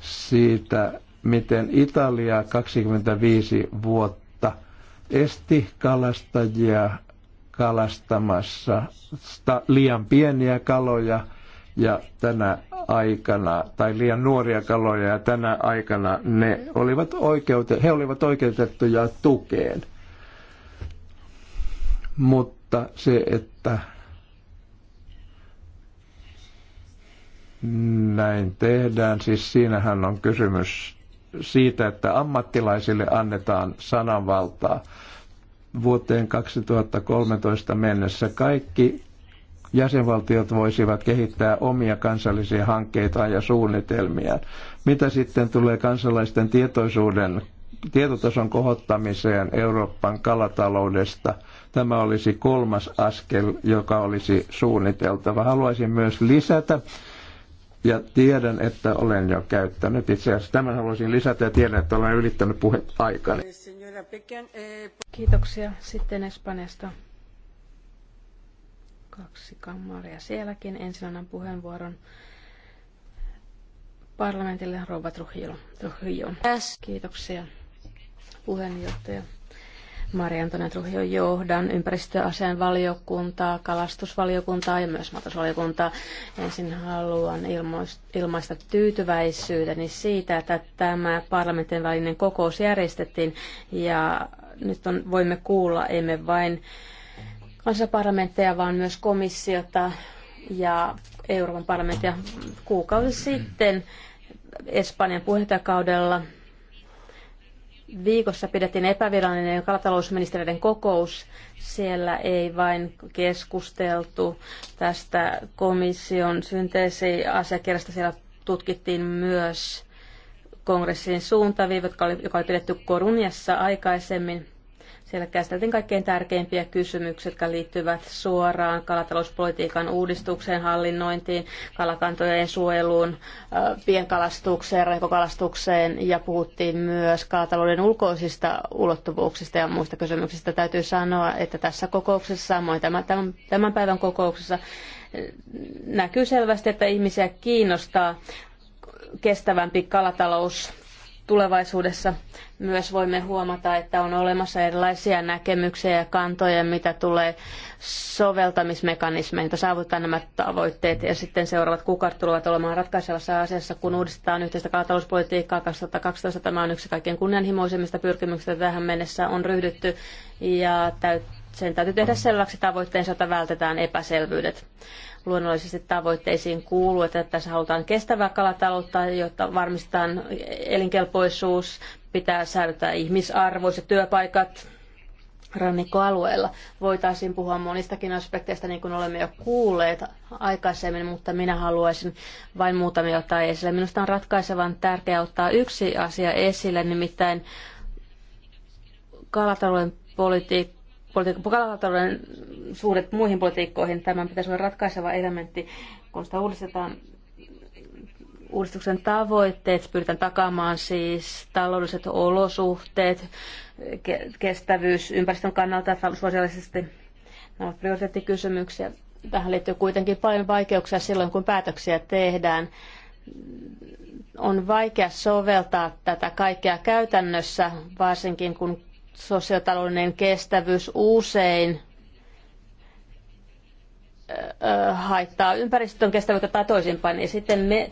siitä, miten Italia 25 vuotta esti kalastajia kalastamassa liian pieniä kaloja ja tänä aikana, tai liian nuoria kaloja, ja tänä aikana ne olivat oikeute- he olivat oikeutettuja tukeen. Mutta se, että näin tehdään, siis siinähän on kysymys siitä, että ammattilaisille annetaan sananvaltaa vuoteen 2013 mennessä kaikki jäsenvaltiot voisivat kehittää omia kansallisia hankkeitaan ja suunnitelmiaan. Mitä sitten tulee kansalaisten tietoisuuden tietotason kohottamiseen Euroopan kalataloudesta. Tämä olisi kolmas askel, joka olisi suunniteltava. Haluaisin myös lisätä, ja tiedän, että olen jo käyttänyt itse asiassa. Tämän haluaisin lisätä ja tiedän, että olen ylittänyt puhet aikani. Eh, Kiitoksia. Sitten Espanjasta. Kaksi kammaria sielläkin. Ensin annan puheenvuoron parlamentille Rouva Trujillo. Trujillo. Kiitoksia puheenjohtaja. Maria Antonetuhion johdan ympäristöaseen valiokuntaa, kalastusvaliokuntaa ja myös matosvaliokuntaa. Ensin haluan ilmaista tyytyväisyyteni siitä, että tämä parlamentin välinen kokous järjestettiin ja nyt on, voimme kuulla emme vain kansanparlamentteja, vaan myös komissiota ja Euroopan parlamenttia kuukausi sitten Espanjan puheenjohtajakaudella viikossa pidettiin epävirallinen kalatalousministeriöiden kokous. Siellä ei vain keskusteltu tästä komission synteesiasiakirjasta, siellä tutkittiin myös kongressin suuntaviivat, joka oli pidetty Korunjassa aikaisemmin. Siellä käsiteltiin kaikkein tärkeimpiä kysymyksiä, jotka liittyvät suoraan kalatalouspolitiikan uudistukseen, hallinnointiin, kalakantojen suojeluun, pienkalastukseen, rekokalastukseen ja puhuttiin myös kalatalouden ulkoisista ulottuvuuksista ja muista kysymyksistä. Täytyy sanoa, että tässä kokouksessa, samoin tämän, tämän päivän kokouksessa, näkyy selvästi, että ihmisiä kiinnostaa kestävämpi kalatalous tulevaisuudessa myös voimme huomata, että on olemassa erilaisia näkemyksiä ja kantoja, mitä tulee soveltamismekanismeita saavuttaa nämä tavoitteet ja sitten seuraavat kuukaudet tulevat olemaan ratkaisevassa asiassa, kun uudistetaan yhteistä kalatalouspolitiikkaa 2012. Tämä on yksi kaikkein kunnianhimoisimmista pyrkimyksistä tähän mennessä on ryhdytty ja sen täytyy tehdä selväksi tavoitteensa, että vältetään epäselvyydet luonnollisesti tavoitteisiin kuuluu, että tässä halutaan kestävää kalataloutta, jotta varmistetaan elinkelpoisuus, pitää säädöttää ihmisarvoiset työpaikat rannikkoalueella. Voitaisiin puhua monistakin aspekteista, niin kuin olemme jo kuulleet aikaisemmin, mutta minä haluaisin vain muutamia ottaa esille. Minusta on ratkaisevan tärkeää ottaa yksi asia esille, nimittäin kalatalouden politiikka kalatalouden suhdet muihin politiikkoihin. Tämän pitäisi olla ratkaiseva elementti, kun sitä uudistetaan. Uudistuksen tavoitteet pyritään takaamaan siis taloudelliset olosuhteet, kestävyys ympäristön kannalta sosiaalisesti. Nämä ovat prioriteettikysymyksiä. Tähän liittyy kuitenkin paljon vaikeuksia silloin, kun päätöksiä tehdään on vaikea soveltaa tätä kaikkea käytännössä, varsinkin kun sosiotaloudellinen kestävyys usein haittaa ympäristön kestävyyttä tai toisinpäin. Ja sitten me,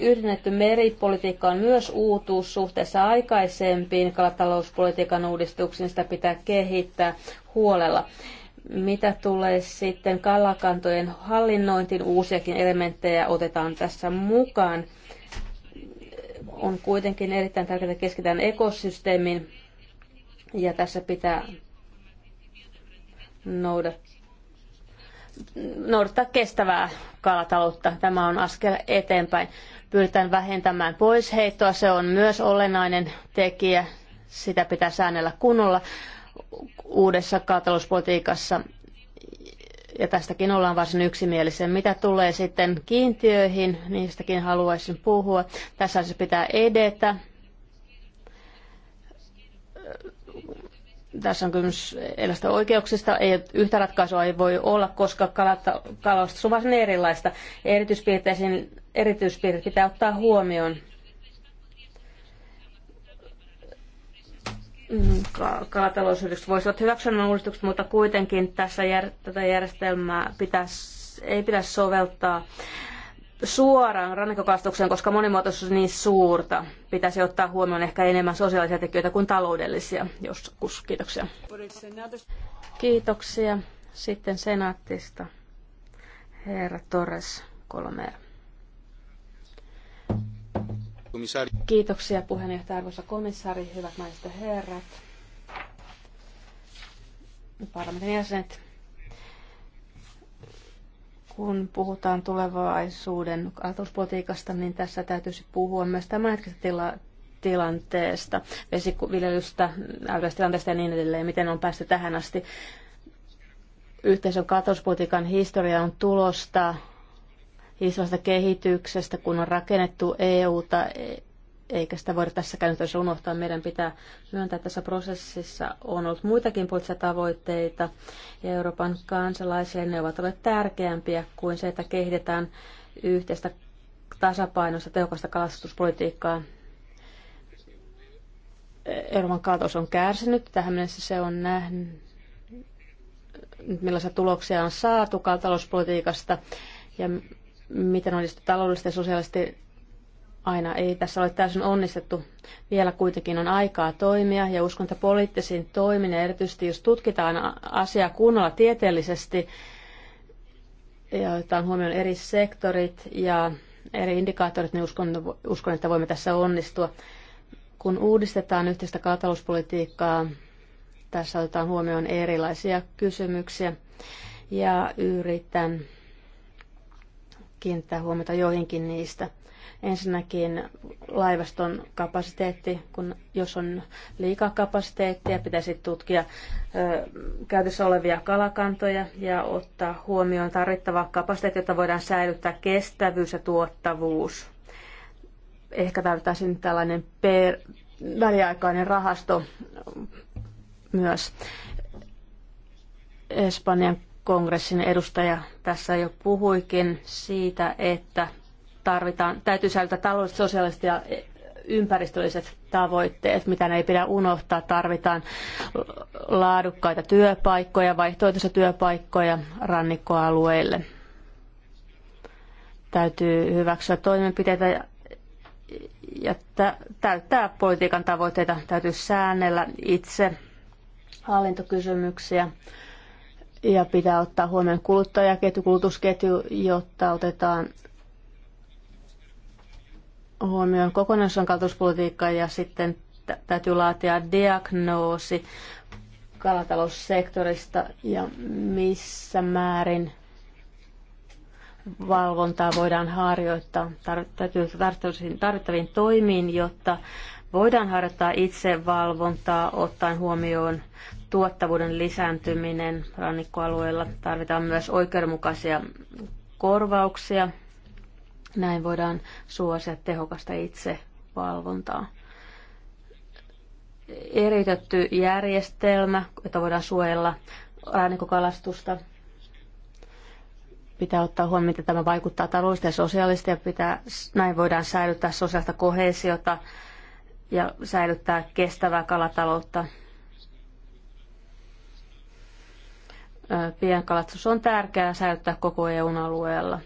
yhdennetty meripolitiikka on myös uutuus suhteessa aikaisempiin kalatalouspolitiikan uudistuksiin. Sitä pitää kehittää huolella. Mitä tulee sitten kalakantojen hallinnointiin, uusiakin elementtejä otetaan tässä mukaan. On kuitenkin erittäin tärkeää keskitytään ekosysteemin ja tässä pitää noudattaa noudattaa kestävää kalataloutta. Tämä on askel eteenpäin. Pyritään vähentämään poisheittoa. Se on myös olennainen tekijä. Sitä pitää säännellä kunnolla uudessa kalatalouspolitiikassa. Ja tästäkin ollaan varsin yksimielisiä. Mitä tulee sitten kiintiöihin, niistäkin haluaisin puhua. Tässä se pitää edetä. tässä on kysymys elästä oikeuksista. Ei, yhtä ratkaisua ei voi olla, koska kalastus on varsin erilaista. Erityispiirteisiin, erityispiirteet pitää ottaa huomioon. Mm, kalatalousyritykset voisivat hyväksyä nämä uudistukset, mutta kuitenkin tässä jär, tätä järjestelmää pitäisi, ei pitäisi soveltaa suoraan rannikkokalastukseen, koska monimuotoisuus on niin suurta. Pitäisi ottaa huomioon ehkä enemmän sosiaalisia tekijöitä kuin taloudellisia joskus. Kiitoksia. Kiitoksia. Sitten senaattista. Herra Torres Kolmer. Kiitoksia puheenjohtaja, arvoisa komissaari, hyvät naiset ja herrat, parlamentin jäsenet kun puhutaan tulevaisuuden kalastuspolitiikasta, niin tässä täytyisi puhua myös hetkisestä tila- tilanteesta, vesiviljelystä, tilanteesta ja niin edelleen, miten on päästy tähän asti. Yhteisön kalastuspolitiikan historia on tulosta historiasta kehityksestä, kun on rakennettu EUta eikä sitä voida tässä käynnissä unohtaa. Meidän pitää myöntää, että tässä prosessissa on ollut muitakin poliittisia tavoitteita ja Euroopan kansalaisille ne ovat olleet tärkeämpiä kuin se, että kehitetään yhteistä tasapainoista tehokasta kalastuspolitiikkaa. Euroopan kaatos on kärsinyt. Tähän mennessä se on nähnyt, millaisia tuloksia on saatu kalatalouspolitiikasta ja miten on taloudellisesti ja sosiaalisesti aina ei tässä ole täysin onnistettu. Vielä kuitenkin on aikaa toimia ja uskon, että poliittisiin toimin ja erityisesti jos tutkitaan asiaa kunnolla tieteellisesti ja otetaan huomioon eri sektorit ja eri indikaattorit, niin uskon, uskon että voimme tässä onnistua. Kun uudistetaan yhteistä kaatalouspolitiikkaa, tässä otetaan huomioon erilaisia kysymyksiä ja yritän kiinnittää huomiota joihinkin niistä Ensinnäkin laivaston kapasiteetti, kun jos on liikaa kapasiteettia, pitäisi tutkia ö, käytössä olevia kalakantoja ja ottaa huomioon tarvittava kapasiteetti, jotta voidaan säilyttää kestävyys ja tuottavuus. Ehkä tarvittaisiin tällainen per, väliaikainen rahasto myös. Espanjan kongressin edustaja tässä jo puhuikin siitä, että tarvitaan, täytyy säilyttää taloudelliset, sosiaaliset ja ympäristölliset tavoitteet, mitä ne ei pidä unohtaa. Tarvitaan laadukkaita työpaikkoja, vaihtoehtoisia työpaikkoja rannikkoalueille. Täytyy hyväksyä toimenpiteitä ja täyttää politiikan tavoitteita. Täytyy säännellä itse hallintokysymyksiä ja pitää ottaa huomioon kuluttajaketju, kulutusketju, jotta otetaan huomioon kokonaisuuden kaltuspolitiikka ja sitten täytyy laatia diagnoosi kalataloussektorista ja missä määrin valvontaa voidaan harjoittaa tarvittaviin, tarvittaviin toimiin, jotta voidaan harjoittaa itsevalvontaa ottaen huomioon tuottavuuden lisääntyminen rannikkoalueella. Tarvitaan myös oikeudenmukaisia korvauksia näin voidaan suosia tehokasta itsevalvontaa. Eritetty järjestelmä, jota voidaan suojella äänikokalastusta. Pitää ottaa huomioon, miten tämä vaikuttaa taloudellisesti ja sosiaalisesti, ja pitää, näin voidaan säilyttää sosiaalista kohesiota ja säilyttää kestävää kalataloutta. Pienkalastus on tärkeää säilyttää koko eu alueella.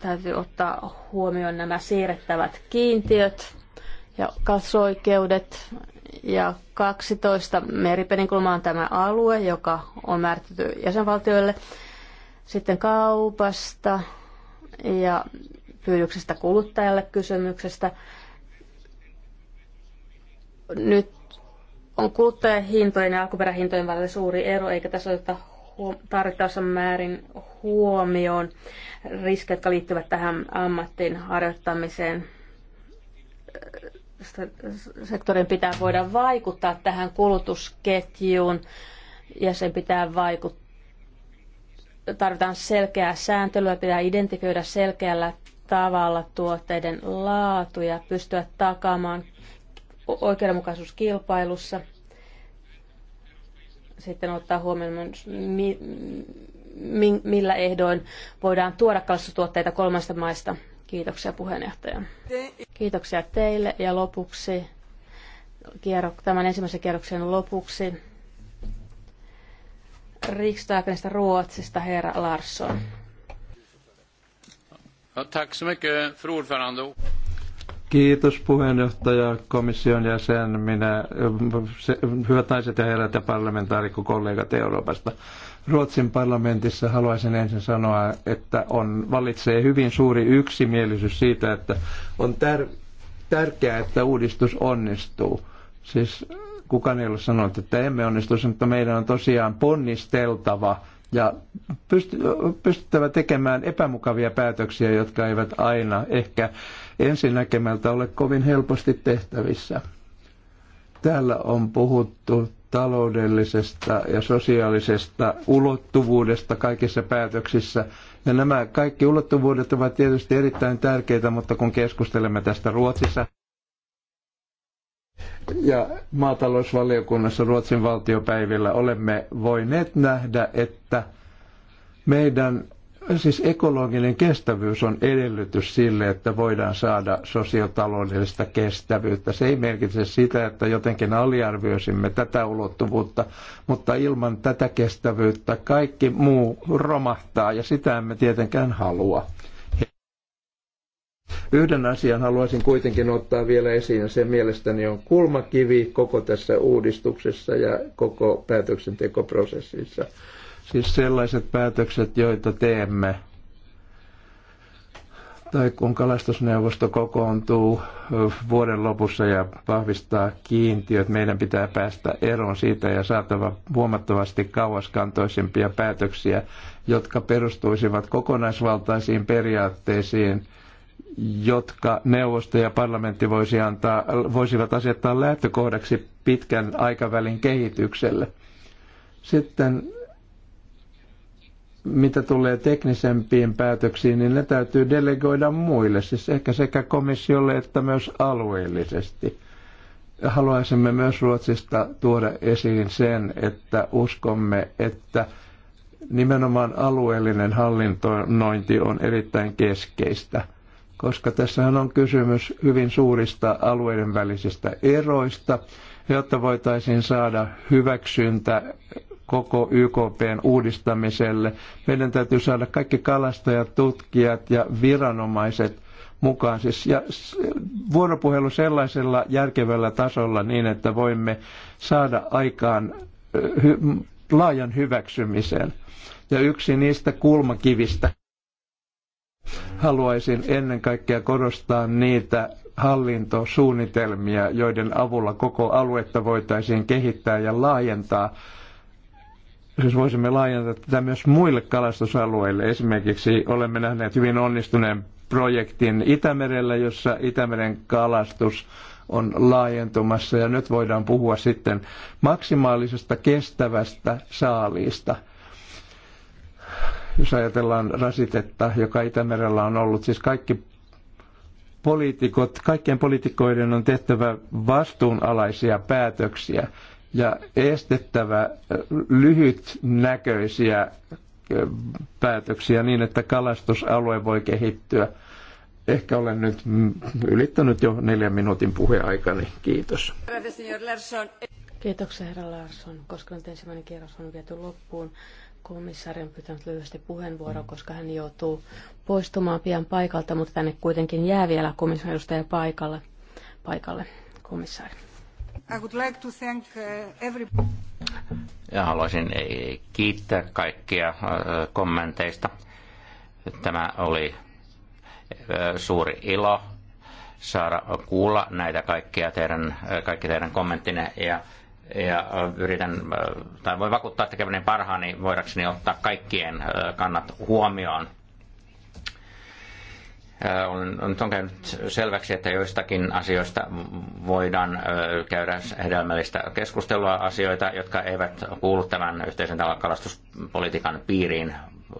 täytyy ottaa huomioon nämä siirrettävät kiintiöt ja kasoikeudet. Ja 12 meripeninkulma on tämä alue, joka on määritetty jäsenvaltioille. Sitten kaupasta ja pyydyksestä kuluttajalle kysymyksestä. Nyt on kuluttajahintojen ja alkuperähintojen välillä suuri ero, eikä tässä oteta tarvittaessa määrin huomioon riskejä, jotka liittyvät tähän ammattiin harjoittamiseen. Sektorin pitää voida vaikuttaa tähän kulutusketjuun ja sen pitää vaikuttaa. Tarvitaan selkeää sääntelyä, pitää identifioida selkeällä tavalla tuotteiden laatu ja pystyä takaamaan oikeudenmukaisuus kilpailussa – sitten ottaa huomioon, millä ehdoin voidaan tuoda kalastustuotteita kolmesta maista. Kiitoksia puheenjohtaja. Kiitoksia teille ja lopuksi, tämän ensimmäisen kierroksen lopuksi, Riksdagenista Ruotsista herra Larsson. Tack så mycket, fru ordförande. Kiitos puheenjohtaja, komission jäsen, minä, se, hyvät naiset ja herrat ja parlamentaarikko kollegat Euroopasta. Ruotsin parlamentissa haluaisin ensin sanoa, että on, vallitsee hyvin suuri yksimielisyys siitä, että on tär, tärkeää, että uudistus onnistuu. Siis kukaan ei ole sanonut, että emme onnistu, mutta meidän on tosiaan ponnisteltava ja pystyttävä tekemään epämukavia päätöksiä, jotka eivät aina ehkä ensinäkemältä ole kovin helposti tehtävissä. Täällä on puhuttu taloudellisesta ja sosiaalisesta ulottuvuudesta kaikissa päätöksissä. Ja nämä kaikki ulottuvuudet ovat tietysti erittäin tärkeitä, mutta kun keskustelemme tästä Ruotsissa ja maatalousvaliokunnassa Ruotsin valtiopäivillä olemme voineet nähdä, että meidän Siis ekologinen kestävyys on edellytys sille, että voidaan saada sosiotaloudellista kestävyyttä. Se ei merkitse sitä, että jotenkin aliarvioisimme tätä ulottuvuutta, mutta ilman tätä kestävyyttä kaikki muu romahtaa ja sitä emme tietenkään halua. Yhden asian haluaisin kuitenkin ottaa vielä esiin, ja se mielestäni on kulmakivi koko tässä uudistuksessa ja koko päätöksentekoprosessissa. Siis sellaiset päätökset, joita teemme, tai kun kalastusneuvosto kokoontuu vuoden lopussa ja vahvistaa kiintiöt, meidän pitää päästä eroon siitä ja saatava huomattavasti kauaskantoisempia päätöksiä, jotka perustuisivat kokonaisvaltaisiin periaatteisiin, jotka neuvosto ja parlamentti voisi antaa, voisivat asettaa lähtökohdaksi pitkän aikavälin kehitykselle. Sitten mitä tulee teknisempiin päätöksiin, niin ne täytyy delegoida muille, siis ehkä sekä komissiolle että myös alueellisesti. Haluaisimme myös Ruotsista tuoda esiin sen, että uskomme, että nimenomaan alueellinen hallinnointi on erittäin keskeistä, koska tässähän on kysymys hyvin suurista alueiden välisistä eroista, jotta voitaisiin saada hyväksyntä koko YKPn uudistamiselle. Meidän täytyy saada kaikki kalastajat, tutkijat ja viranomaiset mukaan. Siis, ja vuoropuhelu sellaisella järkevällä tasolla niin, että voimme saada aikaan hy, laajan hyväksymisen. Ja yksi niistä kulmakivistä haluaisin ennen kaikkea korostaa niitä hallintosuunnitelmia, joiden avulla koko aluetta voitaisiin kehittää ja laajentaa jos voisimme laajentaa tätä myös muille kalastusalueille. Esimerkiksi olemme nähneet hyvin onnistuneen projektin Itämerellä, jossa Itämeren kalastus on laajentumassa ja nyt voidaan puhua sitten maksimaalisesta kestävästä saaliista. Jos ajatellaan rasitetta, joka Itämerellä on ollut, siis kaikki poliitikot, kaikkien poliitikoiden on tehtävä vastuunalaisia päätöksiä ja estettävä lyhytnäköisiä päätöksiä niin, että kalastusalue voi kehittyä. Ehkä olen nyt ylittänyt jo neljän minuutin puheaikani. Kiitos. Kiitoksia herra Larsson. Koska nyt ensimmäinen kierros on viety loppuun, komissaari on pyytänyt lyhyesti puheenvuoron, koska hän joutuu poistumaan pian paikalta, mutta tänne kuitenkin jää vielä komission edustaja paikalle. paikalle komissaari. I would like to thank uh, Ja haluaisin eh, kiittää kaikkia eh, kommenteista. Tämä oli eh, suuri ilo saada kuulla näitä kaikkia teidän, kaikki teidän kommenttinne ja, ja yritän, tai voi vakuuttaa tekeväni parhaani voidakseni ottaa kaikkien kannat huomioon. Äh, on, on käynyt selväksi, että joistakin asioista voidaan äh, käydä hedelmällistä keskustelua, asioita, jotka eivät kuulu tämän yhteisen kalastuspolitiikan piiriin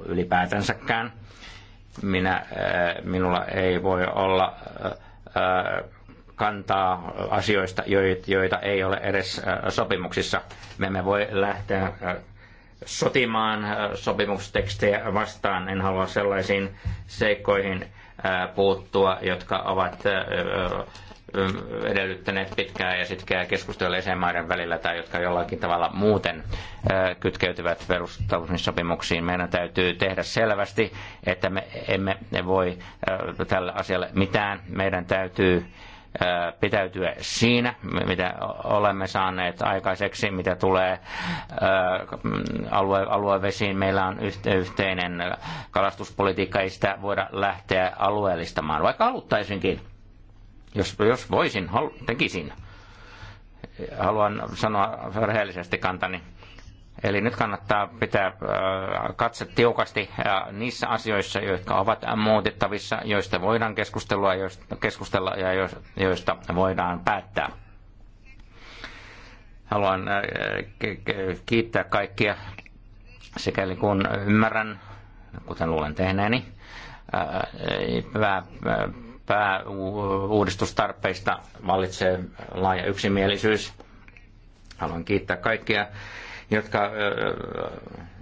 ylipäätänsäkään. Minä, äh, minulla ei voi olla kantaa asioista, joita ei ole edes sopimuksissa. Me emme voi lähteä sotimaan sopimustekstejä vastaan. En halua sellaisiin seikkoihin puuttua, jotka ovat edellyttäneet pitkää ja sitkeää keskustelua jäsenmaiden välillä tai jotka jollakin tavalla muuten kytkeytyvät perustamissopimuksiin. Meidän täytyy tehdä selvästi, että me emme voi tällä asialle mitään. Meidän täytyy pitäytyä siinä, mitä olemme saaneet aikaiseksi, mitä tulee mm, alue, aluevesiin. Meillä on yhteinen kalastuspolitiikka, ei sitä voida lähteä alueellistamaan, vaikka haluttaisinkin. Jos, jos voisin, halu, tekisin. Haluan sanoa rehellisesti kantani. Eli nyt kannattaa pitää katse tiukasti niissä asioissa, jotka ovat muutettavissa, joista voidaan keskustella, joista, keskustella ja joista voidaan päättää. Haluan kiittää kaikkia, sikäli kun ymmärrän, kuten luulen tehneeni, pää, vallitsee laaja yksimielisyys. Haluan kiittää kaikkia jotka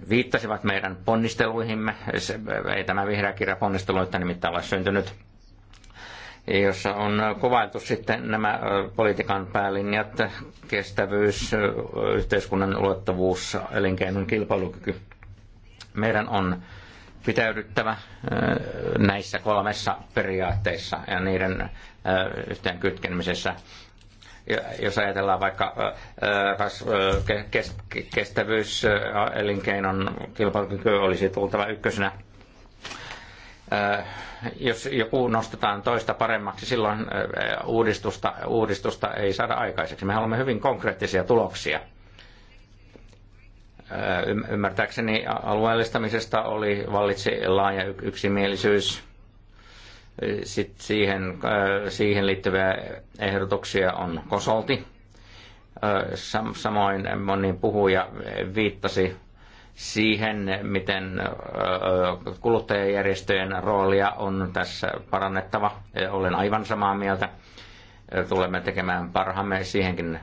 viittasivat meidän ponnisteluihimme. Se, ei tämä vihreä kirja ponnisteluita nimittäin ole syntynyt jossa on kuvailtu sitten nämä politiikan päälinjat, kestävyys, yhteiskunnan luottavuus, elinkeinon kilpailukyky. Meidän on pitäydyttävä näissä kolmessa periaatteissa ja niiden yhteen kytkemisessä jos ajatellaan vaikka kestävyys, elinkeinon kilpailukyky olisi tultava ykkösenä. Jos joku nostetaan toista paremmaksi, silloin uudistusta, uudistusta ei saada aikaiseksi. Me haluamme hyvin konkreettisia tuloksia. Ymmärtääkseni alueellistamisesta oli, vallitsi laaja yksimielisyys sitten siihen, äh, siihen liittyviä ehdotuksia on kosolti. Äh, samoin moni puhuja viittasi siihen, miten äh, kuluttajajärjestöjen roolia on tässä parannettava. Olen aivan samaa mieltä. Tulemme tekemään parhaamme siihenkin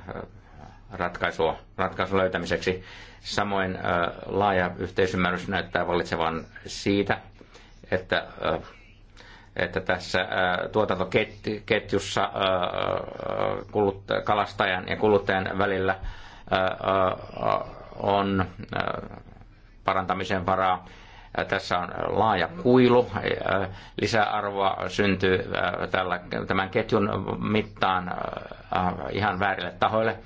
ratkaisua, ratkaisun löytämiseksi. Samoin laaja yhteisymmärrys näyttää valitsevan siitä, että että tässä tuotantoketjussa kalastajan ja kuluttajan välillä on parantamisen varaa. Tässä on laaja kuilu. Lisäarvoa syntyy tällä, tämän ketjun mittaan ihan väärille tahoille.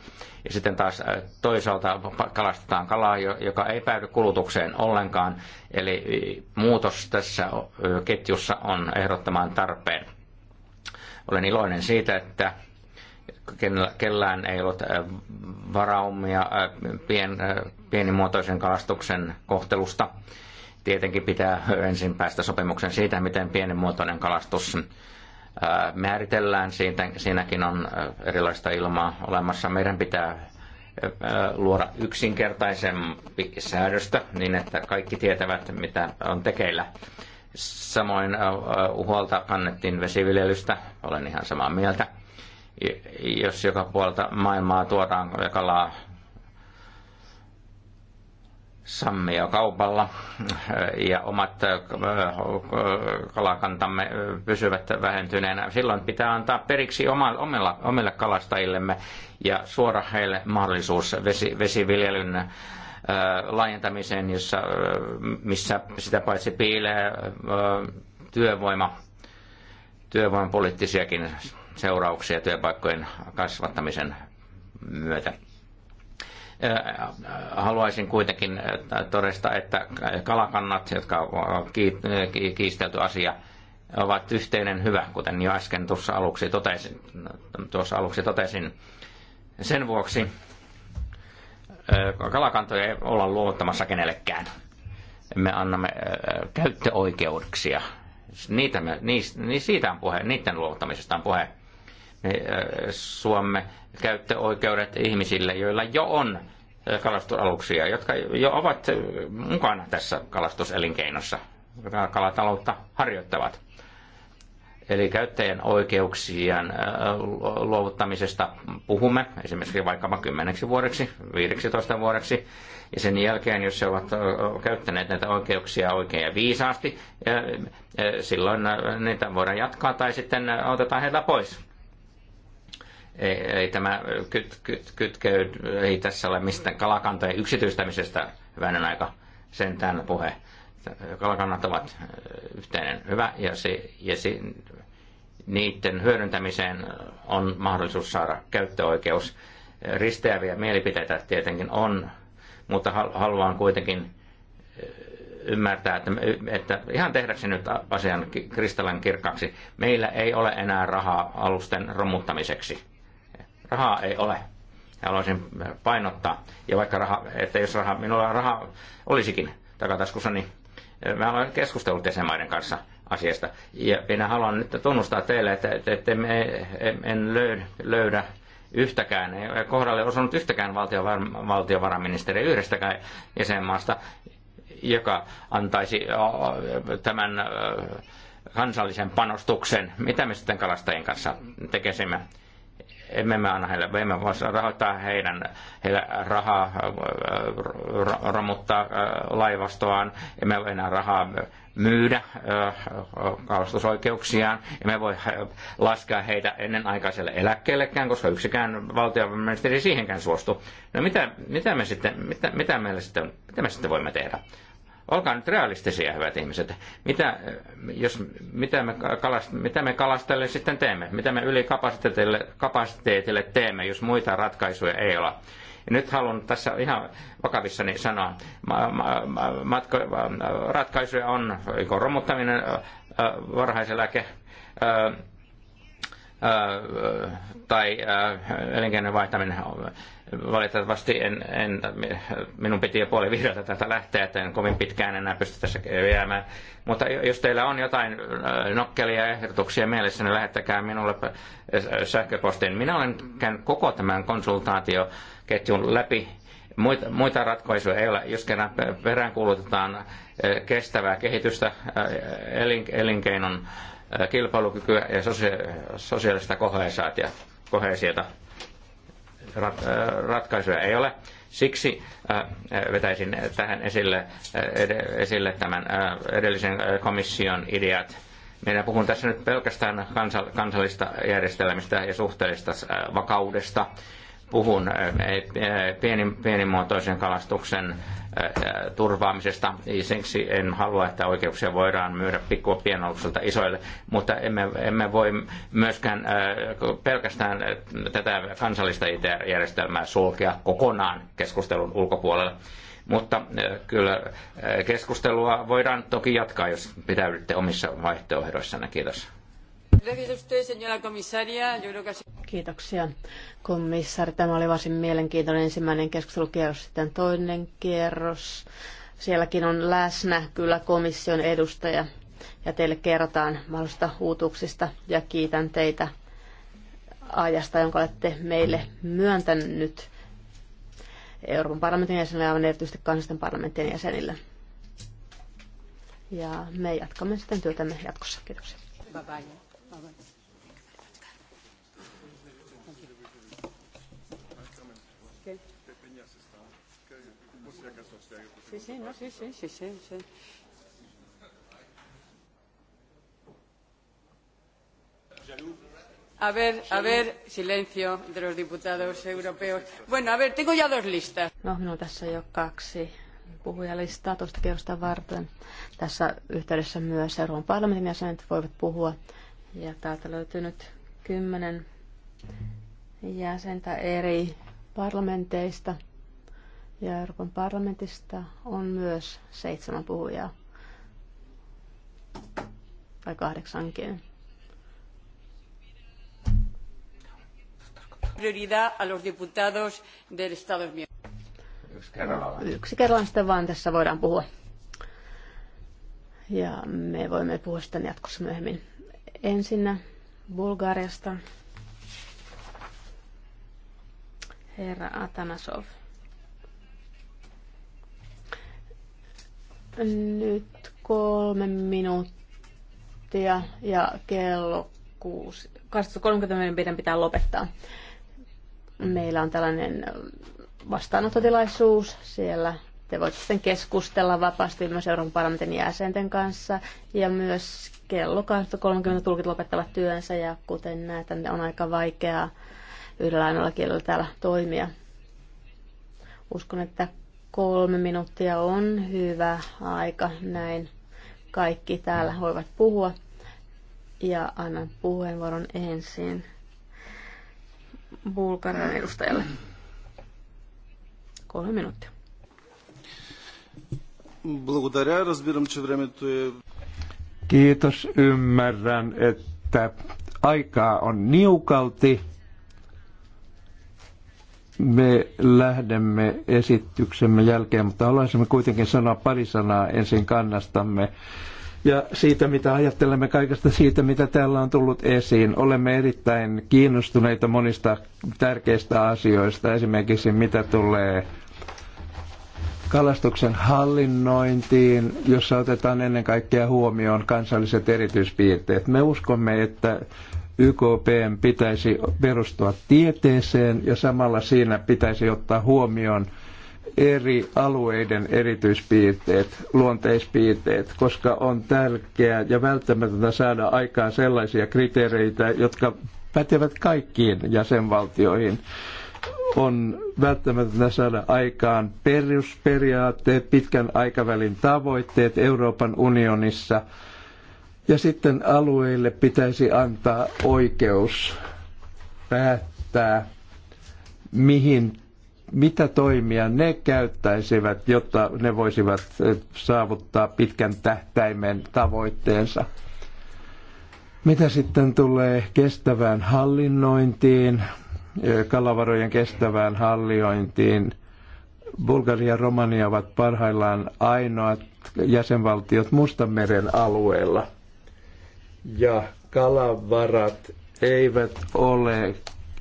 Ja sitten taas äh, toisaalta kalastetaan kalaa, joka ei päädy kulutukseen ollenkaan. Eli muutos tässä ketjussa on ehdottoman tarpeen. Olen iloinen siitä, että kellään ei ollut varaumia pien, pienimuotoisen kalastuksen kohtelusta. Tietenkin pitää ensin päästä sopimuksen siitä, miten pienimuotoinen kalastus määritellään. Siitä, siinäkin on erilaista ilmaa olemassa. Meidän pitää luoda yksinkertaisempi säädöstä niin, että kaikki tietävät, mitä on tekeillä. Samoin huolta kannettiin vesiviljelystä, olen ihan samaa mieltä. Jos joka puolta maailmaa tuodaan kalaa sammia kaupalla ja omat äh, kalakantamme äh, pysyvät vähentyneenä. Silloin pitää antaa periksi omilla, omille kalastajillemme ja suora heille mahdollisuus vesi, vesiviljelyn äh, laajentamiseen, jossa, missä sitä paitsi piilee työvoima, työvoimapoliittisiakin seurauksia työpaikkojen kasvattamisen myötä. Äh, äh, haluaisin kuitenkin äh, todesta, että kalakannat, jotka on kiistelty asia, ovat yhteinen hyvä, kuten jo äsken tuossa aluksi totesin. Tuossa aluksi totesin. Sen vuoksi kalakantoja ei olla luottamassa kenellekään. Me annamme käyttöoikeuksia. Niitä me, niistä, siitä on puhe, niiden luottamisesta on puhe niin, Suomme käyttöoikeudet ihmisille, joilla jo on kalastusaluksia, jotka jo ovat mukana tässä kalastuselinkeinossa, jotka kalataloutta harjoittavat. Eli käyttäjän oikeuksien luovuttamisesta puhumme esimerkiksi vaikkapa kymmeneksi vuodeksi, 15 vuodeksi. Ja sen jälkeen, jos he ovat käyttäneet näitä oikeuksia oikein ja viisaasti, silloin niitä voidaan jatkaa tai sitten otetaan heiltä pois ei, ei tämä kyt, kyt, kytkeä, ei tässä ole mistään kalakantojen yksityistämisestä hyvänen aika sentään puhe. Kalakannat ovat yhteinen hyvä ja, se, ja se, niiden hyödyntämiseen on mahdollisuus saada käyttöoikeus. Risteäviä mielipiteitä tietenkin on, mutta haluan kuitenkin ymmärtää, että, että ihan tehdäksi nyt asian kristallan kirkkaaksi, meillä ei ole enää rahaa alusten romuttamiseksi. Rahaa ei ole. Haluaisin eh, painottaa. Ja vaikka raha, että jos raha, minulla raha olisikin takataskussa, niin eh, mä olen keskustellut jäsenmaiden kanssa asiasta. Ja minä haluan nyt tunnustaa teille, että, että, että me, en löydä, löydä yhtäkään, ei kohdalle osunut yhtäkään valtiovar- valtiovarainministeriä yhdestäkään jäsenmaasta, joka antaisi tämän eh, kansallisen panostuksen, mitä me sitten kalastajien kanssa tekisimme emme me anna heille, emme voi rahoittaa heidän, heille rahaa äh, romuttaa äh, laivastoaan, emme voi enää rahaa myydä äh, kalastusoikeuksiaan, emme voi laskea heitä ennenaikaiselle eläkkeellekään, koska yksikään valtioministeri siihenkään suostu. No mitä, mitä, me sitten, mitä, mitä, meillä sitten, mitä me sitten voimme tehdä? Olkaa nyt realistisia, hyvät ihmiset. Mitä, jos, mitä, me, kalast, mitä me kalastelle sitten teemme? Mitä me yli kapasiteetille, kapasiteetille teemme, jos muita ratkaisuja ei ole? Ja nyt haluan tässä ihan vakavissani sanoa, ma, ma, matko, ratkaisuja on romuttaminen, varhaiseläke, tai elinkeinojen vaihtaminen Valitettavasti en, en, minun piti jo puoli vihreältä täältä lähteä, että en kovin pitkään enää pysty tässä jäämään. Mutta jos teillä on jotain äh, nokkelia ehdotuksia mielessä, niin lähettäkää minulle äh, sähköpostiin. Minä olen käynyt koko tämän konsultaatioketjun läpi muita, muita ratkaisuja ei ole. Jos kerran peräänkuulutetaan äh, kestävää kehitystä, elinkeinon kilpailukykyä ja sosiaalista koheesiota, rat, äh, ratkaisuja ei ole. Siksi äh, äh, vetäisin tähän esille, esille tämän edellisen komission ideat. Meidän puhun tässä nyt pelkästään kansallista järjestelmistä ja suhteellista vakaudesta puhun pieni, pienimuotoisen kalastuksen turvaamisesta. Siksi en halua, että oikeuksia voidaan myydä pikkua pienalukselta isoille, mutta emme, emme voi myöskään pelkästään tätä kansallista IT-järjestelmää e sulkea kokonaan keskustelun ulkopuolelle. Mutta kyllä keskustelua voidaan toki jatkaa, jos pitäydytte omissa vaihtoehdoissanne. Kiitos. Kiitoksia komissaari. Tämä oli varsin mielenkiintoinen ensimmäinen keskustelukierros, sitten toinen kierros. Sielläkin on läsnä kyllä komission edustaja ja teille kerrotaan mahdollisista uutuuksista ja kiitän teitä ajasta, jonka olette meille myöntänyt Euroopan parlamentin jäsenille ja erityisesti kansallisten parlamenttien jäsenille. Ja me jatkamme sitten työtämme jatkossa. Kiitoksia. Bye bye. sí, sí, no, sí, sí, sí, sí. sí. A ver, a ver, silencio de los diputados europeos. Bueno, a ver, tengo ya dos listas. No, minulla tässä jo kaksi puhujalistaa tuosta kierrosta varten. Tässä yhteydessä myös Euroopan parlamentin jäsenet voivat puhua. Ja täältä löytyy nyt kymmenen jäsentä eri parlamenteista. Ja Euroopan parlamentista on myös seitsemän puhujaa. Tai kahdeksankin. Prioridad a los diputados del Estado Yksi Yksi sitten vaan tässä voidaan puhua. Ja me voimme puhua sitä jatkossa myöhemmin. Ensinnä Bulgariasta. Herra Atanasov. Nyt kolme minuuttia ja kello kuusi. 30 meidän pitää lopettaa. Meillä on tällainen vastaanottotilaisuus. Siellä te voitte sitten keskustella vapaasti myös Euroopan parlamentin jäsenten kanssa. Ja myös kello 20.30 tulkit lopettavat työnsä ja kuten näet, niin on aika vaikeaa yhdellä ainoalla kielellä täällä toimia. Uskon, että Kolme minuuttia on hyvä aika, näin kaikki täällä voivat puhua. Ja annan puheenvuoron ensin Bulgarian edustajalle. Kolme minuuttia. Благодаря. Разбирам, че времето е... Kiitos. Ymmärrän, että aikaa on niukalti me lähdemme esityksemme jälkeen, mutta haluaisimme kuitenkin sanoa pari sanaa ensin kannastamme. Ja siitä, mitä ajattelemme kaikesta siitä, mitä täällä on tullut esiin, olemme erittäin kiinnostuneita monista tärkeistä asioista, esimerkiksi mitä tulee kalastuksen hallinnointiin, jossa otetaan ennen kaikkea huomioon kansalliset erityispiirteet. Me uskomme, että YKPn pitäisi perustua tieteeseen ja samalla siinä pitäisi ottaa huomioon eri alueiden erityispiirteet, luonteispiirteet, koska on tärkeää ja välttämätöntä saada aikaan sellaisia kriteereitä, jotka pätevät kaikkiin jäsenvaltioihin. On välttämätöntä saada aikaan perusperiaatteet, pitkän aikavälin tavoitteet Euroopan unionissa – ja sitten alueille pitäisi antaa oikeus päättää, mihin, mitä toimia ne käyttäisivät, jotta ne voisivat eh, saavuttaa pitkän tähtäimen tavoitteensa. Mitä sitten tulee kestävään hallinnointiin, eh, kalavarojen kestävään hallinnointiin, Bulgaria ja Romania ovat parhaillaan ainoat jäsenvaltiot Mustanmeren alueella – ja kalavarat eivät ole,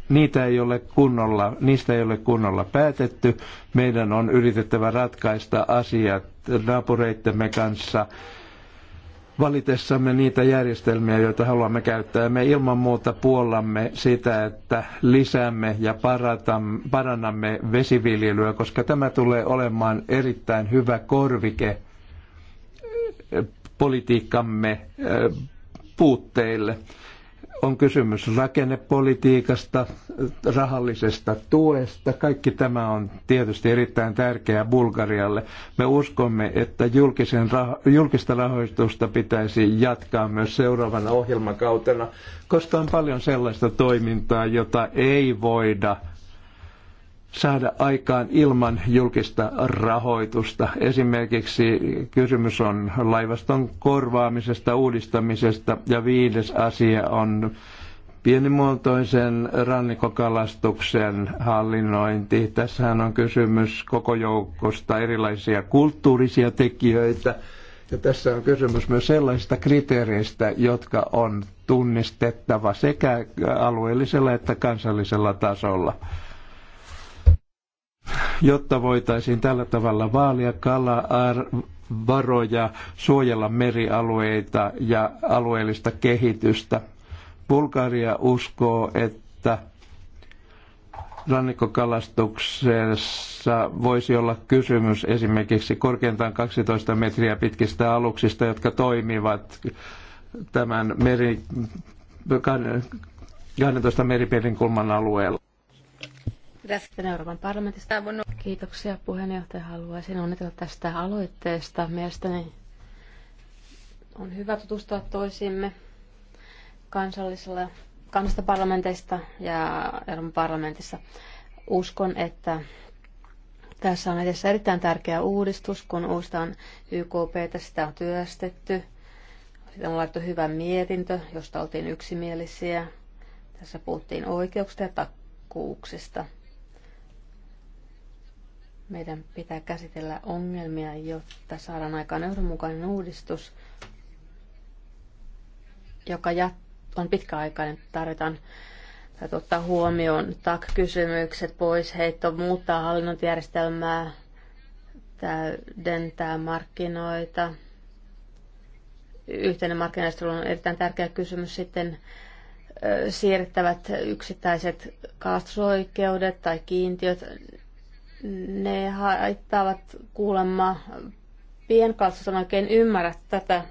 niitä ei ole kunnolla, niistä ei ole kunnolla päätetty. Meidän on yritettävä ratkaista asiat naapureittemme kanssa valitessamme niitä järjestelmiä, joita haluamme käyttää. Me ilman muuta puollamme sitä, että lisäämme ja parannamme vesiviljelyä, koska tämä tulee olemaan erittäin hyvä korvike eh, politiikkamme eh, puutteille. On kysymys rakennepolitiikasta, rahallisesta tuesta. Kaikki tämä on tietysti erittäin tärkeää Bulgarialle. Me uskomme, että julkisen rah- julkista rahoitusta pitäisi jatkaa myös seuraavana ohjelmakautena, koska on paljon sellaista toimintaa, jota ei voida – saada aikaan ilman julkista rahoitusta. Esimerkiksi kysymys on laivaston korvaamisesta, uudistamisesta ja viides asia on pienimuotoisen rannikokalastuksen hallinnointi. Tässähän on kysymys koko joukosta erilaisia kulttuurisia tekijöitä. Ja tässä on kysymys myös sellaisista kriteereistä, jotka on tunnistettava sekä alueellisella että kansallisella tasolla jotta voitaisiin tällä tavalla vaalia kalavaroja, suojella merialueita ja alueellista kehitystä. Bulgaria uskoo, että rannikkokalastuksessa voisi olla kysymys esimerkiksi korkeintaan 12 metriä pitkistä aluksista, jotka toimivat tämän meri, 12 kulman alueella. Sitten Euroopan parlamentista. Kiitoksia puheenjohtaja. Haluaisin onnitella tästä aloitteesta. Mielestäni on hyvä tutustua toisiimme kansallisella, kansallisista parlamenteista ja Euroopan parlamentissa. Uskon, että tässä on edessä erittäin tärkeä uudistus, kun uustaan YKP sitä on työstetty. Sitten on laittu hyvä mietintö, josta oltiin yksimielisiä. Tässä puhuttiin oikeuksista ja takkuuksista. Meidän pitää käsitellä ongelmia, jotta saadaan aikaan euronmukainen uudistus, joka on pitkäaikainen. Tarvitaan ottaa huomioon TAK-kysymykset, pois heitto, muuttaa hallinnointijärjestelmää, täydentää markkinoita. Yhteinen markkinajärjestely on erittäin tärkeä kysymys sitten siirrettävät yksittäiset kalastusoikeudet tai kiintiöt, ne haittaavat kuulemma pienkatsos on oikein ymmärrä tätä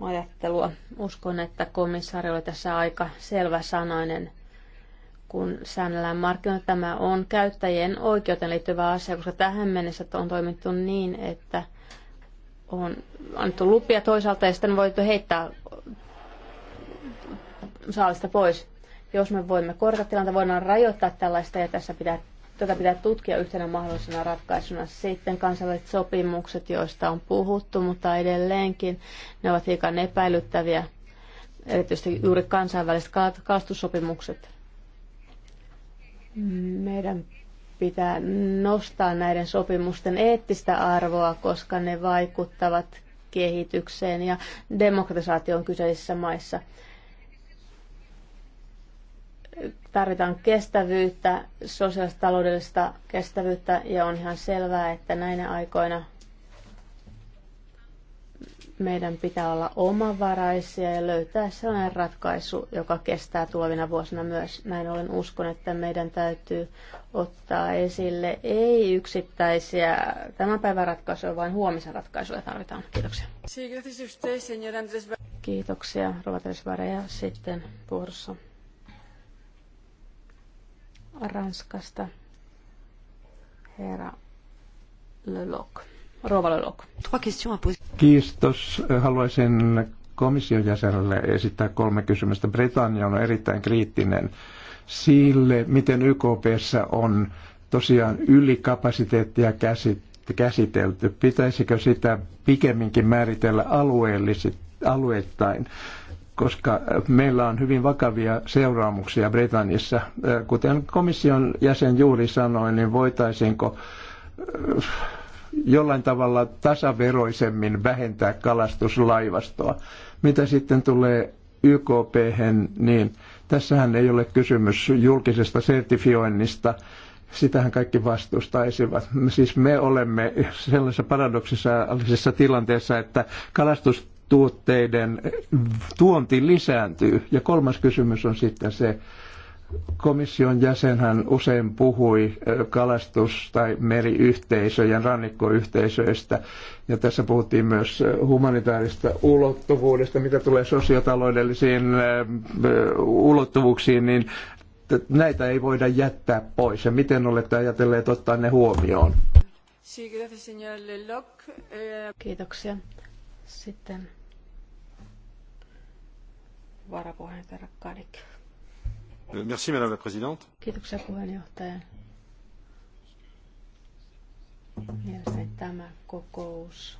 ajattelua. Uskon, että komissaari oli tässä aika selväsanainen, kun säännellään markkinoilla. Tämä on käyttäjien oikeuteen liittyvä asia, koska tähän mennessä on toimittu niin, että on annettu lupia toisaalta ja sitten voitu heittää saalista pois. Jos me voimme korjata tilannetta, voidaan rajoittaa tällaista ja tässä pitää tätä pitää tutkia yhtenä mahdollisena ratkaisuna. Sitten kansainväliset sopimukset, joista on puhuttu, mutta edelleenkin ne ovat hiukan epäilyttäviä, erityisesti juuri kansainväliset kaastussopimukset. Meidän pitää nostaa näiden sopimusten eettistä arvoa, koska ne vaikuttavat kehitykseen ja demokratisaation kyseisissä maissa tarvitaan kestävyyttä, sosiaalista taloudellista kestävyyttä ja on ihan selvää, että näinä aikoina meidän pitää olla omavaraisia ja löytää sellainen ratkaisu, joka kestää tulevina vuosina myös. Näin olen uskon, että meidän täytyy ottaa esille ei yksittäisiä tämän päivän ratkaisuja, vaan huomisen ratkaisuja tarvitaan. Kiitoksia. Kiitoksia, ja Sitten vuorossa Ranskasta. Herra Leloc. Rova Leloc. Kiitos. Haluaisin komission jäsenelle esittää kolme kysymystä. Britannia on erittäin kriittinen sille, miten YKPssä on tosiaan ylikapasiteettia käsitelty. Pitäisikö sitä pikemminkin määritellä alueellisit, alueittain? koska meillä on hyvin vakavia seuraamuksia Britanniassa. Kuten komission jäsen juuri sanoi, niin voitaisiinko eh, jollain tavalla tasaveroisemmin vähentää kalastuslaivastoa. Mitä sitten tulee YKP, niin tässähän ei ole kysymys julkisesta sertifioinnista, sitähän kaikki vastustaisivat. Siis me olemme sellaisessa paradoksaalisessa tilanteessa, että kalastus tuotteiden tuonti lisääntyy. Ja kolmas kysymys on sitten se, komission jäsenhän usein puhui kalastus- tai meriyhteisöjen, rannikkoyhteisöistä, ja tässä puhuttiin myös humanitaarista ulottuvuudesta, mitä tulee sosiotaloudellisiin ulottuvuuksiin, niin näitä ei voida jättää pois, ja miten olette ajatelleet ottaa ne huomioon? Eh, Kiitoksia. Sitten varapuheenjohtaja Kadik. Merci, madame la présidente. Kiitoksia puheenjohtaja. Mielestäni tämä kokous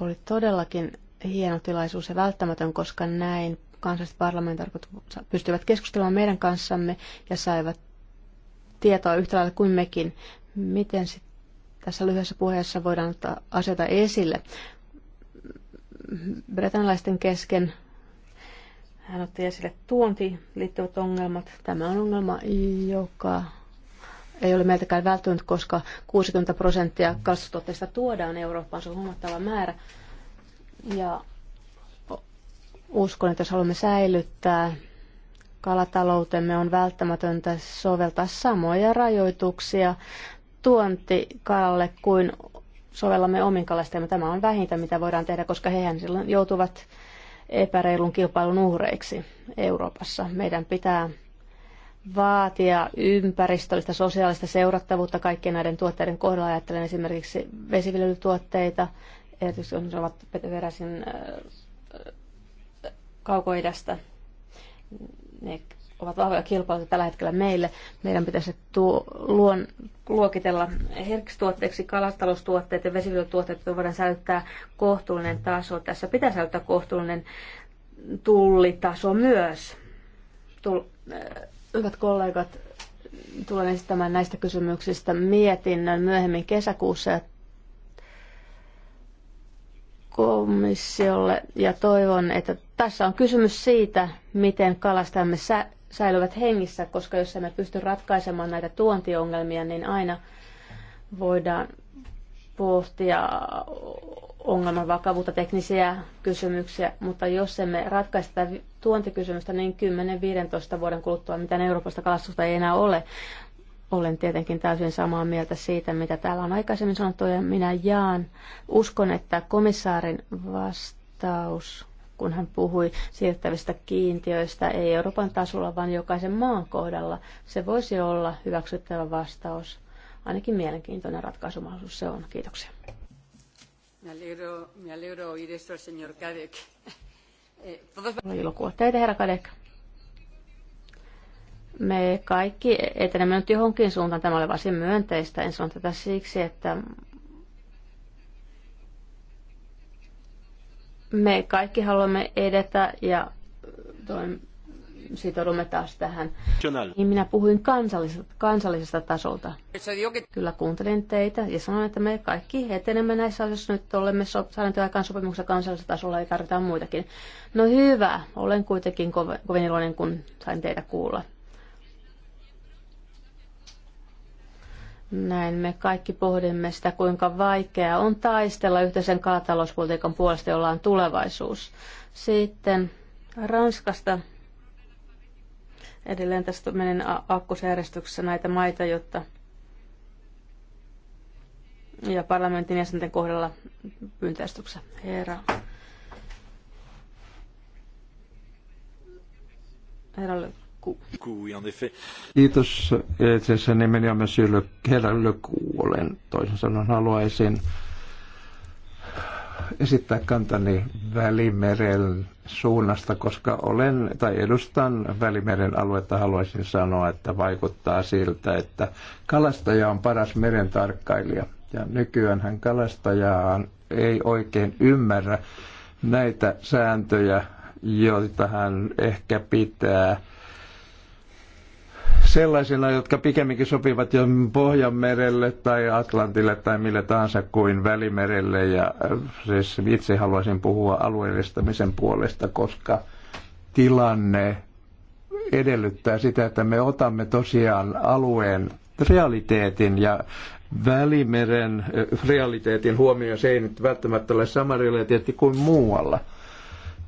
oli todellakin hieno tilaisuus ja välttämätön, koska näin kansalliset parlamentaarikot pystyivät keskustelemaan meidän kanssamme ja saivat tietoa yhtä lailla kuin mekin. Miten sit tässä lyhyessä puheessa voidaan ottaa asioita esille? Britannialaisten kesken hän otti esille tuontiin liittyvät ongelmat. Tämä on ongelma, joka ei ole meiltäkään välttynyt, koska 60 prosenttia kasvutuotteista tuodaan Eurooppaan. Se on huomattava määrä. Ja uskon, että jos haluamme säilyttää kalataloutemme, on välttämätöntä soveltaa samoja rajoituksia tuontikalalle kuin sovellamme omin kalastajamme. Tämä on vähintä, mitä voidaan tehdä, koska hehän silloin joutuvat epäreilun kilpailun uhreiksi Euroopassa. Meidän pitää vaatia ympäristöllistä, sosiaalista seurattavuutta kaikkien näiden tuotteiden kohdalla. Ajattelen esimerkiksi vesiviljelytuotteita, erityisesti jos ne ovat peräisin äh, kaukoidästä. Ne ovat vahvoja kilpailuja tällä hetkellä meille. Meidän pitäisi tuo, luon, luokitella herkiksi kalastaloustuotteet ja vesiviljeltuotteet, joita voidaan säilyttää kohtuullinen taso. Tässä pitää säilyttää kohtuullinen tullitaso myös. Tul, äh, hyvät kollegat, tulen esittämään näistä kysymyksistä mietinnön myöhemmin kesäkuussa komissiolle ja toivon, että tässä on kysymys siitä, miten kalastamme säilyvät hengissä, koska jos emme pysty ratkaisemaan näitä tuontiongelmia, niin aina voidaan pohtia ongelman vakavuutta, teknisiä kysymyksiä, mutta jos emme ratkaista tätä tuontikysymystä, niin 10-15 vuoden kuluttua mitään Euroopasta kalastusta ei enää ole. Olen tietenkin täysin samaa mieltä siitä, mitä täällä on aikaisemmin sanottu, ja minä jaan. Uskon, että komissaarin vastaus kun hän puhui siirrettävistä kiintiöistä, ei Euroopan tasolla, vaan jokaisen maan kohdalla. Se voisi olla hyväksyttävä vastaus. Ainakin mielenkiintoinen ratkaisumahdollisuus se on. Kiitoksia. Me alegro, me alegro oír esto eh, teitä, herra Kadek. Me kaikki etenemme nyt johonkin suuntaan. Tämä oli varsin myönteistä. En sano tätä siksi, että Me kaikki haluamme edetä ja toim- sitoudumme taas tähän. Niin minä puhuin kansallisesta, kansallisesta tasolta. Kyllä kuuntelin teitä ja sanoin, että me kaikki etenemme näissä asioissa. Nyt olemme so- saaneet aikaan sopimuksen kansallisella tasolla ja tarvitaan muitakin. No hyvä, olen kuitenkin kov- kovin iloinen, kun sain teitä kuulla. Näin me kaikki pohdimme sitä, kuinka vaikeaa on taistella yhteisen kaatalouspolitiikan puolesta, jolla on tulevaisuus. Sitten Ranskasta. Edelleen tästä menen akkosjärjestyksessä näitä maita, jotta ja parlamentin jäsenten kohdalla pyyntäistyksessä. Herra. Herra Kiitos. Itse asiassa nimeni on myös Ylö, herra Ylökuulen. Toisin sanoen haluaisin esittää kantani Välimeren suunnasta, koska olen tai edustan Välimeren aluetta. Haluaisin sanoa, että vaikuttaa siltä, että kalastaja on paras meren tarkkailija. Ja nykyään hän kalastajaan ei oikein ymmärrä näitä sääntöjä, joita hän ehkä pitää – sellaisina, jotka pikemminkin sopivat jo Pohjanmerelle tai Atlantille tai mille tahansa kuin Välimerelle. Ja äh, siis itse haluaisin puhua alueellistamisen puolesta, koska tilanne edellyttää sitä, että me otamme tosiaan alueen realiteetin ja Välimeren äh, realiteetin huomioon. Se ei nyt välttämättä ole sama realiteetti kuin muualla,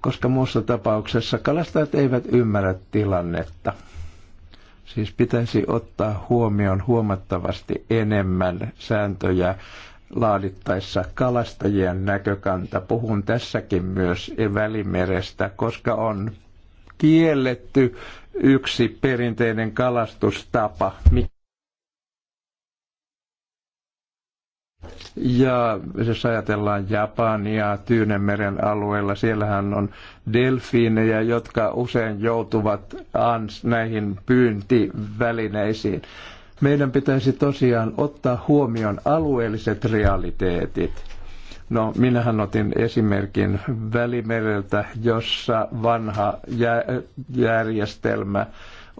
koska muussa tapauksessa kalastajat eivät ymmärrä tilannetta. Siis pitäisi ottaa huomioon huomattavasti enemmän sääntöjä laadittaessa kalastajien näkökanta. Puhun tässäkin myös Välimerestä, koska on kielletty yksi perinteinen kalastustapa. Ja jos ajatellaan Japania Tyynemeren alueella, siellähän on delfiinejä, jotka usein joutuvat ans näihin pyyntivälineisiin. Meidän pitäisi tosiaan ottaa huomioon alueelliset realiteetit. No, minähän otin esimerkin Välimereltä, jossa vanha järjestelmä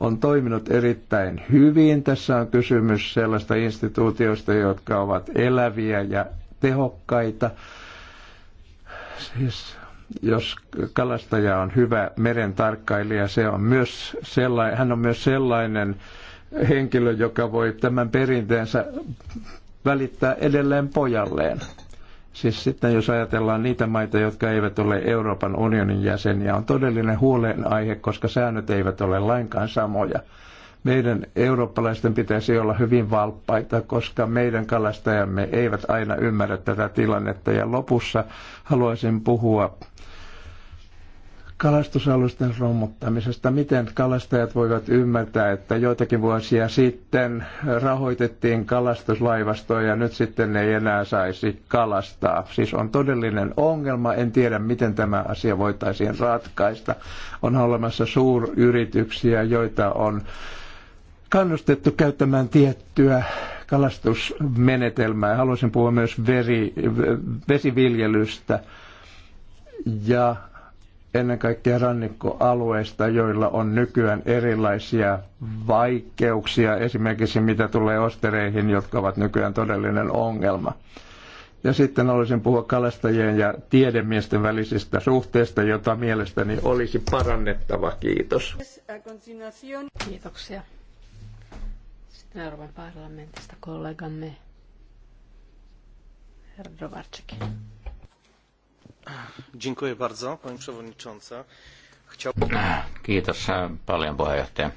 on toiminut erittäin hyvin. Tässä on kysymys sellaista instituutioista, jotka ovat eläviä ja tehokkaita. Siis jos kalastaja on hyvä meren tarkkailija, se on myös sellainen, hän on myös sellainen henkilö, joka voi tämän perinteensä välittää edelleen pojalleen. Siis sitten jos ajatellaan niitä maita, jotka eivät ole Euroopan unionin jäseniä, on todellinen huolenaihe, koska säännöt eivät ole lainkaan samoja. Meidän eurooppalaisten pitäisi olla hyvin valppaita, koska meidän kalastajamme eivät aina ymmärrä tätä tilannetta. Ja lopussa haluaisin puhua kalastusalusten romuttamisesta. Miten kalastajat voivat ymmärtää, että joitakin vuosia sitten rahoitettiin kalastuslaivastoja, ja nyt sitten ei enää saisi kalastaa? Siis on todellinen ongelma. En tiedä, miten tämä asia voitaisiin ratkaista. On olemassa suuryrityksiä, joita on kannustettu käyttämään tiettyä kalastusmenetelmää. Haluaisin puhua myös veri, vesiviljelystä ja ennen kaikkea rannikkoalueista, joilla on nykyään erilaisia vaikeuksia, esimerkiksi mitä tulee ostereihin, jotka ovat nykyään todellinen ongelma. Ja sitten olisin puhua kalastajien ja tiedemiesten välisistä suhteista, jota mielestäni olisi parannettava. Kiitos. Kiitoksia. Sitten Euroopan parlamentista kollegamme Herra Dovarczykin. Kiitos e, paljon puheenjohtaja.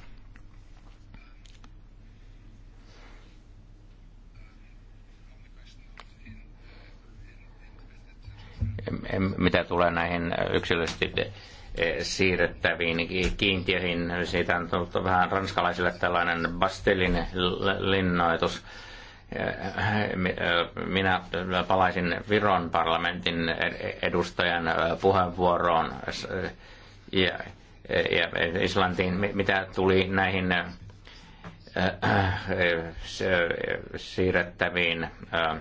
Mitä tulee näihin yksilöllisesti e, siirrettäviin kiintiöihin, siitä on tullut vähän ranskalaisille tällainen Bastelin linnoitus minä palaisin Viron parlamentin edustajan puheenvuoroon ja, ja Islantiin, mitä tuli näihin äh, äh, siirrettäviin äh,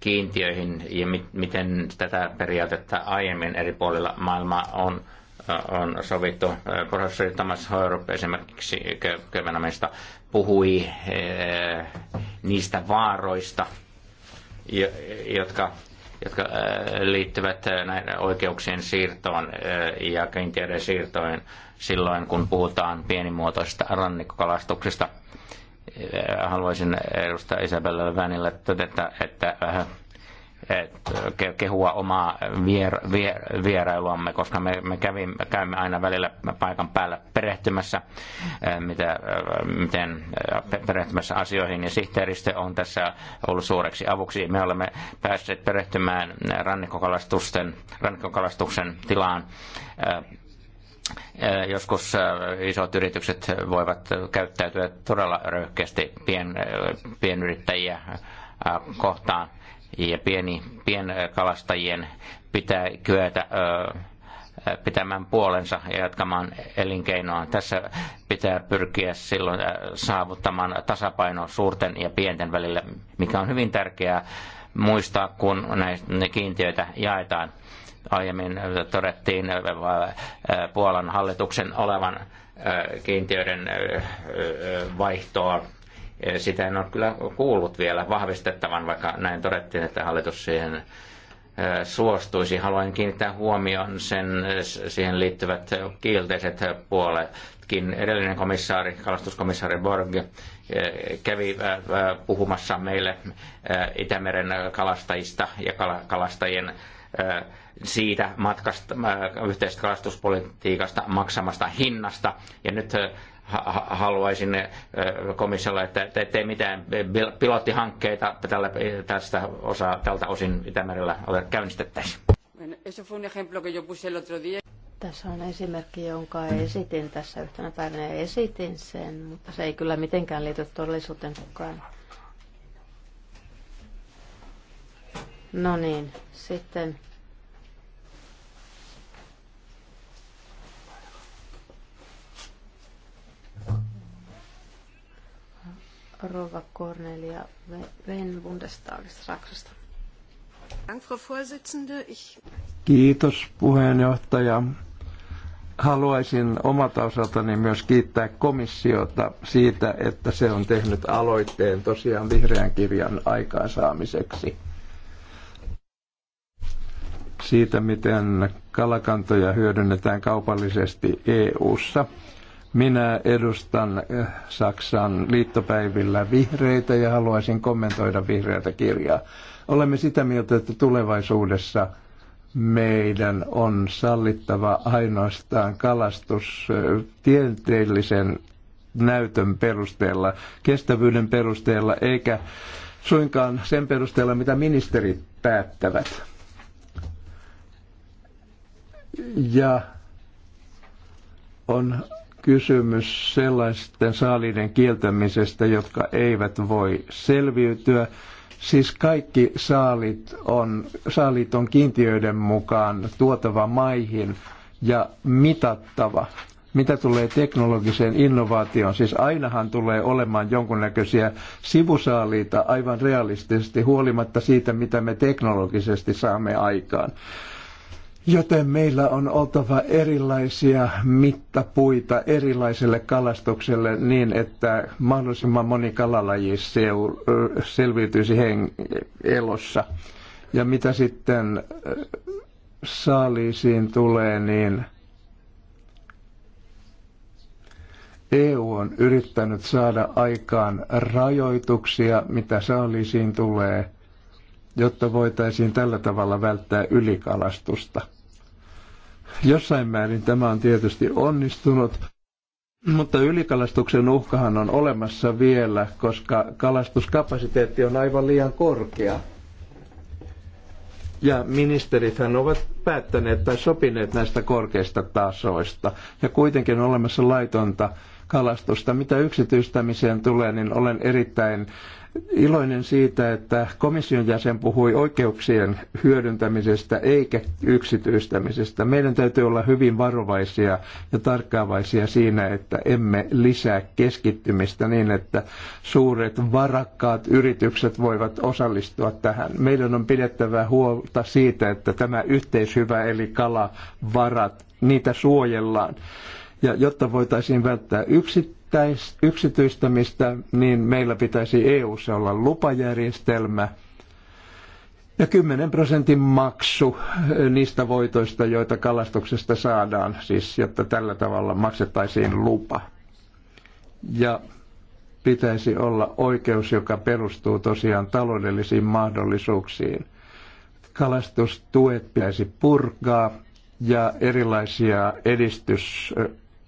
kiintiöihin ja miten tätä periaatetta aiemmin eri puolilla maailmaa on on sovittu. Professori Thomas Hörup esimerkiksi Kööpenhaminasta puhui eh, niistä vaaroista, jotka, jotka eh, liittyvät eh, näiden oikeuksien siirtoon ja kiintiöiden siirtoon silloin, kun puhutaan pienimuotoisesta rannikkokalastuksesta. Haluaisin edustaa Isabella Vänille todeta, että kehua omaa vier, vier, vierailuamme, koska me, me kävimme, käymme aina välillä paikan päällä perehtymässä, mitä, miten, perehtymässä asioihin, ja sihteeristö on tässä ollut suureksi avuksi. Me olemme päässeet perehtymään rannikkokalastusten, rannikkokalastuksen tilaan joskus isot yritykset voivat käyttäytyä todella röyhkeästi pien, pienyrittäjiä kohtaan ja pieni, pienkalastajien pitää kyetä pitämään puolensa ja jatkamaan elinkeinoa. Tässä pitää pyrkiä silloin saavuttamaan tasapaino suurten ja pienten välillä, mikä on hyvin tärkeää muistaa, kun näitä kiintiöitä jaetaan. Aiemmin todettiin Puolan hallituksen olevan kiintiöiden vaihtoa sitä en ole kyllä kuullut vielä vahvistettavan, vaikka näin todettiin, että hallitus siihen suostuisi. Haluan kiinnittää huomioon sen, siihen liittyvät kielteiset puoletkin. Edellinen komissaari, kalastuskomissaari Borg, kävi puhumassa meille Itämeren kalastajista ja kalastajien siitä matkasta, yhteisestä kalastuspolitiikasta maksamasta hinnasta. Ja nyt haluaisin äh, komissiolle, että ettei mitään pilottihankkeita tällä, tästä osa, tältä osin Itämerellä ole käynnistettäisi. Tässä on esimerkki, jonka esitin tässä yhtenä päivänä esitin sen, mutta se ei kyllä mitenkään liity todellisuuteen kukaan. No niin, sitten Rova Cornelia Ven Bundestagista Saksasta. Kiitos puheenjohtaja. Haluaisin omalta osaltani myös kiittää komissiota siitä, että se on tehnyt aloitteen tosiaan vihreän kirjan aikaansaamiseksi siitä, miten kalakantoja hyödynnetään kaupallisesti EU-ssa. Minä edustan eh, Saksan liittopäivillä vihreitä ja haluaisin kommentoida vihreätä kirjaa. Olemme sitä mieltä, että tulevaisuudessa meidän on sallittava ainoastaan kalastus eh, tieteellisen näytön perusteella, kestävyyden perusteella, eikä suinkaan sen perusteella, mitä ministerit päättävät. Ja on kysymys sellaisten saaliiden kieltämisestä, jotka eivät voi selviytyä. Siis kaikki saalit on, saalit on kiintiöiden mukaan tuotava maihin ja mitattava. Mitä tulee teknologiseen innovaatioon, siis ainahan tulee olemaan jonkunnäköisiä sivusaaliita aivan realistisesti huolimatta siitä, mitä me teknologisesti saamme aikaan. Joten meillä on oltava erilaisia mittapuita erilaiselle kalastukselle niin, että mahdollisimman moni kalalaji selviytyisi elossa. Ja mitä sitten saaliisiin tulee, niin EU on yrittänyt saada aikaan rajoituksia, mitä saaliisiin tulee, jotta voitaisiin tällä tavalla välttää ylikalastusta – Jossain määrin tämä on tietysti onnistunut, mutta ylikalastuksen uhkahan on olemassa vielä, koska kalastuskapasiteetti on aivan liian korkea. Ja ministerithän ovat päättäneet tai sopineet näistä korkeista tasoista. Ja kuitenkin on olemassa laitonta kalastusta. Mitä yksityistämiseen tulee, niin olen erittäin iloinen siitä, että komission jäsen puhui oikeuksien hyödyntämisestä eikä yksityistämisestä. Meidän täytyy olla hyvin varovaisia ja tarkkaavaisia siinä, että emme lisää keskittymistä niin, että suuret varakkaat yritykset voivat osallistua tähän. Meidän on pidettävä huolta siitä, että tämä yhteishyvä eli kalavarat, niitä suojellaan ja jotta voitaisiin välttää yksittäis, yksityistämistä, niin meillä pitäisi EU:ssa olla lupajärjestelmä ja 10 prosentin maksu eh, niistä voitoista, joita kalastuksesta saadaan, siis jotta tällä tavalla maksettaisiin lupa. Ja pitäisi olla oikeus, joka perustuu tosiaan taloudellisiin mahdollisuuksiin. Kalastustuet pitäisi purkaa ja erilaisia edistys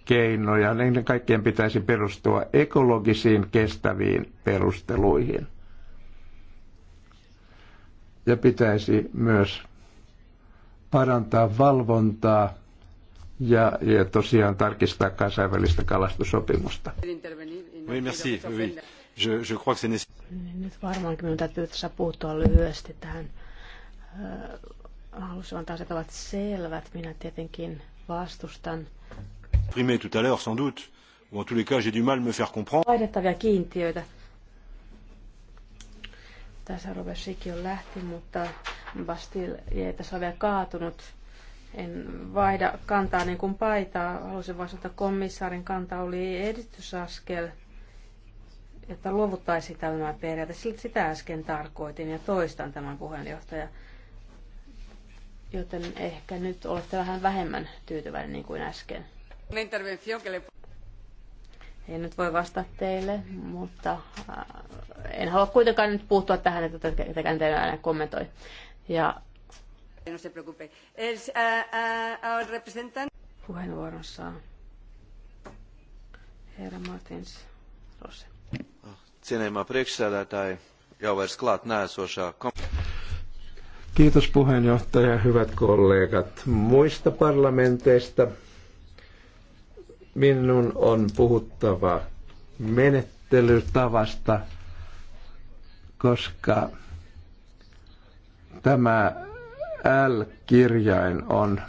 keinoja, niin kaikkien pitäisi perustua ekologisiin kestäviin perusteluihin. Ja pitäisi myös parantaa valvontaa ja, ja tosiaan tarkistaa kansainvälistä kalastusopimusta. Oui, merci. Oui. Je, je crois que niin, Nyt varmaankin minun täytyy tässä puuttua lyhyesti tähän. Äh, Haluaisin antaa, asiat ovat selvät. Minä tietenkin vastustan exprimé tout à l'heure, sans doute. Ou en tous les cas, j'ai du mal à me faire comprendre. Painettavia kiintiöitä. Tässä Robert lähti, mutta Bastille ei tässä ole vielä kaatunut en vaihda kantaa niin kuin paitaa. Haluaisin vain sanoa, että komissaarin kanta oli edistysaskel, että luovuttaisi tämä periaate. Sitä äsken tarkoitin ja toistan tämän puheenjohtaja. Joten ehkä nyt olette vähän vähemmän tyytyväinen niin kuin äsken. En nyt voi vastata teille, mutta äh, en halua kuitenkaan nyt puuttua tähän, että tekään teillä aina kommentoi. Ja no se preocupe. El, herra Martins Rosse. Cienējumā priekšsēdētāji, tai vairs klaat nēsošā Kiitos puheenjohtaja, hyvät kollegat muista parlamenteista minun on puhuttava menettelytavasta, koska tämä L-kirjain on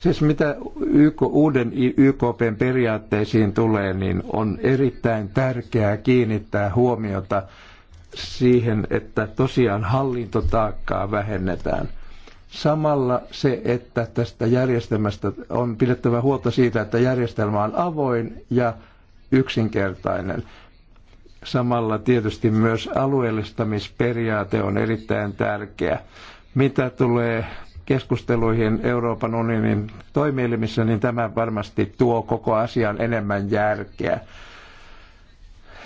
Siis mitä YK, uuden YKPn periaatteisiin tulee, niin on erittäin tärkeää kiinnittää huomiota siihen, että tosiaan hallintotaakkaa vähennetään – Samalla se, että tästä järjestelmästä on pidettävä huolta siitä, että järjestelmä on avoin ja yksinkertainen. Samalla tietysti myös alueellistamisperiaate on erittäin tärkeä. Mitä tulee keskusteluihin Euroopan unionin toimielimissä, niin tämä varmasti tuo koko asian enemmän järkeä.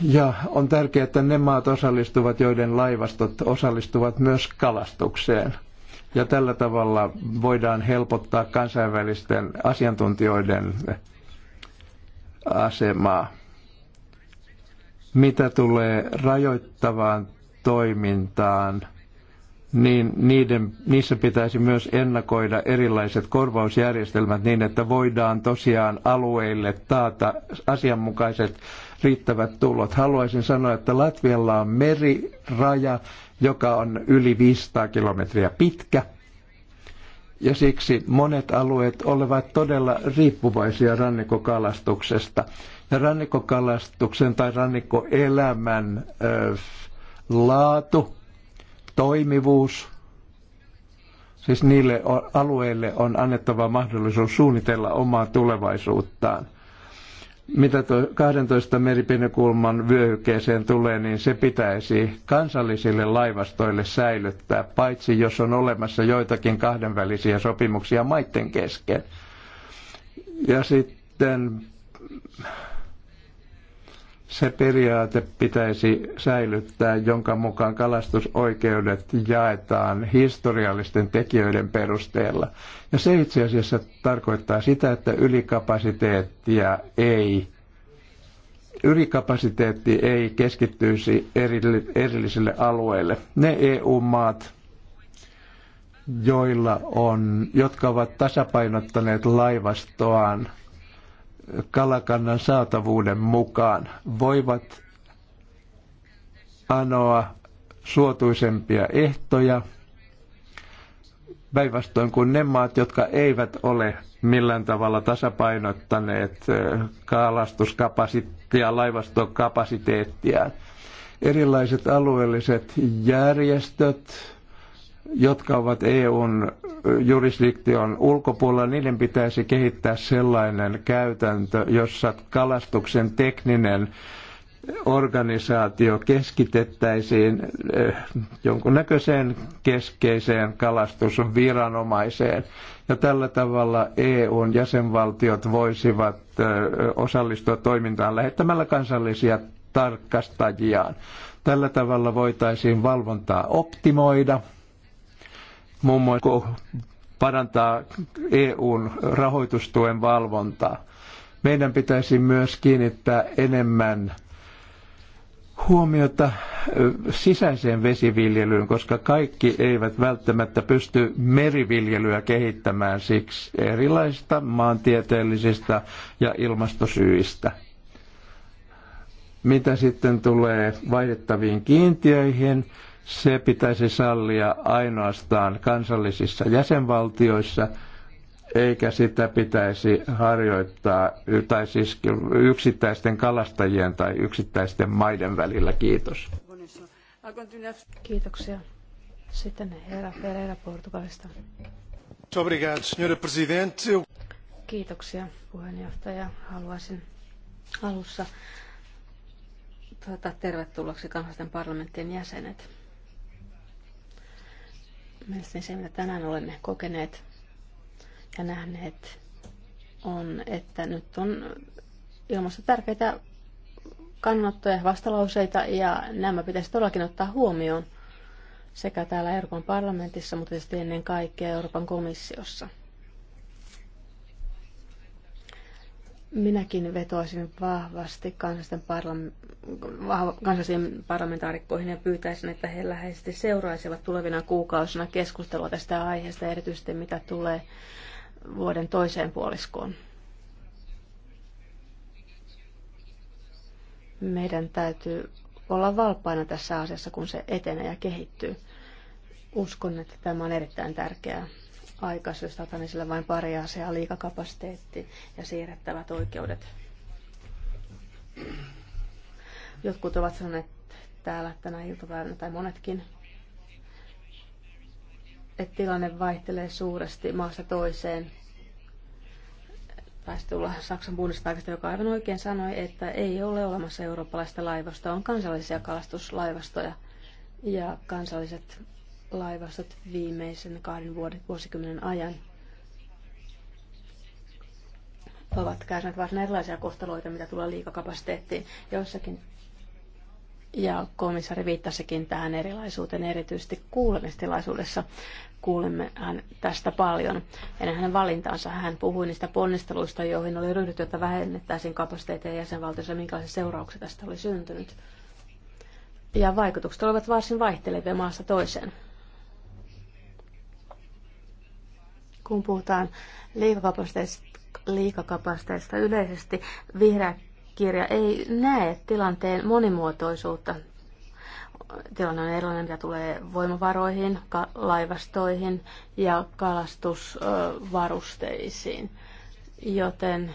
Ja on tärkeää, että ne maat osallistuvat, joiden laivastot osallistuvat myös kalastukseen ja tällä tavalla voidaan helpottaa kansainvälisten asiantuntijoiden asemaa. Mitä tulee rajoittavaan toimintaan, niin niiden, niissä pitäisi myös ennakoida erilaiset korvausjärjestelmät niin, että voidaan tosiaan alueille taata asianmukaiset riittävät tulot. Haluaisin sanoa, että Latvialla on meriraja joka on yli 500 kilometriä pitkä. Ja siksi monet alueet olivat todella riippuvaisia rannikkokalastuksesta. Ja rannikkokalastuksen tai rannikkoelämän ö, laatu, toimivuus, siis niille alueille on annettava mahdollisuus suunnitella omaa tulevaisuuttaan – mitä tuo 12 meripinnakulman vyöhykkeeseen tulee, niin se pitäisi kansallisille laivastoille säilyttää, paitsi jos on olemassa joitakin kahdenvälisiä sopimuksia maiden kesken. Ja sitten se periaate pitäisi säilyttää, jonka mukaan kalastusoikeudet jaetaan historiallisten tekijöiden perusteella. Ja se itse asiassa tarkoittaa sitä, että ylikapasiteettia ei ylikapasiteetti ei keskittyisi erillisille alueille. Ne EU-maat, joilla on, jotka ovat tasapainottaneet laivastoaan kalakannan saatavuuden mukaan voivat anoa suotuisempia ehtoja päinvastoin kuin ne maat, jotka eivät ole millään tavalla tasapainottaneet kalastuskapasiteettia, laivastokapasiteettia, Erilaiset alueelliset järjestöt, jotka ovat EUn jurisdiktion ulkopuolella, niiden pitäisi kehittää sellainen käytäntö, jossa kalastuksen tekninen organisaatio keskitettäisiin jonkunnäköiseen keskeiseen kalastusviranomaiseen. Ja tällä tavalla EUn jäsenvaltiot voisivat osallistua toimintaan lähettämällä kansallisia tarkastajiaan. Tällä tavalla voitaisiin valvontaa optimoida – muun muassa parantaa EUn rahoitustuen valvontaa. Meidän pitäisi myös kiinnittää enemmän huomiota sisäiseen vesiviljelyyn, koska kaikki eivät välttämättä pysty meriviljelyä kehittämään siksi erilaisista maantieteellisistä ja ilmastosyistä. Mitä sitten tulee vaihdettaviin kiintiöihin, se pitäisi sallia ainoastaan kansallisissa jäsenvaltioissa, eikä sitä pitäisi harjoittaa tai siis yksittäisten kalastajien tai yksittäisten maiden välillä. Kiitos. Kiitoksia. Sitten herra Pereira Portugalista. Kiitoksia puheenjohtaja. Haluaisin alussa tuota, tervetulleeksi kansallisten parlamenttien jäsenet Mielestäni se, mitä tänään olemme kokeneet ja nähneet, on, että nyt on ilmassa tärkeitä kannattoja ja vastalauseita, ja nämä pitäisi todellakin ottaa huomioon sekä täällä Euroopan parlamentissa, mutta tietysti ennen kaikkea Euroopan komissiossa. Minäkin vetoisin vahvasti kansallisten, parlam- vahva- parlamentaarikkoihin ja pyytäisin, että he läheisesti seuraisivat tulevina kuukausina keskustelua tästä aiheesta, erityisesti mitä tulee vuoden toiseen puoliskoon. Meidän täytyy olla valppaina tässä asiassa, kun se etenee ja kehittyy. Uskon, että tämä on erittäin tärkeää aikaisesta, niin sillä vain pari asiaa, liikakapasiteetti ja siirrettävät oikeudet. Jotkut ovat sanoneet täällä tänä iltapäivänä, tai monetkin, että tilanne vaihtelee suuresti maassa toiseen. Taisi tulla Saksan Bundestagista, joka aivan oikein sanoi, että ei ole olemassa eurooppalaista laivastoa, on kansallisia kalastuslaivastoja ja kansalliset laivastot viimeisen kahden vuoden, vuosikymmenen ajan ovat kärsineet varsin erilaisia kohtaloita, mitä tulee liikakapasiteettiin joissakin. Ja komissari viittasikin tähän erilaisuuteen erityisesti kuulemistilaisuudessa. kuulemme hän tästä paljon. Ennen hänen valintaansa hän puhui niistä ponnisteluista, joihin oli ryhdytty, että vähennettäisiin kapasiteettia jäsenvaltiossa, minkälaisia seurauksia tästä oli syntynyt. Ja vaikutukset olivat varsin vaihtelevia maasta toiseen. kun puhutaan liikakapasiteetista, yleisesti, vihreä kirja ei näe tilanteen monimuotoisuutta. Tilanne on erilainen, mitä tulee voimavaroihin, laivastoihin ja kalastusvarusteisiin. Joten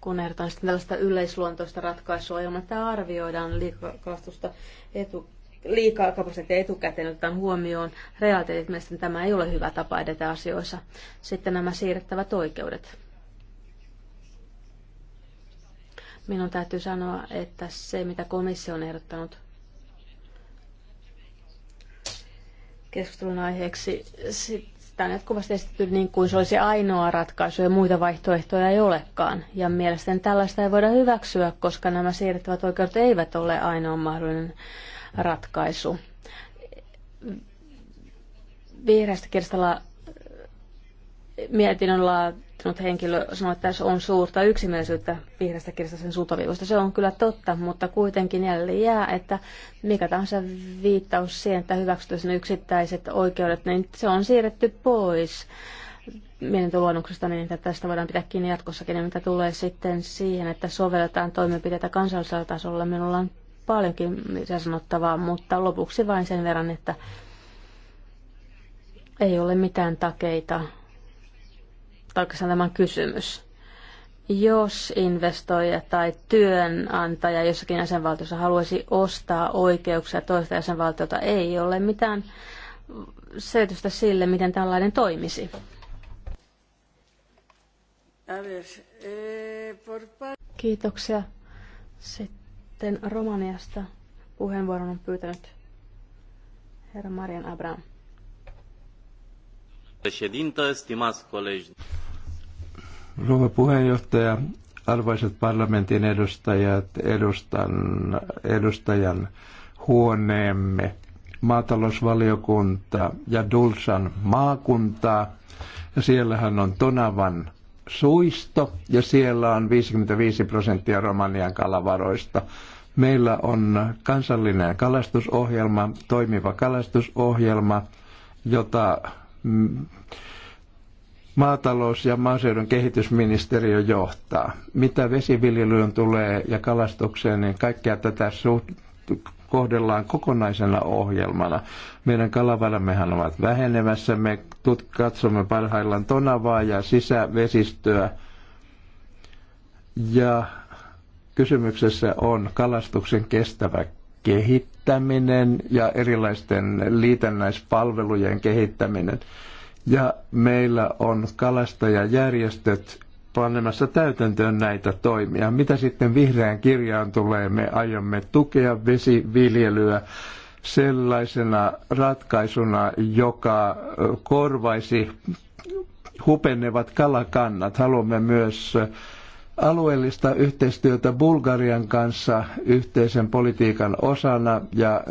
kun ehdotan sitten tällaista yleisluontoista ratkaisua ilman, että arvioidaan liikakalastusta etu, liikaa kapasiteettia etukäteen otetaan huomioon realiteetit. mielestä tämä ei ole hyvä tapa edetä asioissa. Sitten nämä siirrettävät oikeudet. Minun täytyy sanoa, että se mitä komissio on ehdottanut keskustelun aiheeksi, sitä on jatkuvasti esitetty niin kuin se olisi ainoa ratkaisu ja muita vaihtoehtoja ei olekaan. Ja mielestäni tällaista ei voida hyväksyä, koska nämä siirrettävät oikeudet eivät ole ainoa mahdollinen ratkaisu. Vihreästä kirjasta mietinnön laatinut henkilö sanoi, että tässä on suurta yksimielisyyttä vihreästä kirjasta sen suuntaviivosta. Se on kyllä totta, mutta kuitenkin jälleen jää, että mikä tahansa viittaus siihen, että hyväksytään yksittäiset oikeudet, niin se on siirretty pois mietintöluonnoksesta niin, että tästä voidaan pitää kiinni jatkossakin. Ja mitä tulee sitten siihen, että sovelletaan toimenpiteitä kansallisella tasolla, minulla on paljonkin mitä sanottavaa, mutta lopuksi vain sen verran, että ei ole mitään takeita. Tai oikeastaan tämä kysymys. Jos investoija tai työnantaja jossakin jäsenvaltiossa haluaisi ostaa oikeuksia toista jäsenvaltiota, ei ole mitään selitystä sille, miten tällainen toimisi. Eh, Kiitoksia. Sitten sitten Romaniasta puheenvuoron on pyytänyt herra Marian Abraham. Președintă, stimați colegi. Rouva puheenjohtaja, arvoisat parlamentin edustajat, edustan, edustajan huoneemme, maatalousvaliokunta ja Dulsan maakuntaa. Ja siellähän on Tonavan suisto ja siellä on 55 prosenttia Romanian kalavaroista. Meillä on kansallinen kalastusohjelma, toimiva kalastusohjelma, jota maatalous- ja maaseudun kehitysministeriö johtaa. Mitä vesiviljelyyn tulee ja kalastukseen, niin kaikkea tätä kohdellaan kokonaisena ohjelmana. Meidän kalavaramehan ovat vähenemässä, me tut- katsomme parhaillaan tonavaa ja sisävesistöä ja Kysymyksessä on kalastuksen kestävä kehittäminen ja erilaisten liitännäispalvelujen kehittäminen. Ja meillä on kalastajajärjestöt panemassa täytäntöön näitä toimia. Mitä sitten vihreään kirjaan tulee, me aiomme tukea vesiviljelyä sellaisena ratkaisuna, joka korvaisi hupenevat kalakannat. Haluamme myös alueellista yhteistyötä Bulgarian kanssa yhteisen politiikan osana ja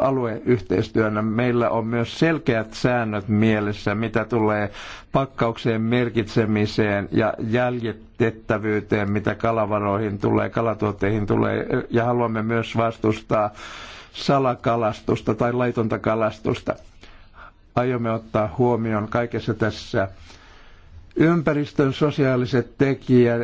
alueyhteistyönä. Meillä on myös selkeät säännöt mielessä, mitä tulee pakkaukseen merkitsemiseen ja jäljitettävyyteen, mitä kalavaroihin tulee, kalatuotteihin tulee. Ja haluamme myös vastustaa salakalastusta tai laitonta kalastusta. Aiomme ottaa huomioon kaikessa tässä ympäristön sosiaaliset tekijät,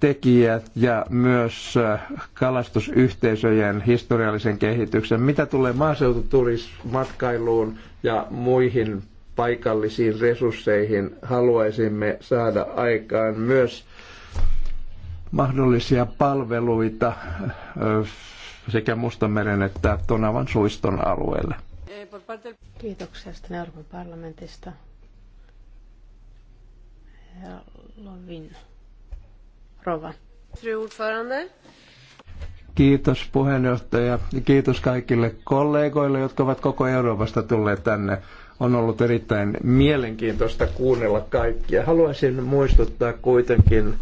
tekijät ja myös äh, kalastusyhteisöjen historiallisen kehityksen. Mitä tulee maaseututurismatkailuun ja muihin paikallisiin resursseihin, haluaisimme saada aikaan myös mahdollisia palveluita äh, sekä Mustanmeren että Tonavan suiston alueelle. Kiitoksia Euroopan parlamentista. Ja Lovin Rova. Fru ordförande. Kiitos puheenjohtaja ja kiitos kaikille kollegoille, jotka ovat koko Euroopasta tulleet tänne. On ollut erittäin mielenkiintoista kuunnella kaikkia. Haluaisin muistuttaa kuitenkin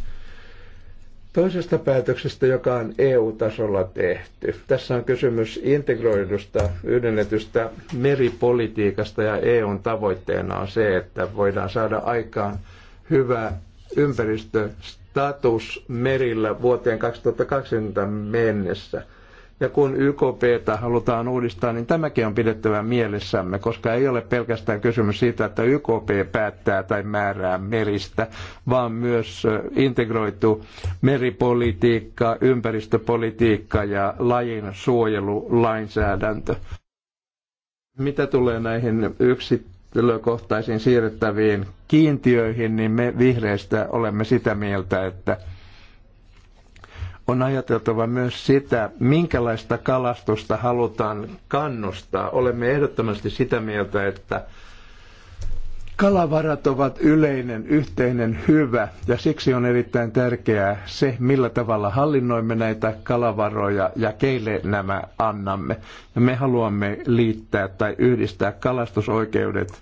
toisesta päätöksestä, joka on EU-tasolla tehty. Tässä on kysymys integroidusta, yhdennetystä meripolitiikasta ja EUn tavoitteena on se, että voidaan saada aikaan – hyvä ympäristöstatus merillä vuoteen 2020 mennessä. Ja kun YKPtä halutaan uudistaa, niin tämäkin on pidettävä mielessämme, koska ei ole pelkästään kysymys siitä, että YKP päättää tai määrää meristä, vaan myös integroitu meripolitiikka, ympäristöpolitiikka ja lajin suojelulainsäädäntö. Mitä tulee näihin yksittäisiin yksilökohtaisiin siirrettäviin kiintiöihin, niin me vihreistä olemme sitä mieltä, että on ajateltava myös sitä, minkälaista kalastusta halutaan kannustaa. Olemme ehdottomasti sitä mieltä, että Kalavarat ovat yleinen, yhteinen hyvä ja siksi on erittäin tärkeää se, millä tavalla hallinnoimme näitä kalavaroja ja keille nämä annamme. Ja me haluamme liittää tai yhdistää kalastusoikeudet,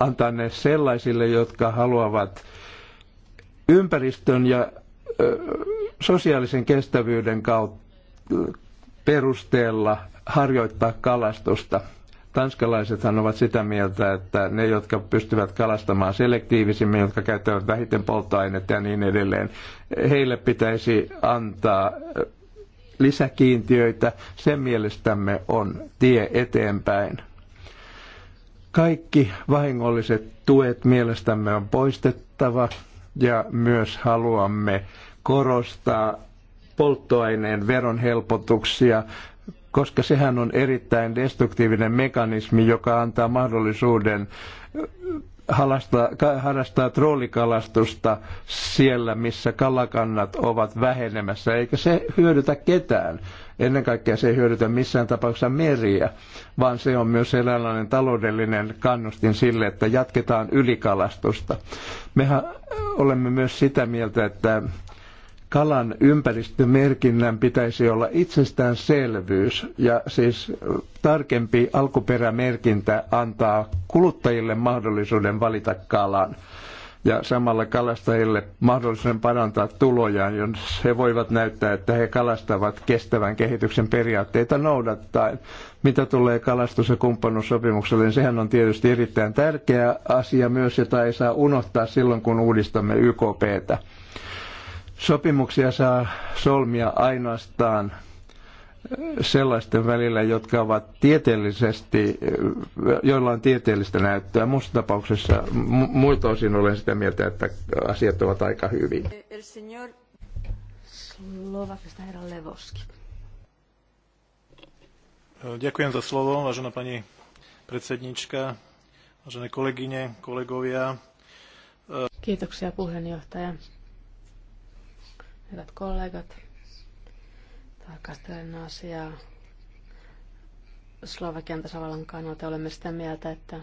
antaa ne sellaisille, jotka haluavat ympäristön ja ö, sosiaalisen kestävyyden kautta perusteella harjoittaa kalastusta tanskalaisethan ovat sitä mieltä, että ne, jotka pystyvät kalastamaan selektiivisimmin, jotka käyttävät vähiten polttoainetta ja niin edelleen, heille pitäisi antaa eh, lisäkiintiöitä. Sen mielestämme on tie eteenpäin. Kaikki vahingolliset tuet mielestämme on poistettava ja myös haluamme korostaa polttoaineen veron helpotuksia koska sehän on erittäin destruktiivinen mekanismi, joka antaa mahdollisuuden äh, halastaa, harrastaa trollikalastusta siellä, missä kalakannat ovat vähenemässä, eikä se hyödytä ketään. Ennen kaikkea se ei hyödytä missään tapauksessa meriä, vaan se on myös eräänlainen taloudellinen kannustin sille, että jatketaan ylikalastusta. Mehän olemme myös sitä mieltä, että kalan ympäristömerkinnän pitäisi olla itsestäänselvyys ja siis tarkempi alkuperämerkintä antaa kuluttajille mahdollisuuden valita kalan ja samalla kalastajille mahdollisuuden parantaa tulojaan, jos he voivat näyttää, että he kalastavat kestävän kehityksen periaatteita noudattaen. Mitä tulee kalastus- ja kumppanuussopimukselle, niin sehän on tietysti erittäin tärkeä asia myös, jota ei saa unohtaa silloin, kun uudistamme YKPtä. Sopimuksia saa solmia ainoastaan sellaisten välillä, jotka ovat tieteellisesti, joilla on tieteellistä näyttöä. Minusta tapauksessa muilta osin olen sitä mieltä, että asiat ovat aika hyvin. El señor... Slovakista herra Levosky. Ďakujem za slovo, vážená pani predsednička, vážené kolegyne, kolegovia. Kiitoksia puheenjohtaja. Hyvät kollegat, tarkastelen asiaa Slovakian tasavallan kannalta. Olemme sitä mieltä, että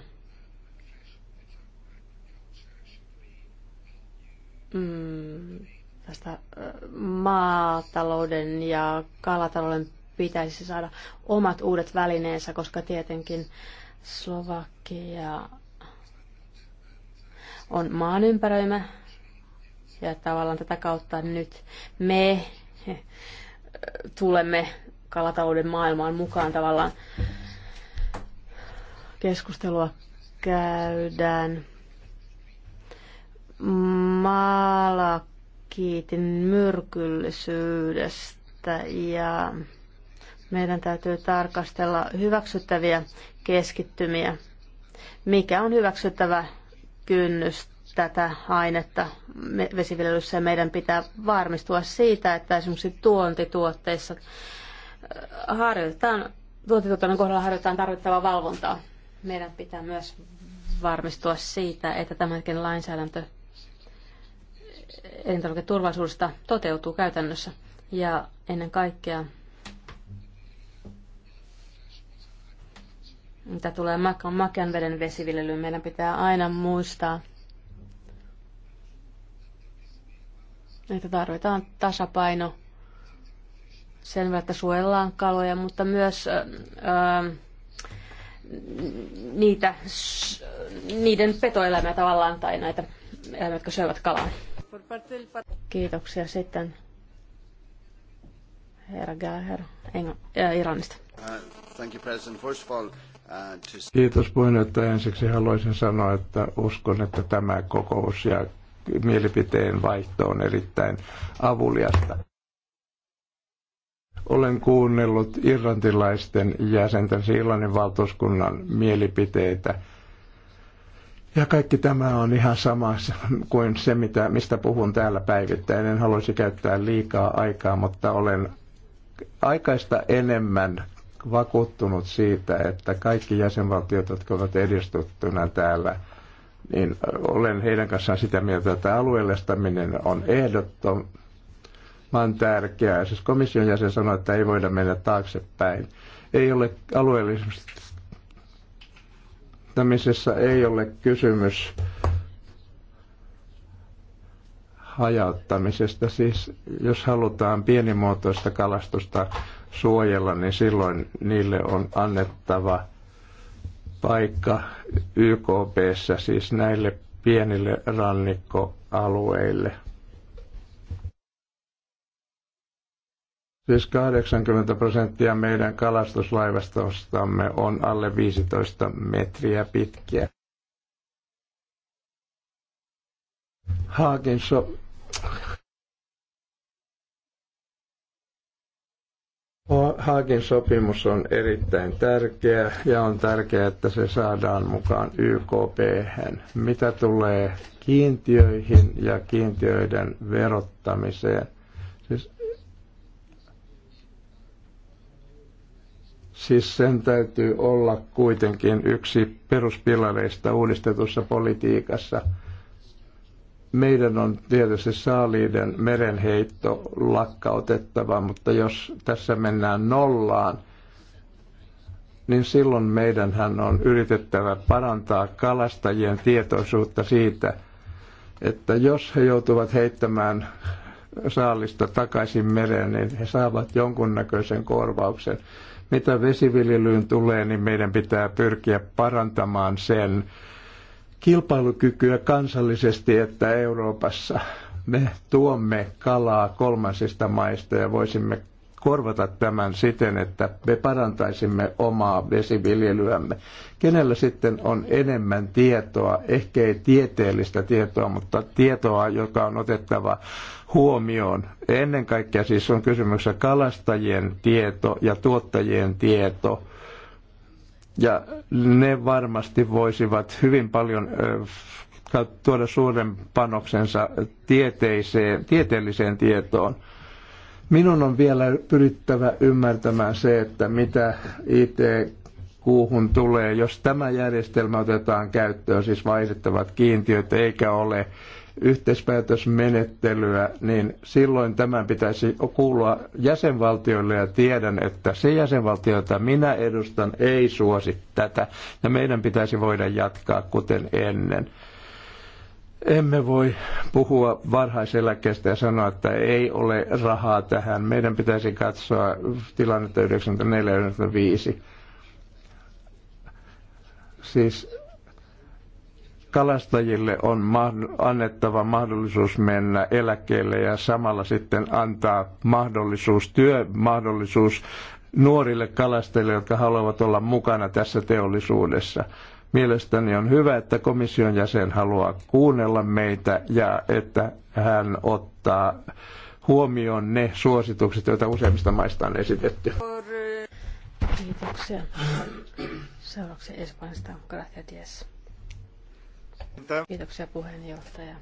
mm, tästä maatalouden ja kalatalouden pitäisi saada omat uudet välineensä, koska tietenkin Slovakia on maan ympäröimä ja tavallaan tätä kautta nyt me eh, tulemme kalatauden maailmaan mukaan tavallaan keskustelua käydään. Malakiitin myrkyllisyydestä ja meidän täytyy tarkastella hyväksyttäviä keskittymiä. Mikä on hyväksyttävä kynnys tätä ainetta vesiviljelyssä ja meidän pitää varmistua siitä, että esimerkiksi tuontituotteissa harjoitetaan, tuontituotteiden kohdalla harjoitetaan tarvittavaa valvontaa. Meidän pitää myös varmistua siitä, että tämänkin lainsäädäntö elintarviketurvallisuudesta toteutuu käytännössä. Ja ennen kaikkea, mitä tulee makean veden vesiviljelyyn, meidän pitää aina muistaa, että tarvitaan tasapaino sen että suojellaan kaloja, mutta myös öö, niitä, niiden petoeläimiä tavallaan tai näitä eläimiä, jotka syövät kalaa. Kiitoksia sitten herra Gallagher Engl- Iranista. Uh, Kiitos puheenjohtaja. Ensiksi haluaisin sanoa, että uskon, että tämä kokous ja mielipiteen vaihto on erittäin avuliasta. Olen kuunnellut irlantilaisten jäsenten Irlannin valtuuskunnan mielipiteitä. Ja kaikki tämä on ihan sama kuin se, mitä, mistä puhun täällä päivittäin. En haluaisi käyttää liikaa aikaa, mutta olen aikaista enemmän vakuuttunut siitä, että kaikki jäsenvaltiot, jotka ovat edistettynä täällä – niin olen heidän kanssaan sitä mieltä, että alueellistaminen on ehdottoman tärkeää. Siis komission jäsen sanoi, että ei voida mennä taaksepäin. Ei ole alueellistamisessa ei ole kysymys hajauttamisesta. Siis jos halutaan pienimuotoista kalastusta suojella, niin silloin niille on annettava – paikka YKPssä, siis näille pienille rannikkoalueille. Siis 80 prosenttia meidän kalastuslaivastostamme on alle 15 metriä pitkiä. Haakinso Haagin sopimus on erittäin tärkeä ja on tärkeää, että se saadaan mukaan YKP. -hän. Mitä tulee kiintiöihin ja kiintiöiden verottamiseen, siis, siis sen täytyy olla kuitenkin yksi peruspilareista uudistetussa politiikassa – meidän on tietysti saaliiden merenheitto lakkautettava, mutta jos tässä mennään nollaan, niin silloin meidän on yritettävä parantaa kalastajien tietoisuutta siitä, että jos he joutuvat heittämään saalista takaisin mereen, niin he saavat jonkunnäköisen korvauksen. Mitä vesiviljelyyn tulee, niin meidän pitää pyrkiä parantamaan sen kilpailukykyä kansallisesti että Euroopassa. Me tuomme kalaa kolmansista maista ja voisimme korvata tämän siten, että me parantaisimme omaa vesiviljelyämme. Kenellä sitten on enemmän tietoa, ehkä ei tieteellistä tietoa, mutta tietoa, joka on otettava huomioon. Ennen kaikkea siis on kysymyksessä kalastajien tieto ja tuottajien tieto ja ne varmasti voisivat hyvin paljon tuoda suuren panoksensa tieteiseen, tieteelliseen tietoon. Minun on vielä pyrittävä ymmärtämään se, että mitä IT-kuuhun tulee, jos tämä järjestelmä otetaan käyttöön, siis vaihdettavat kiintiöt, eikä ole yhteispäätösmenettelyä, niin silloin tämän pitäisi kuulua jäsenvaltioille ja tiedän, että se jäsenvaltio, jota minä edustan, ei suosi tätä ja meidän pitäisi voida jatkaa kuten ennen. Emme voi puhua varhaiseläkkeestä ja sanoa, että ei ole rahaa tähän. Meidän pitäisi katsoa tilannetta 94-95. Siis kalastajille on annettava mahdollisuus mennä eläkkeelle ja samalla sitten antaa mahdollisuus, työmahdollisuus nuorille kalastajille, jotka haluavat olla mukana tässä teollisuudessa. Mielestäni on hyvä, että komission jäsen haluaa kuunnella meitä ja että hän ottaa huomioon ne suositukset, joita useimmista maista on esitetty. Kiitoksia. Seuraavaksi Espanjasta. Gracias. Kiitoksia puheenjohtaja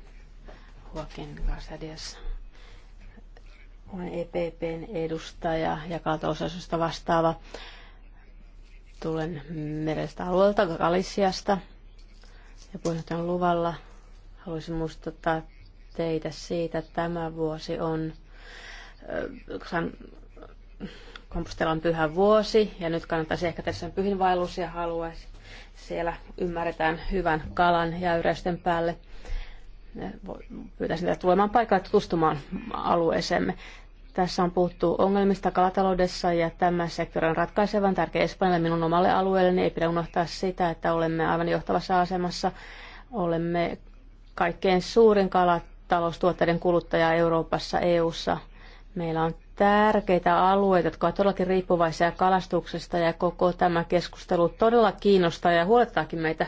Joaquin Gasadias. Olen EPPn edustaja ja kato vastaava. Tulen merestä alueelta Galisiasta ja puheenjohtajan luvalla haluaisin muistuttaa teitä siitä, että tämä vuosi on Kompostelan pyhä vuosi ja nyt kannattaisi ehkä tässä pyhinvaellus ja haluaisin siellä ymmärretään hyvän kalan jäyräisten päälle. Pyytäisin teitä tulemaan paikalle tutustumaan alueeseemme. Tässä on puhuttu ongelmista kalataloudessa ja tämä sektori on ratkaisevan tärkeä Espanjalle minun omalle alueelle. Niin ei pidä unohtaa sitä, että olemme aivan johtavassa asemassa. Olemme kaikkein suurin kalataloustuotteiden kuluttaja Euroopassa, EU:ssa. Meillä on tärkeitä alueita, jotka ovat todellakin riippuvaisia kalastuksesta ja koko tämä keskustelu todella kiinnostaa ja huolettaakin meitä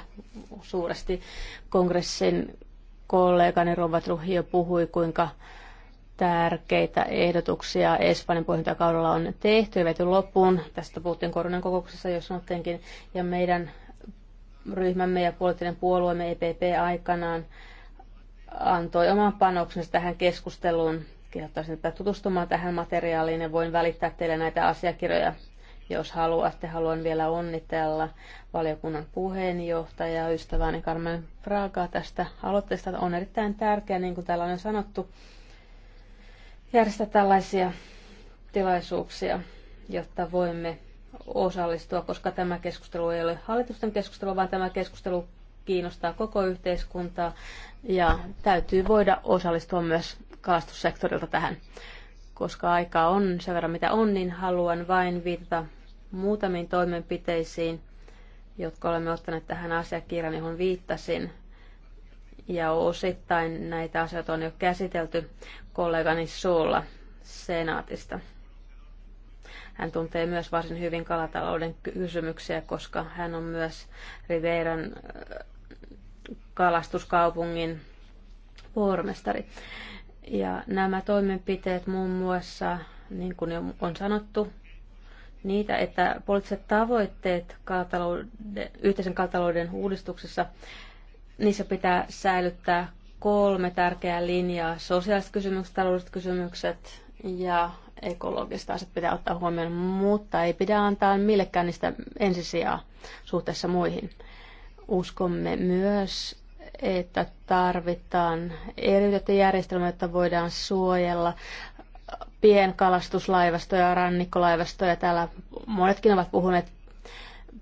suuresti. Kongressin kollegani Rova Truhio puhui, kuinka tärkeitä ehdotuksia Espanjan puheenjohtajakaudella on tehty ja vety loppuun. Tästä puhuttiin koronan kokouksessa, jo sanottiinkin, ja meidän ryhmämme ja poliittinen puolueemme EPP aikanaan antoi oman panoksensa tähän keskusteluun kehottaisin että tutustumaan tähän materiaaliin ja voin välittää teille näitä asiakirjoja, jos haluatte. Haluan vielä onnitella valiokunnan puheenjohtaja, ystäväni Carmen Fraga tästä aloitteesta. On erittäin tärkeää, niin kuin täällä on sanottu, järjestää tällaisia tilaisuuksia, jotta voimme osallistua, koska tämä keskustelu ei ole hallitusten keskustelu, vaan tämä keskustelu kiinnostaa koko yhteiskuntaa ja täytyy voida osallistua myös kalastussektorilta tähän. Koska aika on sen verran mitä on, niin haluan vain viitata muutamiin toimenpiteisiin, jotka olemme ottaneet tähän asiakirjaan, johon viittasin. Ja osittain näitä asioita on jo käsitelty kollegani Suulla senaatista. Hän tuntee myös varsin hyvin kalatalouden kysymyksiä, koska hän on myös Riveiran äh, kalastuskaupungin pormestari. Ja nämä toimenpiteet muun muassa, niin kuin on sanottu, niitä, että poliittiset tavoitteet kalatalouden, yhteisen kalatalouden uudistuksessa, niissä pitää säilyttää kolme tärkeää linjaa. Sosiaaliset kysymykset, taloudelliset kysymykset ja ekologiset asiat pitää ottaa huomioon, mutta ei pidä antaa millekään niistä ensisijaa suhteessa muihin. Uskomme myös, että tarvitaan eriytetty järjestelmä, jotta voidaan suojella pienkalastuslaivastoja, rannikkolaivastoja. Täällä monetkin ovat puhuneet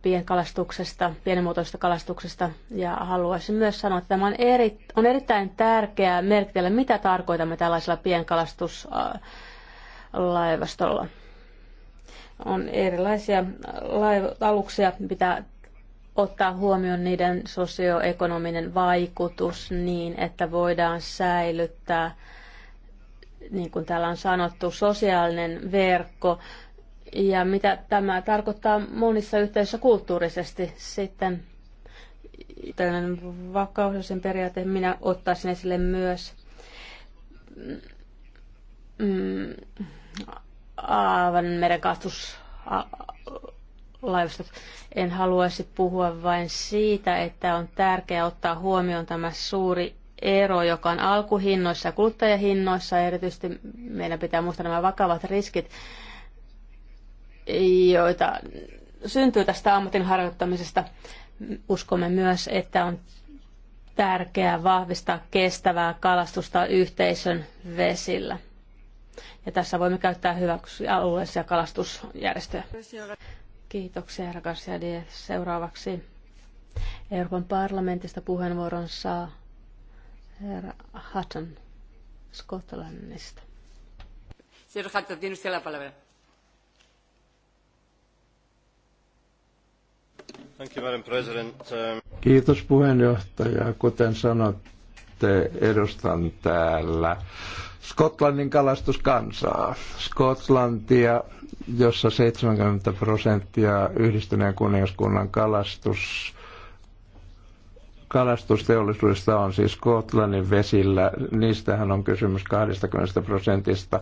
pienkalastuksesta, pienimuotoisesta kalastuksesta. Ja haluaisin myös sanoa, että tämä on, eri, on erittäin tärkeää merkitellä, mitä tarkoitamme tällaisella pienkalastuslaivastolla. On erilaisia laiv- aluksia, pitää ottaa huomioon niiden sosioekonominen vaikutus niin, että voidaan säilyttää, niin kuin täällä on sanottu, sosiaalinen verkko. Ja mitä tämä tarkoittaa monissa yhteisöissä kulttuurisesti sitten tällainen vakaus ja sen periaate minä ottaisin esille myös mm, mm Aavan merenkastus laivasta En haluaisi puhua vain siitä, että on tärkeää ottaa huomioon tämä suuri ero, joka on alkuhinnoissa ja kuluttajahinnoissa. Erityisesti meidän pitää muistaa nämä vakavat riskit, joita syntyy tästä ammatin harjoittamisesta. Uskomme myös, että on tärkeää vahvistaa kestävää kalastusta yhteisön vesillä. Ja tässä voimme käyttää hyväksi alueellisia kalastusjärjestöjä. Kiitoksia, herra Garciadi. Seuraavaksi Euroopan parlamentista puheenvuoron saa herra Hutton Skotlannista. Señor Hutton, tiene usted la palabra. Thank you, Madam President. Um, Kiitos puheenjohtaja. Kuten sanottu, edustan täällä Skotlannin kalastuskansaa. Skotlantia, jossa 70 prosenttia yhdistyneen kuningaskunnan kalastus kalastusteollisuudesta on siis Skotlannin vesillä. Niistähän on kysymys 20 prosentista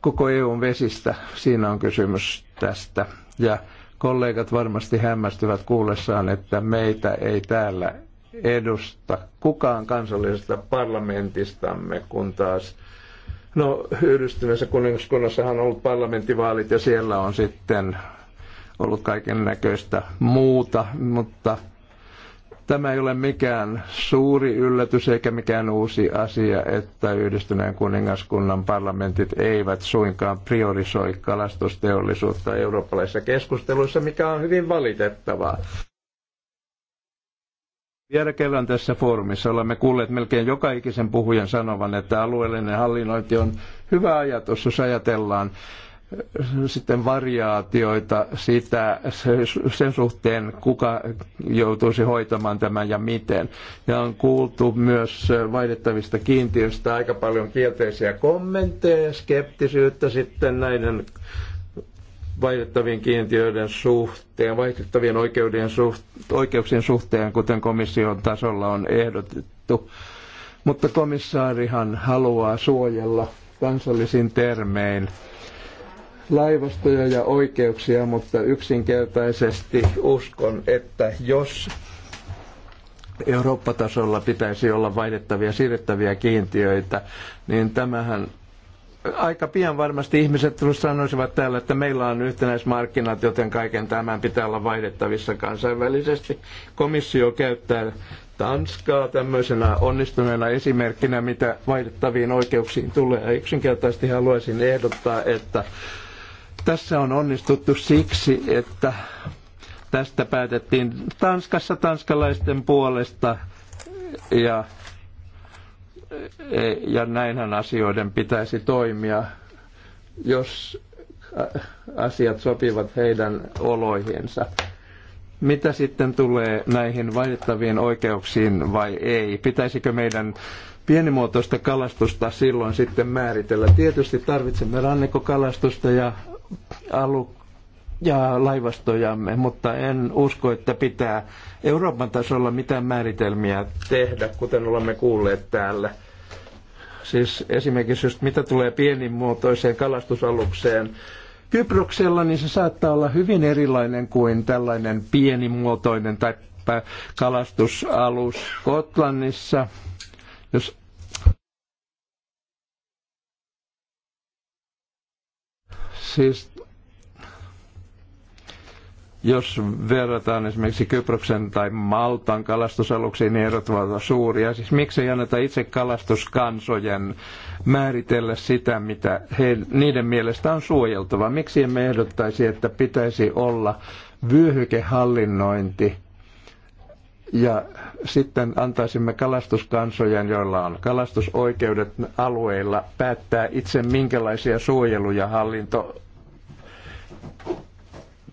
koko EUn vesistä. Siinä on kysymys tästä. Ja kollegat varmasti hämmästyvät kuullessaan, että meitä ei täällä edusta kukaan kansallisesta parlamentistamme, kun taas No yhdistyneessä kuningaskunnassa on ollut parlamenttivaalit ja siellä on sitten ollut kaiken näköistä muuta, mutta tämä ei ole mikään suuri yllätys eikä mikään uusi asia, että yhdistyneen kuningaskunnan parlamentit eivät suinkaan priorisoi kalastusteollisuutta eurooppalaisissa keskusteluissa, mikä on hyvin valitettavaa. Vielä kerran tässä foorumissa olemme kuulleet melkein joka ikisen puhujan sanovan, että alueellinen hallinnointi on hyvä ajatus, jos ajatellaan äh, sitten variaatioita sitä, sen suhteen, kuka joutuisi hoitamaan tämän ja miten. Ja on kuultu myös äh, vaihdettavista kiintiöistä aika paljon kielteisiä kommentteja, skeptisyyttä sitten näiden vaihdettavien kiintiöiden suhteen, vaihdettavien oikeuden suht, oikeuksien suhteen, kuten komission tasolla on ehdotettu. Mutta komissaarihan haluaa suojella kansallisin termein laivastoja ja oikeuksia, mutta yksinkertaisesti uskon, että jos Eurooppa-tasolla pitäisi olla vaihdettavia siirrettäviä kiintiöitä, niin tämähän aika pian varmasti ihmiset sanoisivat täällä, että meillä on yhtenäismarkkinat, joten kaiken tämän pitää olla vaihdettavissa kansainvälisesti. Komissio käyttää Tanskaa tämmöisenä onnistuneena esimerkkinä, mitä vaihdettaviin oikeuksiin tulee. Yksinkertaisesti haluaisin ehdottaa, että tässä on onnistuttu siksi, että tästä päätettiin Tanskassa tanskalaisten puolesta ja ja näinhän asioiden pitäisi toimia, jos asiat sopivat heidän oloihinsa. Mitä sitten tulee näihin vaihdettaviin oikeuksiin vai ei? Pitäisikö meidän pienimuotoista kalastusta silloin sitten määritellä? Tietysti tarvitsemme rannikkokalastusta ja alu, ja laivastojamme, mutta en usko, että pitää Euroopan tasolla mitään määritelmiä tehdä, kuten olemme kuulleet täällä. Siis esimerkiksi just mitä tulee pienimuotoiseen kalastusalukseen, Kyproksella niin se saattaa olla hyvin erilainen kuin tällainen pienimuotoinen tai kalastusalus Kotlannissa. Jos siis jos verrataan esimerkiksi Kyproksen tai Maltan kalastusaluksiin, niin erot ovat suuria. Siis miksei anneta itse kalastuskansojen määritellä sitä, mitä he, niiden mielestä on suojeltava? Miksi emme ehdottaisi, että pitäisi olla vyöhykehallinnointi ja sitten antaisimme kalastuskansojen, joilla on kalastusoikeudet alueilla, päättää itse minkälaisia suojeluja hallinto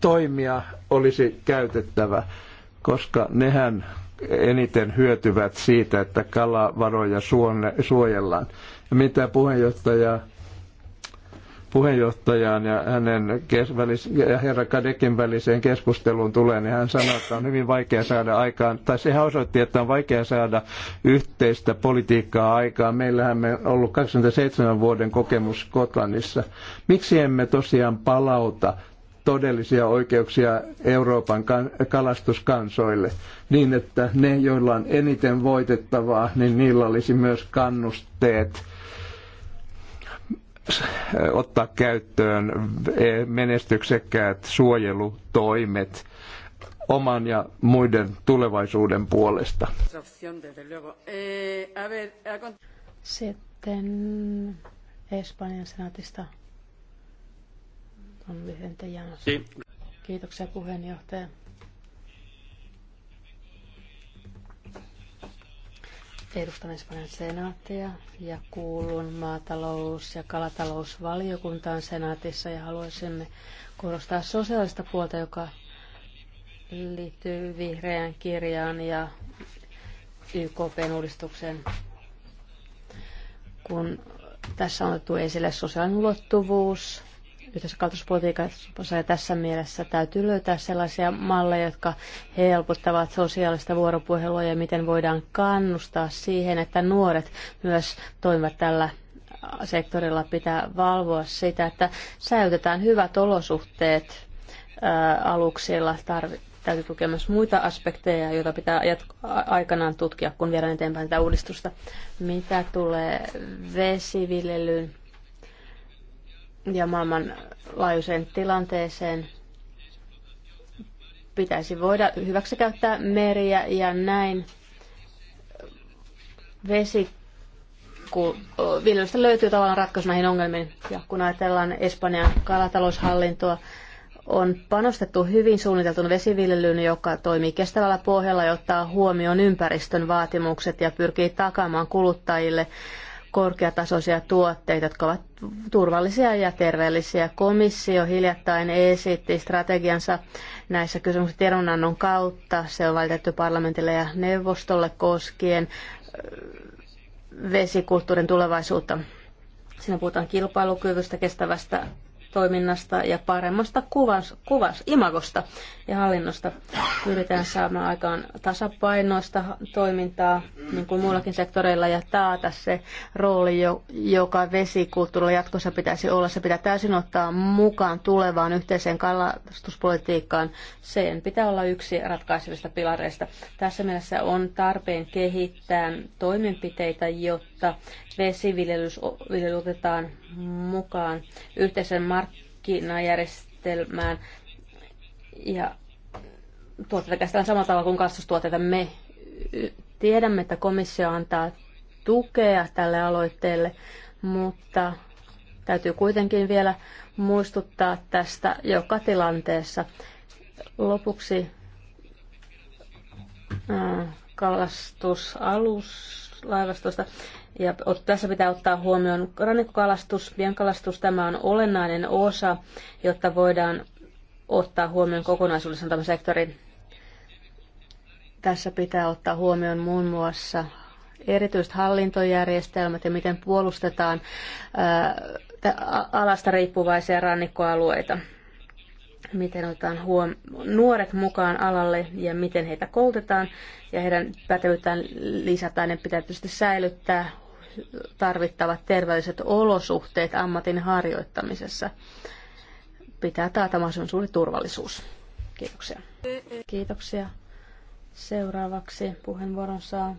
toimia olisi käytettävä, koska nehän eniten hyötyvät siitä, että kalavaroja suojellaan. Ja mitä puheenjohtaja puheenjohtajaan ja hänen kes- välis- ja herra Kadekin väliseen keskusteluun tulee, niin hän sanoi, että on hyvin vaikea saada aikaan, tai sehän osoitti, että on vaikea saada yhteistä politiikkaa aikaan. Meillähän me on ollut 27 vuoden kokemus Kotlannissa. Miksi emme tosiaan palauta todellisia oikeuksia Euroopan kalastuskansoille niin, että ne, joilla on eniten voitettavaa, niin niillä olisi myös kannusteet ottaa käyttöön menestyksekkäät suojelutoimet oman ja muiden tulevaisuuden puolesta. Sitten Espanjan senaatista on lyhentä Jans. Kiitoksia puheenjohtaja. Edustan Espanjan senaattia ja kuulun maatalous- ja kalatalousvaliokuntaan senaatissa ja haluaisimme korostaa sosiaalista puolta, joka liittyy vihreään kirjaan ja ykp uudistukseen. Kun tässä on otettu esille sosiaalinen ulottuvuus, yhteisökaltuspolitiikassa ja tässä mielessä täytyy löytää sellaisia malleja, jotka helpottavat sosiaalista vuoropuhelua ja miten voidaan kannustaa siihen, että nuoret myös toimivat tällä sektorilla pitää valvoa sitä, että säilytetään hyvät olosuhteet äh, aluksilla. Tarvi, täytyy tukea myös muita aspekteja, joita pitää aikanaan tutkia, kun viedään eteenpäin tätä uudistusta. Mitä tulee vesiviljelyyn, ja maailmanlaajuiseen tilanteeseen pitäisi voida hyväksikäyttää meriä ja näin vesi viljelystä löytyy tavallaan ratkaisu näihin ongelmiin. Ja kun ajatellaan Espanjan kalataloushallintoa, on panostettu hyvin suunniteltun vesiviljelyyn, joka toimii kestävällä pohjalla ja ottaa huomioon ympäristön vaatimukset ja pyrkii takaamaan kuluttajille korkeatasoisia tuotteita, jotka ovat turvallisia ja terveellisiä. Komissio hiljattain esitti strategiansa näissä kysymyksissä tiedonannon kautta. Se on valitettu parlamentille ja neuvostolle koskien äh, vesikulttuurin tulevaisuutta. Siinä puhutaan kilpailukyvystä, kestävästä toiminnasta ja paremmasta kuvas, kuvas imagosta ja hallinnosta. yritetään saamaan aikaan tasapainoista toimintaa niin kuin muillakin sektoreilla ja taata se rooli, joka vesikulttuurilla jatkossa pitäisi olla. Se pitää täysin ottaa mukaan tulevaan yhteiseen kalastuspolitiikkaan. Sen pitää olla yksi ratkaisevista pilareista. Tässä mielessä on tarpeen kehittää toimenpiteitä, jotta jotta vesiviljely otetaan mukaan yhteisen markkinajärjestelmään ja tuotteita käsitellään samalla tavalla kuin kasvustuotteita. Me tiedämme, että komissio antaa tukea tälle aloitteelle, mutta täytyy kuitenkin vielä muistuttaa tästä joka tilanteessa. Lopuksi laivastosta. Ja tässä pitää ottaa huomioon rannikkokalastus, pienkalastus. Tämä on olennainen osa, jotta voidaan ottaa huomioon kokonaisuudessaan tämä sektori. Tässä pitää ottaa huomioon muun muassa erityiset hallintojärjestelmät ja miten puolustetaan alasta riippuvaisia rannikkoalueita. Miten otetaan huom- nuoret mukaan alalle ja miten heitä koulutetaan ja heidän pätevyyttään lisätään. Ne pitää tietysti säilyttää tarvittavat terveelliset olosuhteet ammatin harjoittamisessa. Pitää taata mahdollisimman suuri turvallisuus. Kiitoksia. Kiitoksia. Seuraavaksi puheenvuoron saa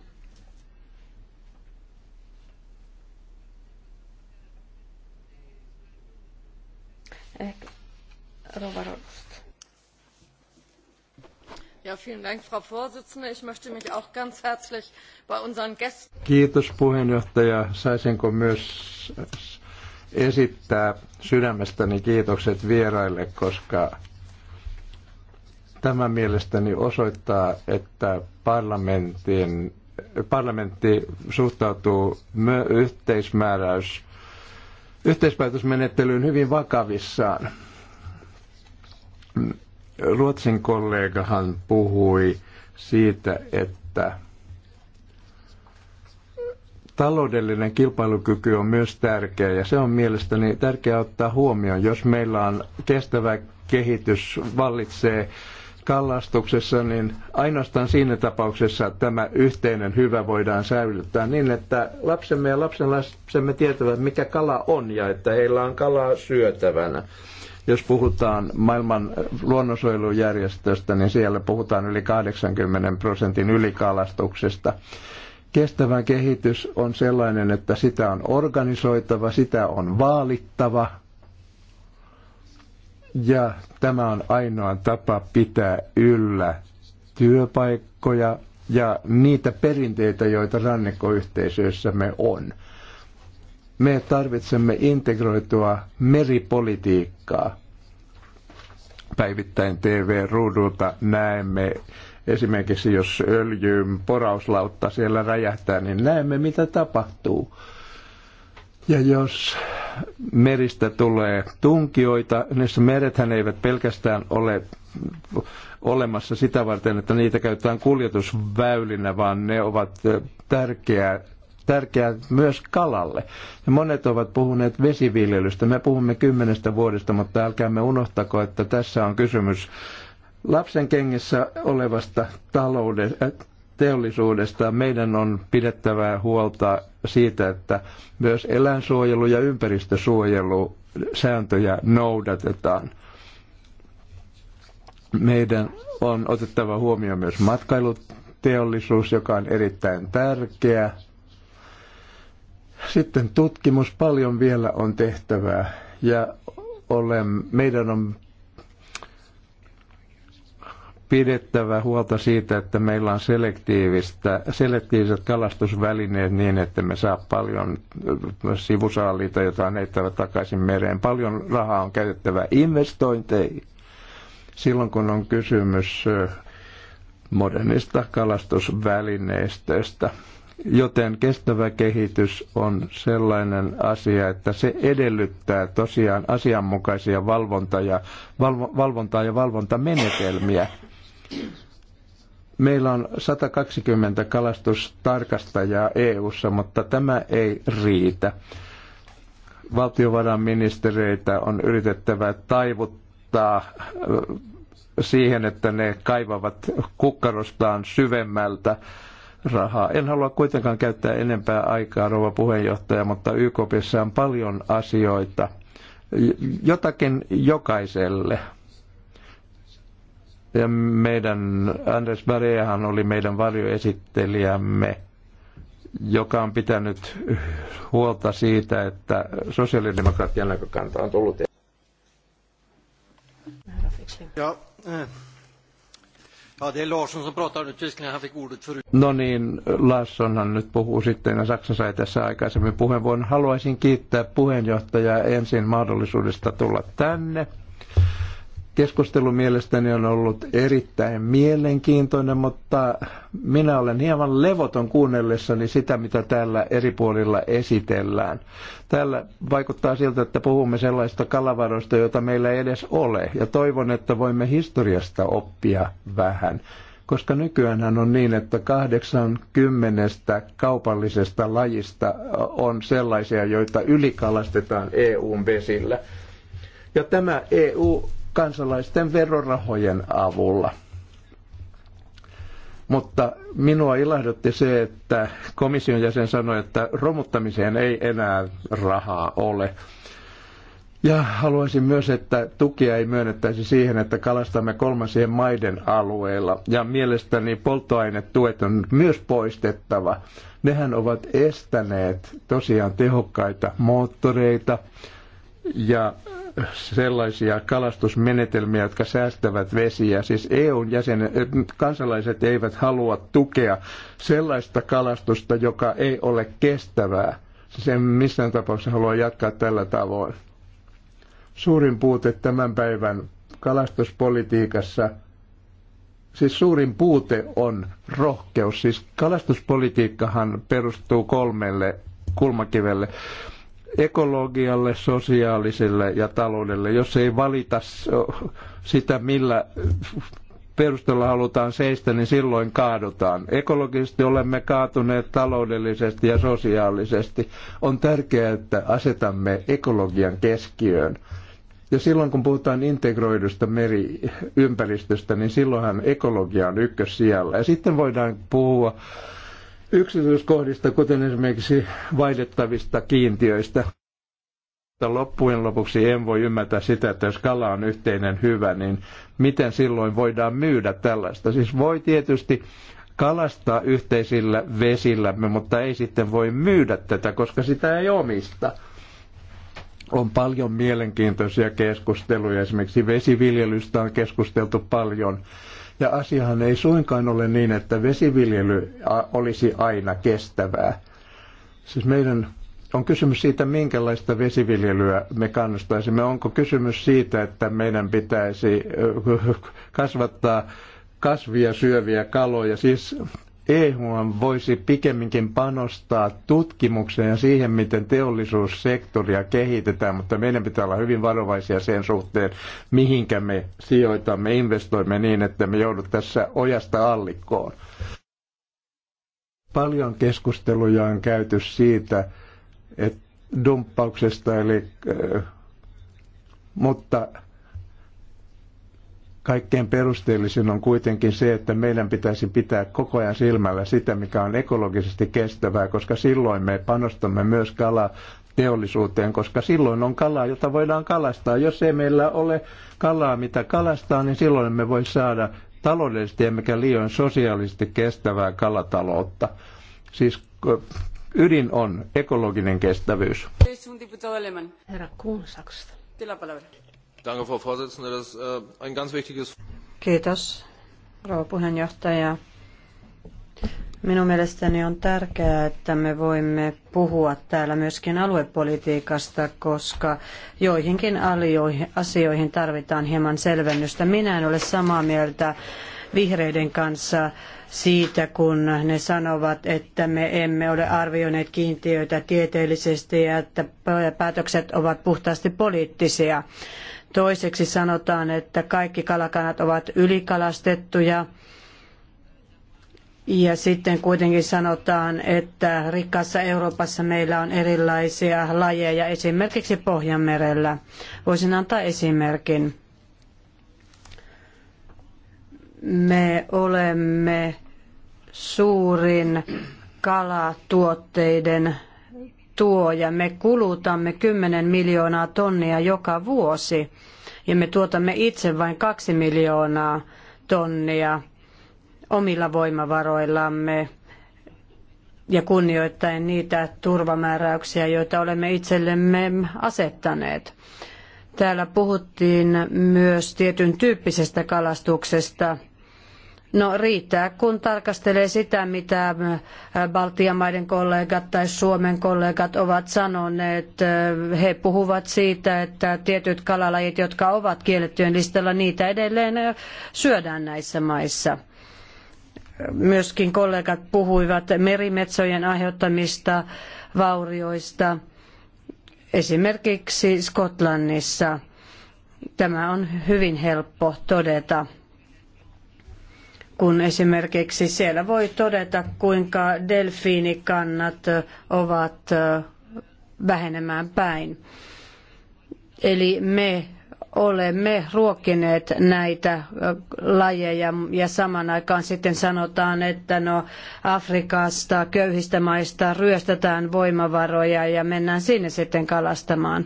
Ehkä Rovarossi. Frau Ich möchte mich auch ganz herzlich bei unseren Gästen... Kiitos puheenjohtaja. Saisinko myös esittää sydämestäni kiitokset vieraille, koska tämä mielestäni osoittaa, että parlamentin, parlamentti suhtautuu yhteismääräys, yhteispäätösmenettelyyn hyvin vakavissaan. Ruotsin kollegahan puhui siitä, että taloudellinen kilpailukyky on myös tärkeä ja se on mielestäni tärkeää ottaa huomioon, jos meillä on kestävä kehitys vallitsee kallastuksessa, niin ainoastaan siinä tapauksessa tämä yhteinen hyvä voidaan säilyttää niin, että lapsemme ja lapsenlapsemme tietävät, mikä kala on ja että heillä on kalaa syötävänä. Jos puhutaan maailman luonnonsuojelujärjestöstä, niin siellä puhutaan yli 80 prosentin ylikalastuksesta. Kestävä kehitys on sellainen, että sitä on organisoitava, sitä on vaalittava, ja tämä on ainoa tapa pitää yllä työpaikkoja ja niitä perinteitä, joita rannikkoyhteisöissämme on. Me tarvitsemme integroitua meripolitiikkaa. Päivittäin TV-ruudulta näemme esimerkiksi jos öljyn porauslautta siellä räjähtää, niin näemme mitä tapahtuu. Ja jos meristä tulee tunkioita, niissä merethän eivät pelkästään ole olemassa sitä varten, että niitä käytetään kuljetusväylinä, vaan ne ovat tärkeä tärkeää myös kalalle. Ja monet ovat puhuneet vesiviljelystä. Me puhumme kymmenestä vuodesta, mutta älkäämme unohtako, että tässä on kysymys lapsen kengissä olevasta talouden, äh, teollisuudesta. Meidän on pidettävää huolta siitä, että myös eläinsuojelu ja ympäristösuojelu sääntöjä noudatetaan. Meidän on otettava huomioon myös matkailuteollisuus, joka on erittäin tärkeä. Sitten tutkimus, paljon vielä on tehtävää ja olen, meidän on pidettävä huolta siitä, että meillä on selektiivistä, selektiiviset kalastusvälineet niin, että me saa paljon äh, sivusaaliita, jota on heittävä takaisin mereen. Paljon rahaa on käytettävä investointeihin silloin, kun on kysymys äh, modernista kalastusvälineistöstä. Joten kestävä kehitys on sellainen asia, että se edellyttää tosiaan asianmukaisia valvonta- ja, valvo, valvontaa ja valvontamenetelmiä. Meillä on 120 kalastustarkastajaa EU:ssa, mutta tämä ei riitä. Valtiovarainministereitä on yritettävä taivuttaa siihen, että ne kaivavat kukkarostaan syvemmältä rahaa. En halua kuitenkaan käyttää enempää aikaa, rouva puheenjohtaja, mutta YKPissa on paljon asioita. Jotakin jokaiselle. Ja meidän, Andres Bareahan oli meidän varjoesittelijämme, joka on pitänyt huolta siitä, että sosiaalidemokraattien näkökanta on tullut. Ja, äh. No niin, Larssonhan nyt puhuu sitten ja Saksa sai tässä aikaisemmin puheenvuoron. Haluaisin kiittää puheenjohtajaa ensin mahdollisuudesta tulla tänne. Keskustelu mielestäni on ollut erittäin mielenkiintoinen, mutta minä olen hieman levoton kuunnellessani sitä, mitä täällä eri puolilla esitellään. Täällä vaikuttaa siltä, että puhumme sellaista kalavaroista, jota meillä ei edes ole, ja toivon, että voimme historiasta oppia vähän. Koska nykyään on niin, että 80 kaupallisesta lajista on sellaisia, joita ylikalastetaan EUn vesillä. Ja tämä EU kansalaisten verorahojen avulla. Mutta minua ilahdutti se, että komission jäsen sanoi, että romuttamiseen ei enää rahaa ole. Ja haluaisin myös, että tukia ei myönnettäisi siihen, että kalastamme kolmansien maiden alueilla. Ja mielestäni polttoainetuet on myös poistettava. Nehän ovat estäneet tosiaan tehokkaita moottoreita, ja sellaisia kalastusmenetelmiä, jotka säästävät vesiä. Siis EUn jäsen, kansalaiset eivät halua tukea sellaista kalastusta, joka ei ole kestävää. Siis en missään tapauksessa halua jatkaa tällä tavoin. Suurin puute tämän päivän kalastuspolitiikassa, siis suurin puute on rohkeus. Siis kalastuspolitiikkahan perustuu kolmelle kulmakivelle ekologialle, sosiaaliselle ja taloudelle, jos ei valita sitä, millä perusteella halutaan seistä, niin silloin kaadutaan. Ekologisesti olemme kaatuneet taloudellisesti ja sosiaalisesti. On tärkeää, että asetamme ekologian keskiöön. Ja silloin kun puhutaan integroidusta meriympäristöstä, niin silloinhan ekologia on ykkös siellä. Ja sitten voidaan puhua yksityiskohdista, kuten esimerkiksi vaihdettavista kiintiöistä. Mutta loppujen lopuksi en voi ymmärtää sitä, että jos kala on yhteinen hyvä, niin miten silloin voidaan myydä tällaista? Siis voi tietysti kalastaa yhteisillä vesillämme, mutta ei sitten voi myydä tätä, koska sitä ei omista. On paljon mielenkiintoisia keskusteluja, esimerkiksi vesiviljelystä on keskusteltu paljon ja asiahan ei suinkaan ole niin, että vesiviljely olisi aina kestävää. Siis meidän on kysymys siitä, minkälaista vesiviljelyä me kannustaisimme. Onko kysymys siitä, että meidän pitäisi kasvattaa kasvia syöviä kaloja? Siis EU voisi pikemminkin panostaa tutkimukseen ja siihen, miten teollisuussektoria kehitetään, mutta meidän pitää olla hyvin varovaisia sen suhteen, mihinkä me sijoitamme, investoimme niin, että me joudut tässä ojasta allikkoon. Paljon keskusteluja on käyty siitä, että dumppauksesta, eli, äh, mutta Kaikkein perusteellisin on kuitenkin se, että meidän pitäisi pitää koko ajan silmällä sitä, mikä on ekologisesti kestävää, koska silloin me panostamme myös kala teollisuuteen, koska silloin on kalaa, jota voidaan kalastaa. Jos ei meillä ole kalaa, mitä kalastaa, niin silloin me voi saada taloudellisesti emmekä liian sosiaalisesti kestävää kalataloutta. Siis ydin on ekologinen kestävyys. Herra Kunsaksta. Danke, Frau Vorsitzende. Das ist äh, ein ganz wichtiges... Kiitos, rouva puheenjohtaja. Minun mielestäni on tärkeää, että me voimme puhua täällä myöskin aluepolitiikasta, koska joihinkin asioihin tarvitaan hieman selvennystä. Minä en ole samaa mieltä vihreiden kanssa siitä, kun ne sanovat, että me emme ole arvioineet kiintiöitä tieteellisesti ja että päätökset ovat puhtaasti poliittisia. Toiseksi sanotaan, että kaikki kalakanat ovat ylikalastettuja. Ja sitten kuitenkin sanotaan, että rikkaassa Euroopassa meillä on erilaisia lajeja, esimerkiksi Pohjanmerellä. Voisin antaa esimerkin. Me olemme suurin kalatuotteiden ja Me kulutamme 10 miljoonaa tonnia joka vuosi ja me tuotamme itse vain 2 miljoonaa tonnia omilla voimavaroillamme ja kunnioittaen niitä turvamääräyksiä, joita olemme itsellemme asettaneet. Täällä puhuttiin myös tietyn tyyppisestä kalastuksesta – No riittää, kun tarkastelee sitä, mitä äh, Baltian maiden kollegat tai Suomen kollegat ovat sanoneet. Äh, he puhuvat siitä, että tietyt kalalajit, jotka ovat kiellettyjen listalla, niitä edelleen äh, syödään näissä maissa myöskin kollegat puhuivat merimetsojen aiheuttamista vaurioista esimerkiksi Skotlannissa. Tämä on hyvin helppo todeta kun esimerkiksi siellä voi todeta, kuinka delfiinikannat ovat vähenemään päin. Eli me olemme ruokkineet näitä lajeja ja saman aikaan sitten sanotaan, että no Afrikasta, köyhistä maista ryöstetään voimavaroja ja mennään sinne sitten kalastamaan.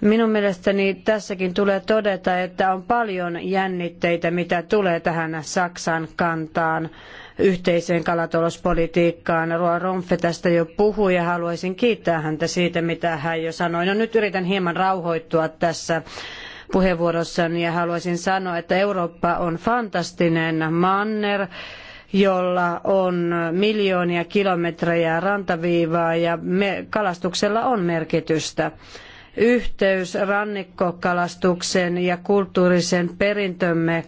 Minun mielestäni tässäkin tulee todeta, että on paljon jännitteitä, mitä tulee tähän Saksan kantaan yhteiseen kalatalouspolitiikkaan. Roa Romfe tästä jo puhui ja haluaisin kiittää häntä siitä, mitä hän jo sanoi. No nyt yritän hieman rauhoittua tässä puheenvuorossani ja haluaisin sanoa, että Eurooppa on fantastinen manner jolla on miljoonia kilometrejä rantaviivaa ja me, kalastuksella on merkitystä yhteys rannikkokalastuksen ja kulttuurisen perintömme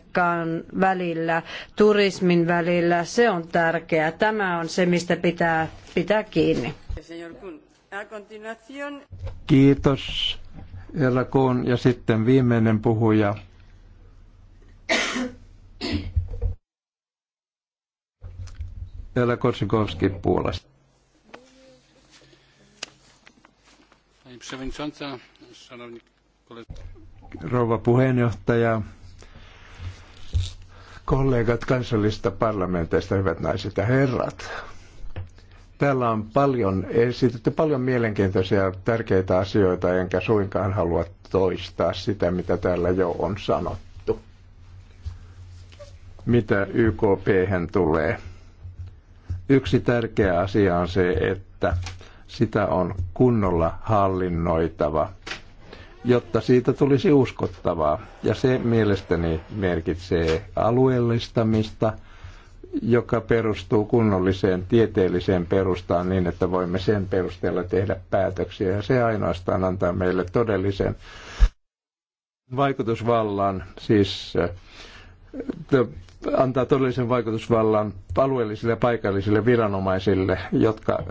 välillä, turismin välillä, se on tärkeää. Tämä on se, mistä pitää pitää kiinni. Kiitos, herra Kuhn. Ja sitten viimeinen puhuja. Herra Korsikovski puolesta. Rouva puheenjohtaja, kollegat kansallisista parlamenteista, hyvät naiset ja herrat. Täällä on paljon esitetty paljon mielenkiintoisia ja tärkeitä asioita, enkä suinkaan halua toistaa sitä, mitä täällä jo on sanottu. Mitä YKP tulee? Yksi tärkeä asia on se, että sitä on kunnolla hallinnoitava, jotta siitä tulisi uskottavaa. Ja se mielestäni merkitsee alueellistamista, joka perustuu kunnolliseen tieteelliseen perustaan niin, että voimme sen perusteella tehdä päätöksiä. Ja se ainoastaan antaa meille todellisen vaikutusvallan, siis antaa todellisen vaikutusvallan alueellisille ja paikallisille viranomaisille, jotka,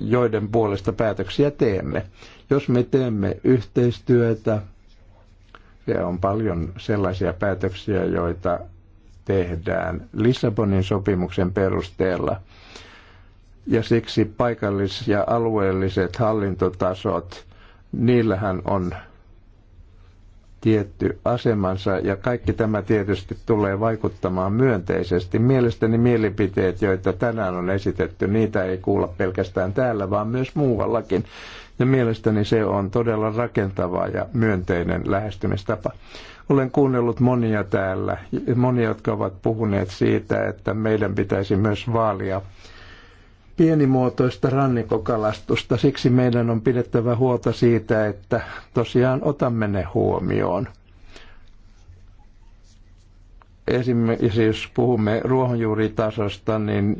joiden puolesta päätöksiä teemme. Jos me teemme yhteistyötä, ja on paljon sellaisia päätöksiä, joita tehdään Lissabonin sopimuksen perusteella. Ja siksi paikallis- ja alueelliset hallintotasot, niillähän on tietty asemansa ja kaikki tämä tietysti tulee vaikuttamaan myönteisesti. Mielestäni mielipiteet, joita tänään on esitetty, niitä ei kuulla pelkästään täällä, vaan myös muuallakin. Ja mielestäni se on todella rakentava ja myönteinen lähestymistapa. Olen kuunnellut monia täällä, monia, jotka ovat puhuneet siitä, että meidän pitäisi myös vaalia pienimuotoista rannikokalastusta. Siksi meidän on pidettävä huolta siitä, että tosiaan otamme ne huomioon. Esimerkiksi jos puhumme ruohonjuuritasosta, niin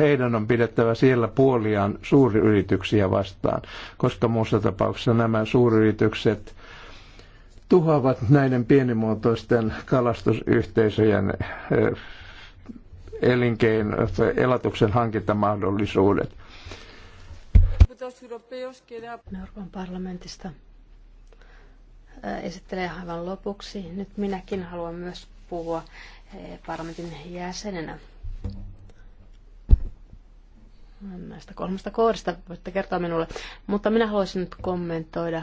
heidän on pidettävä siellä puoliaan suuryrityksiä vastaan, koska muussa tapauksessa nämä suuryritykset tuhoavat näiden pienimuotoisten kalastusyhteisöjen elinkein, elatuksen hankintamahdollisuudet. Euroopan parlamentista esittelee aivan lopuksi. Nyt minäkin haluan myös puhua parlamentin jäsenenä. Näistä kolmesta kohdasta voitte kertoa minulle. Mutta minä haluaisin nyt kommentoida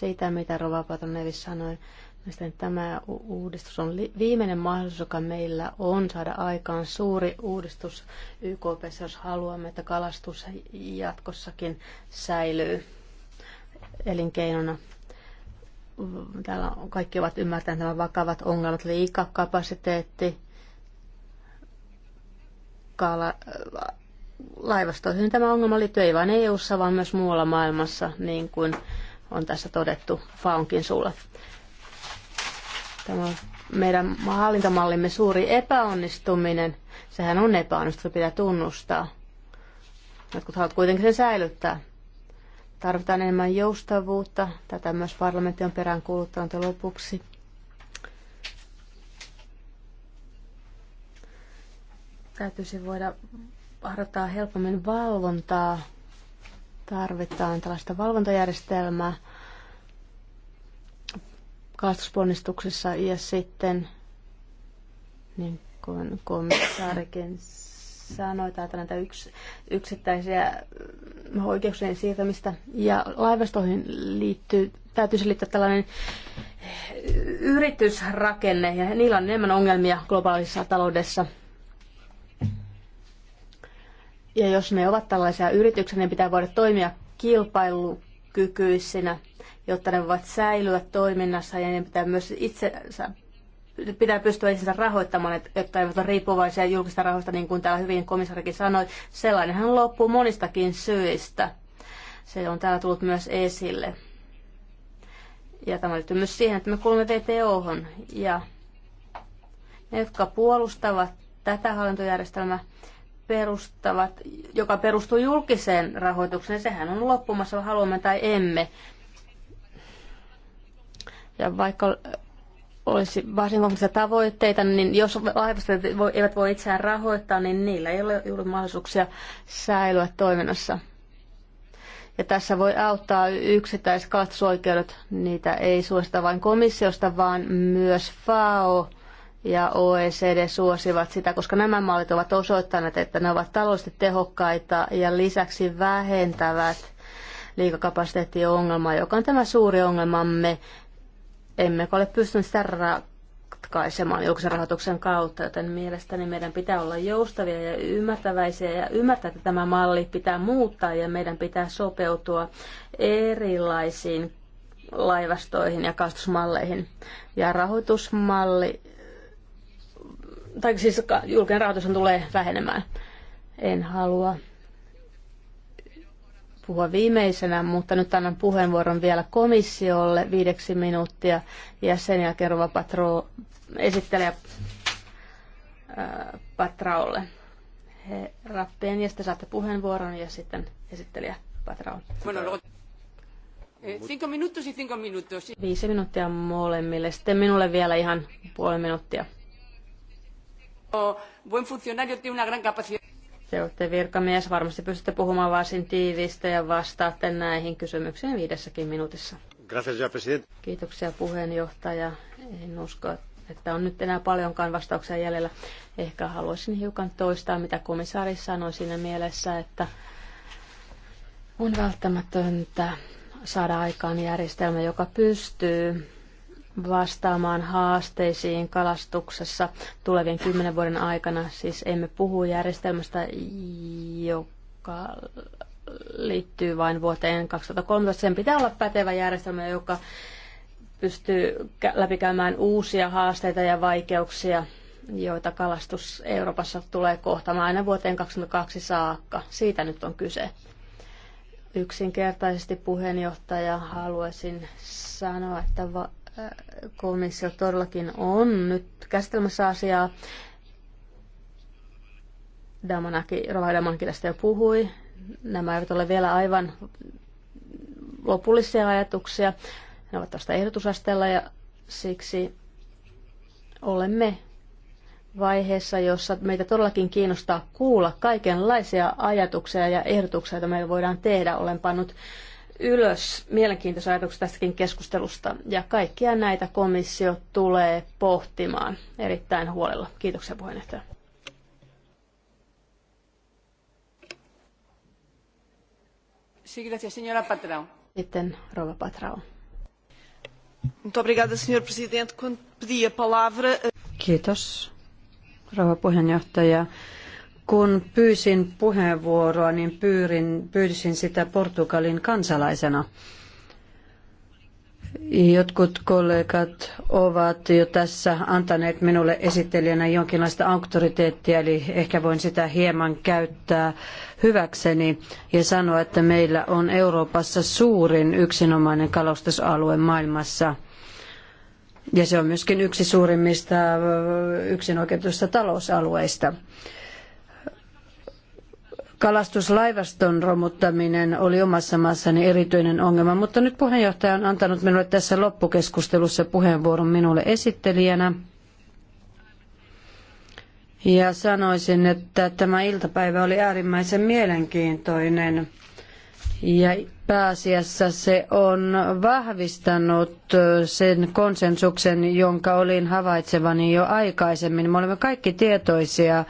sitä, mitä Rova Patonevi sanoi Mielestäni tämä uudistus on viimeinen mahdollisuus, joka meillä on saada aikaan suuri uudistus YKP, jos haluamme, että kalastus jatkossakin säilyy elinkeinona. Täällä kaikki ovat ymmärtäneet nämä vakavat ongelmat, liikakapasiteetti, kala, laivastoihin tämä ongelma liittyy ei vain EU-ssa, vaan myös muualla maailmassa, niin kuin on tässä todettu Faunkin suulla. Tämä on meidän hallintamallimme suuri epäonnistuminen. Sehän on epäonnistunut, pitää tunnustaa. Jotkut haluavat kuitenkin sen säilyttää. Tarvitaan enemmän joustavuutta. Tätä myös parlamentti on peräänkuuluttanut lopuksi. Täytyisi voida harjoittaa helpommin valvontaa. Tarvitaan tällaista valvontajärjestelmää kasvusponnistuksessa ja sitten, niin kuin komissaarikin sanoi, että näitä yks, yksittäisiä mm, oikeuksien siirtämistä. Ja laivastoihin liittyy, täytyisi liittyä tällainen eh, yritysrakenne, ja niillä on enemmän ongelmia globaalissa taloudessa. Ja jos ne ovat tällaisia yrityksiä, niin pitää voida toimia kilpailu kykyisinä, jotta ne voivat säilyä toiminnassa ja ne pitää myös itsensä pitää pystyä itsensä rahoittamaan, että eivät ole riippuvaisia julkista rahoista, niin kuin täällä hyvin komissarikin sanoi. Sellainenhan loppuu monistakin syistä. Se on täällä tullut myös esille. Ja tämä liittyy myös siihen, että me kuulumme VTOhon. Ja ne, jotka puolustavat tätä hallintojärjestelmää, perustavat, joka perustuu julkiseen rahoitukseen, sehän on loppumassa, haluamme tai emme. Ja vaikka olisi varsin konkreettisia tavoitteita, niin jos laivasta eivät voi itseään rahoittaa, niin niillä ei ole juuri mahdollisuuksia säilyä toiminnassa. Ja tässä voi auttaa yksittäiskatsoikeudet, niitä ei suosita vain komissiosta, vaan myös FAO ja OECD suosivat sitä, koska nämä mallit ovat osoittaneet, että ne ovat taloudellisesti tehokkaita ja lisäksi vähentävät liikakapasiteettiongelmaa, joka on tämä suuri ongelmamme. Emme ole pystyneet sitä ratkaisemaan julkisen rahoituksen kautta, joten mielestäni meidän pitää olla joustavia ja ymmärtäväisiä ja ymmärtää, että tämä malli pitää muuttaa ja meidän pitää sopeutua erilaisiin laivastoihin ja kastusmalleihin Ja rahoitusmalli tai siis julkinen rahoitus tulee vähenemään. En halua puhua viimeisenä, mutta nyt annan puheenvuoron vielä komissiolle viideksi minuuttia ja sen jälkeen Rova Patro, esittelijä ää, Patraolle. Herra rappien ja sitten saatte puheenvuoron ja sitten esittelijä Patraolle. Eh, cinco minutos y cinco minutos. Viisi minuuttia molemmille. Sitten minulle vielä ihan puoli minuuttia buen funcionario tiene una gran capacidad. Te olette virkamies, varmasti pystytte puhumaan varsin tiivistä ja vastaatte näihin kysymyksiin viidessäkin minuutissa. Gracias, Kiitoksia puheenjohtaja. En usko, että on nyt enää paljonkaan vastauksia jäljellä. Ehkä haluaisin hiukan toistaa, mitä komissaari sanoi siinä mielessä, että on välttämätöntä saada aikaan järjestelmä, joka pystyy vastaamaan haasteisiin kalastuksessa tulevien kymmenen vuoden aikana. Siis emme puhu järjestelmästä, joka liittyy vain vuoteen 2013. Sen pitää olla pätevä järjestelmä, joka pystyy läpikäymään uusia haasteita ja vaikeuksia, joita kalastus Euroopassa tulee kohtamaan aina vuoteen 2002 saakka. Siitä nyt on kyse. Yksinkertaisesti puheenjohtaja haluaisin sanoa, että va- komissio todellakin on nyt käsittelemässä asiaa. Damanaki, Rova Damanaki tästä jo puhui. Nämä eivät ole vielä aivan lopullisia ajatuksia. Ne ovat tästä ehdotusasteella ja siksi olemme vaiheessa, jossa meitä todellakin kiinnostaa kuulla kaikenlaisia ajatuksia ja ehdotuksia, joita meillä voidaan tehdä. Olen pannut ylös mielenkiintoisia ajatuksia tästäkin keskustelusta. Ja kaikkia näitä komissio tulee pohtimaan erittäin huolella. Kiitoksia puheenjohtaja. Sitten rouva Patrao. Kiitos, rouva puheenjohtaja. Kun pyysin puheenvuoroa, niin pyyrin, pyysin sitä Portugalin kansalaisena. Jotkut kollegat ovat jo tässä antaneet minulle esittelijänä jonkinlaista auktoriteettia, eli ehkä voin sitä hieman käyttää hyväkseni ja sanoa, että meillä on Euroopassa suurin yksinomainen kalastusalue maailmassa. Ja se on myöskin yksi suurimmista yksinoikeutuista talousalueista. Kalastuslaivaston romuttaminen oli omassa maassani erityinen ongelma, mutta nyt puheenjohtaja on antanut minulle tässä loppukeskustelussa puheenvuoron minulle esittelijänä. Ja sanoisin, että tämä iltapäivä oli äärimmäisen mielenkiintoinen. Ja pääasiassa se on vahvistanut sen konsensuksen, jonka olin havaitsevani jo aikaisemmin. Me olemme kaikki tietoisia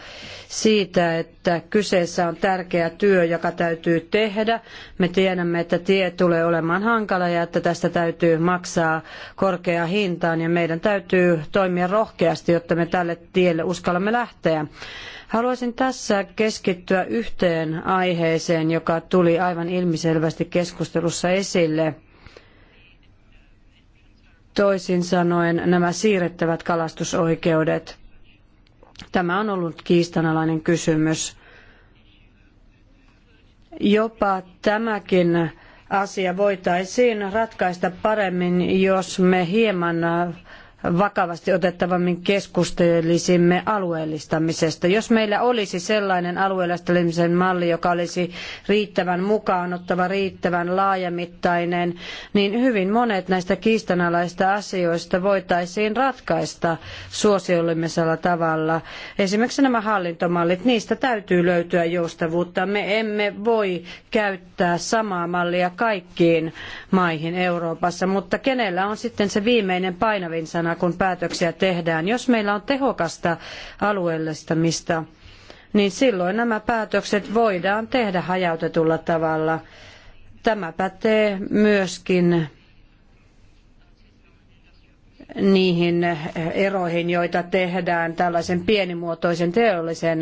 siitä, että kyseessä on tärkeä työ, joka täytyy tehdä. Me tiedämme, että tie tulee olemaan hankala ja että tästä täytyy maksaa korkea hintaan ja meidän täytyy toimia rohkeasti, jotta me tälle tielle uskallamme lähteä. Haluaisin tässä keskittyä yhteen aiheeseen, joka tuli aivan ilmiselvästi keskustelussa esille. Toisin sanoen nämä siirrettävät kalastusoikeudet. Tämä on ollut kiistanalainen kysymys. Jopa tämäkin asia voitaisiin ratkaista paremmin, jos me hieman vakavasti otettavammin keskustelisimme alueellistamisesta. Jos meillä olisi sellainen alueellistamisen malli, joka olisi riittävän mukaanottava, riittävän laajamittainen, niin hyvin monet näistä kiistanalaista asioista voitaisiin ratkaista suosiollisella tavalla. Esimerkiksi nämä hallintomallit, niistä täytyy löytyä joustavuutta. Me emme voi käyttää samaa mallia kaikkiin maihin Euroopassa, mutta kenellä on sitten se viimeinen painavin sana kun päätöksiä tehdään. Jos meillä on tehokasta alueellistamista, niin silloin nämä päätökset voidaan tehdä hajautetulla tavalla. Tämä pätee myöskin niihin eroihin, joita tehdään tällaisen pienimuotoisen teollisen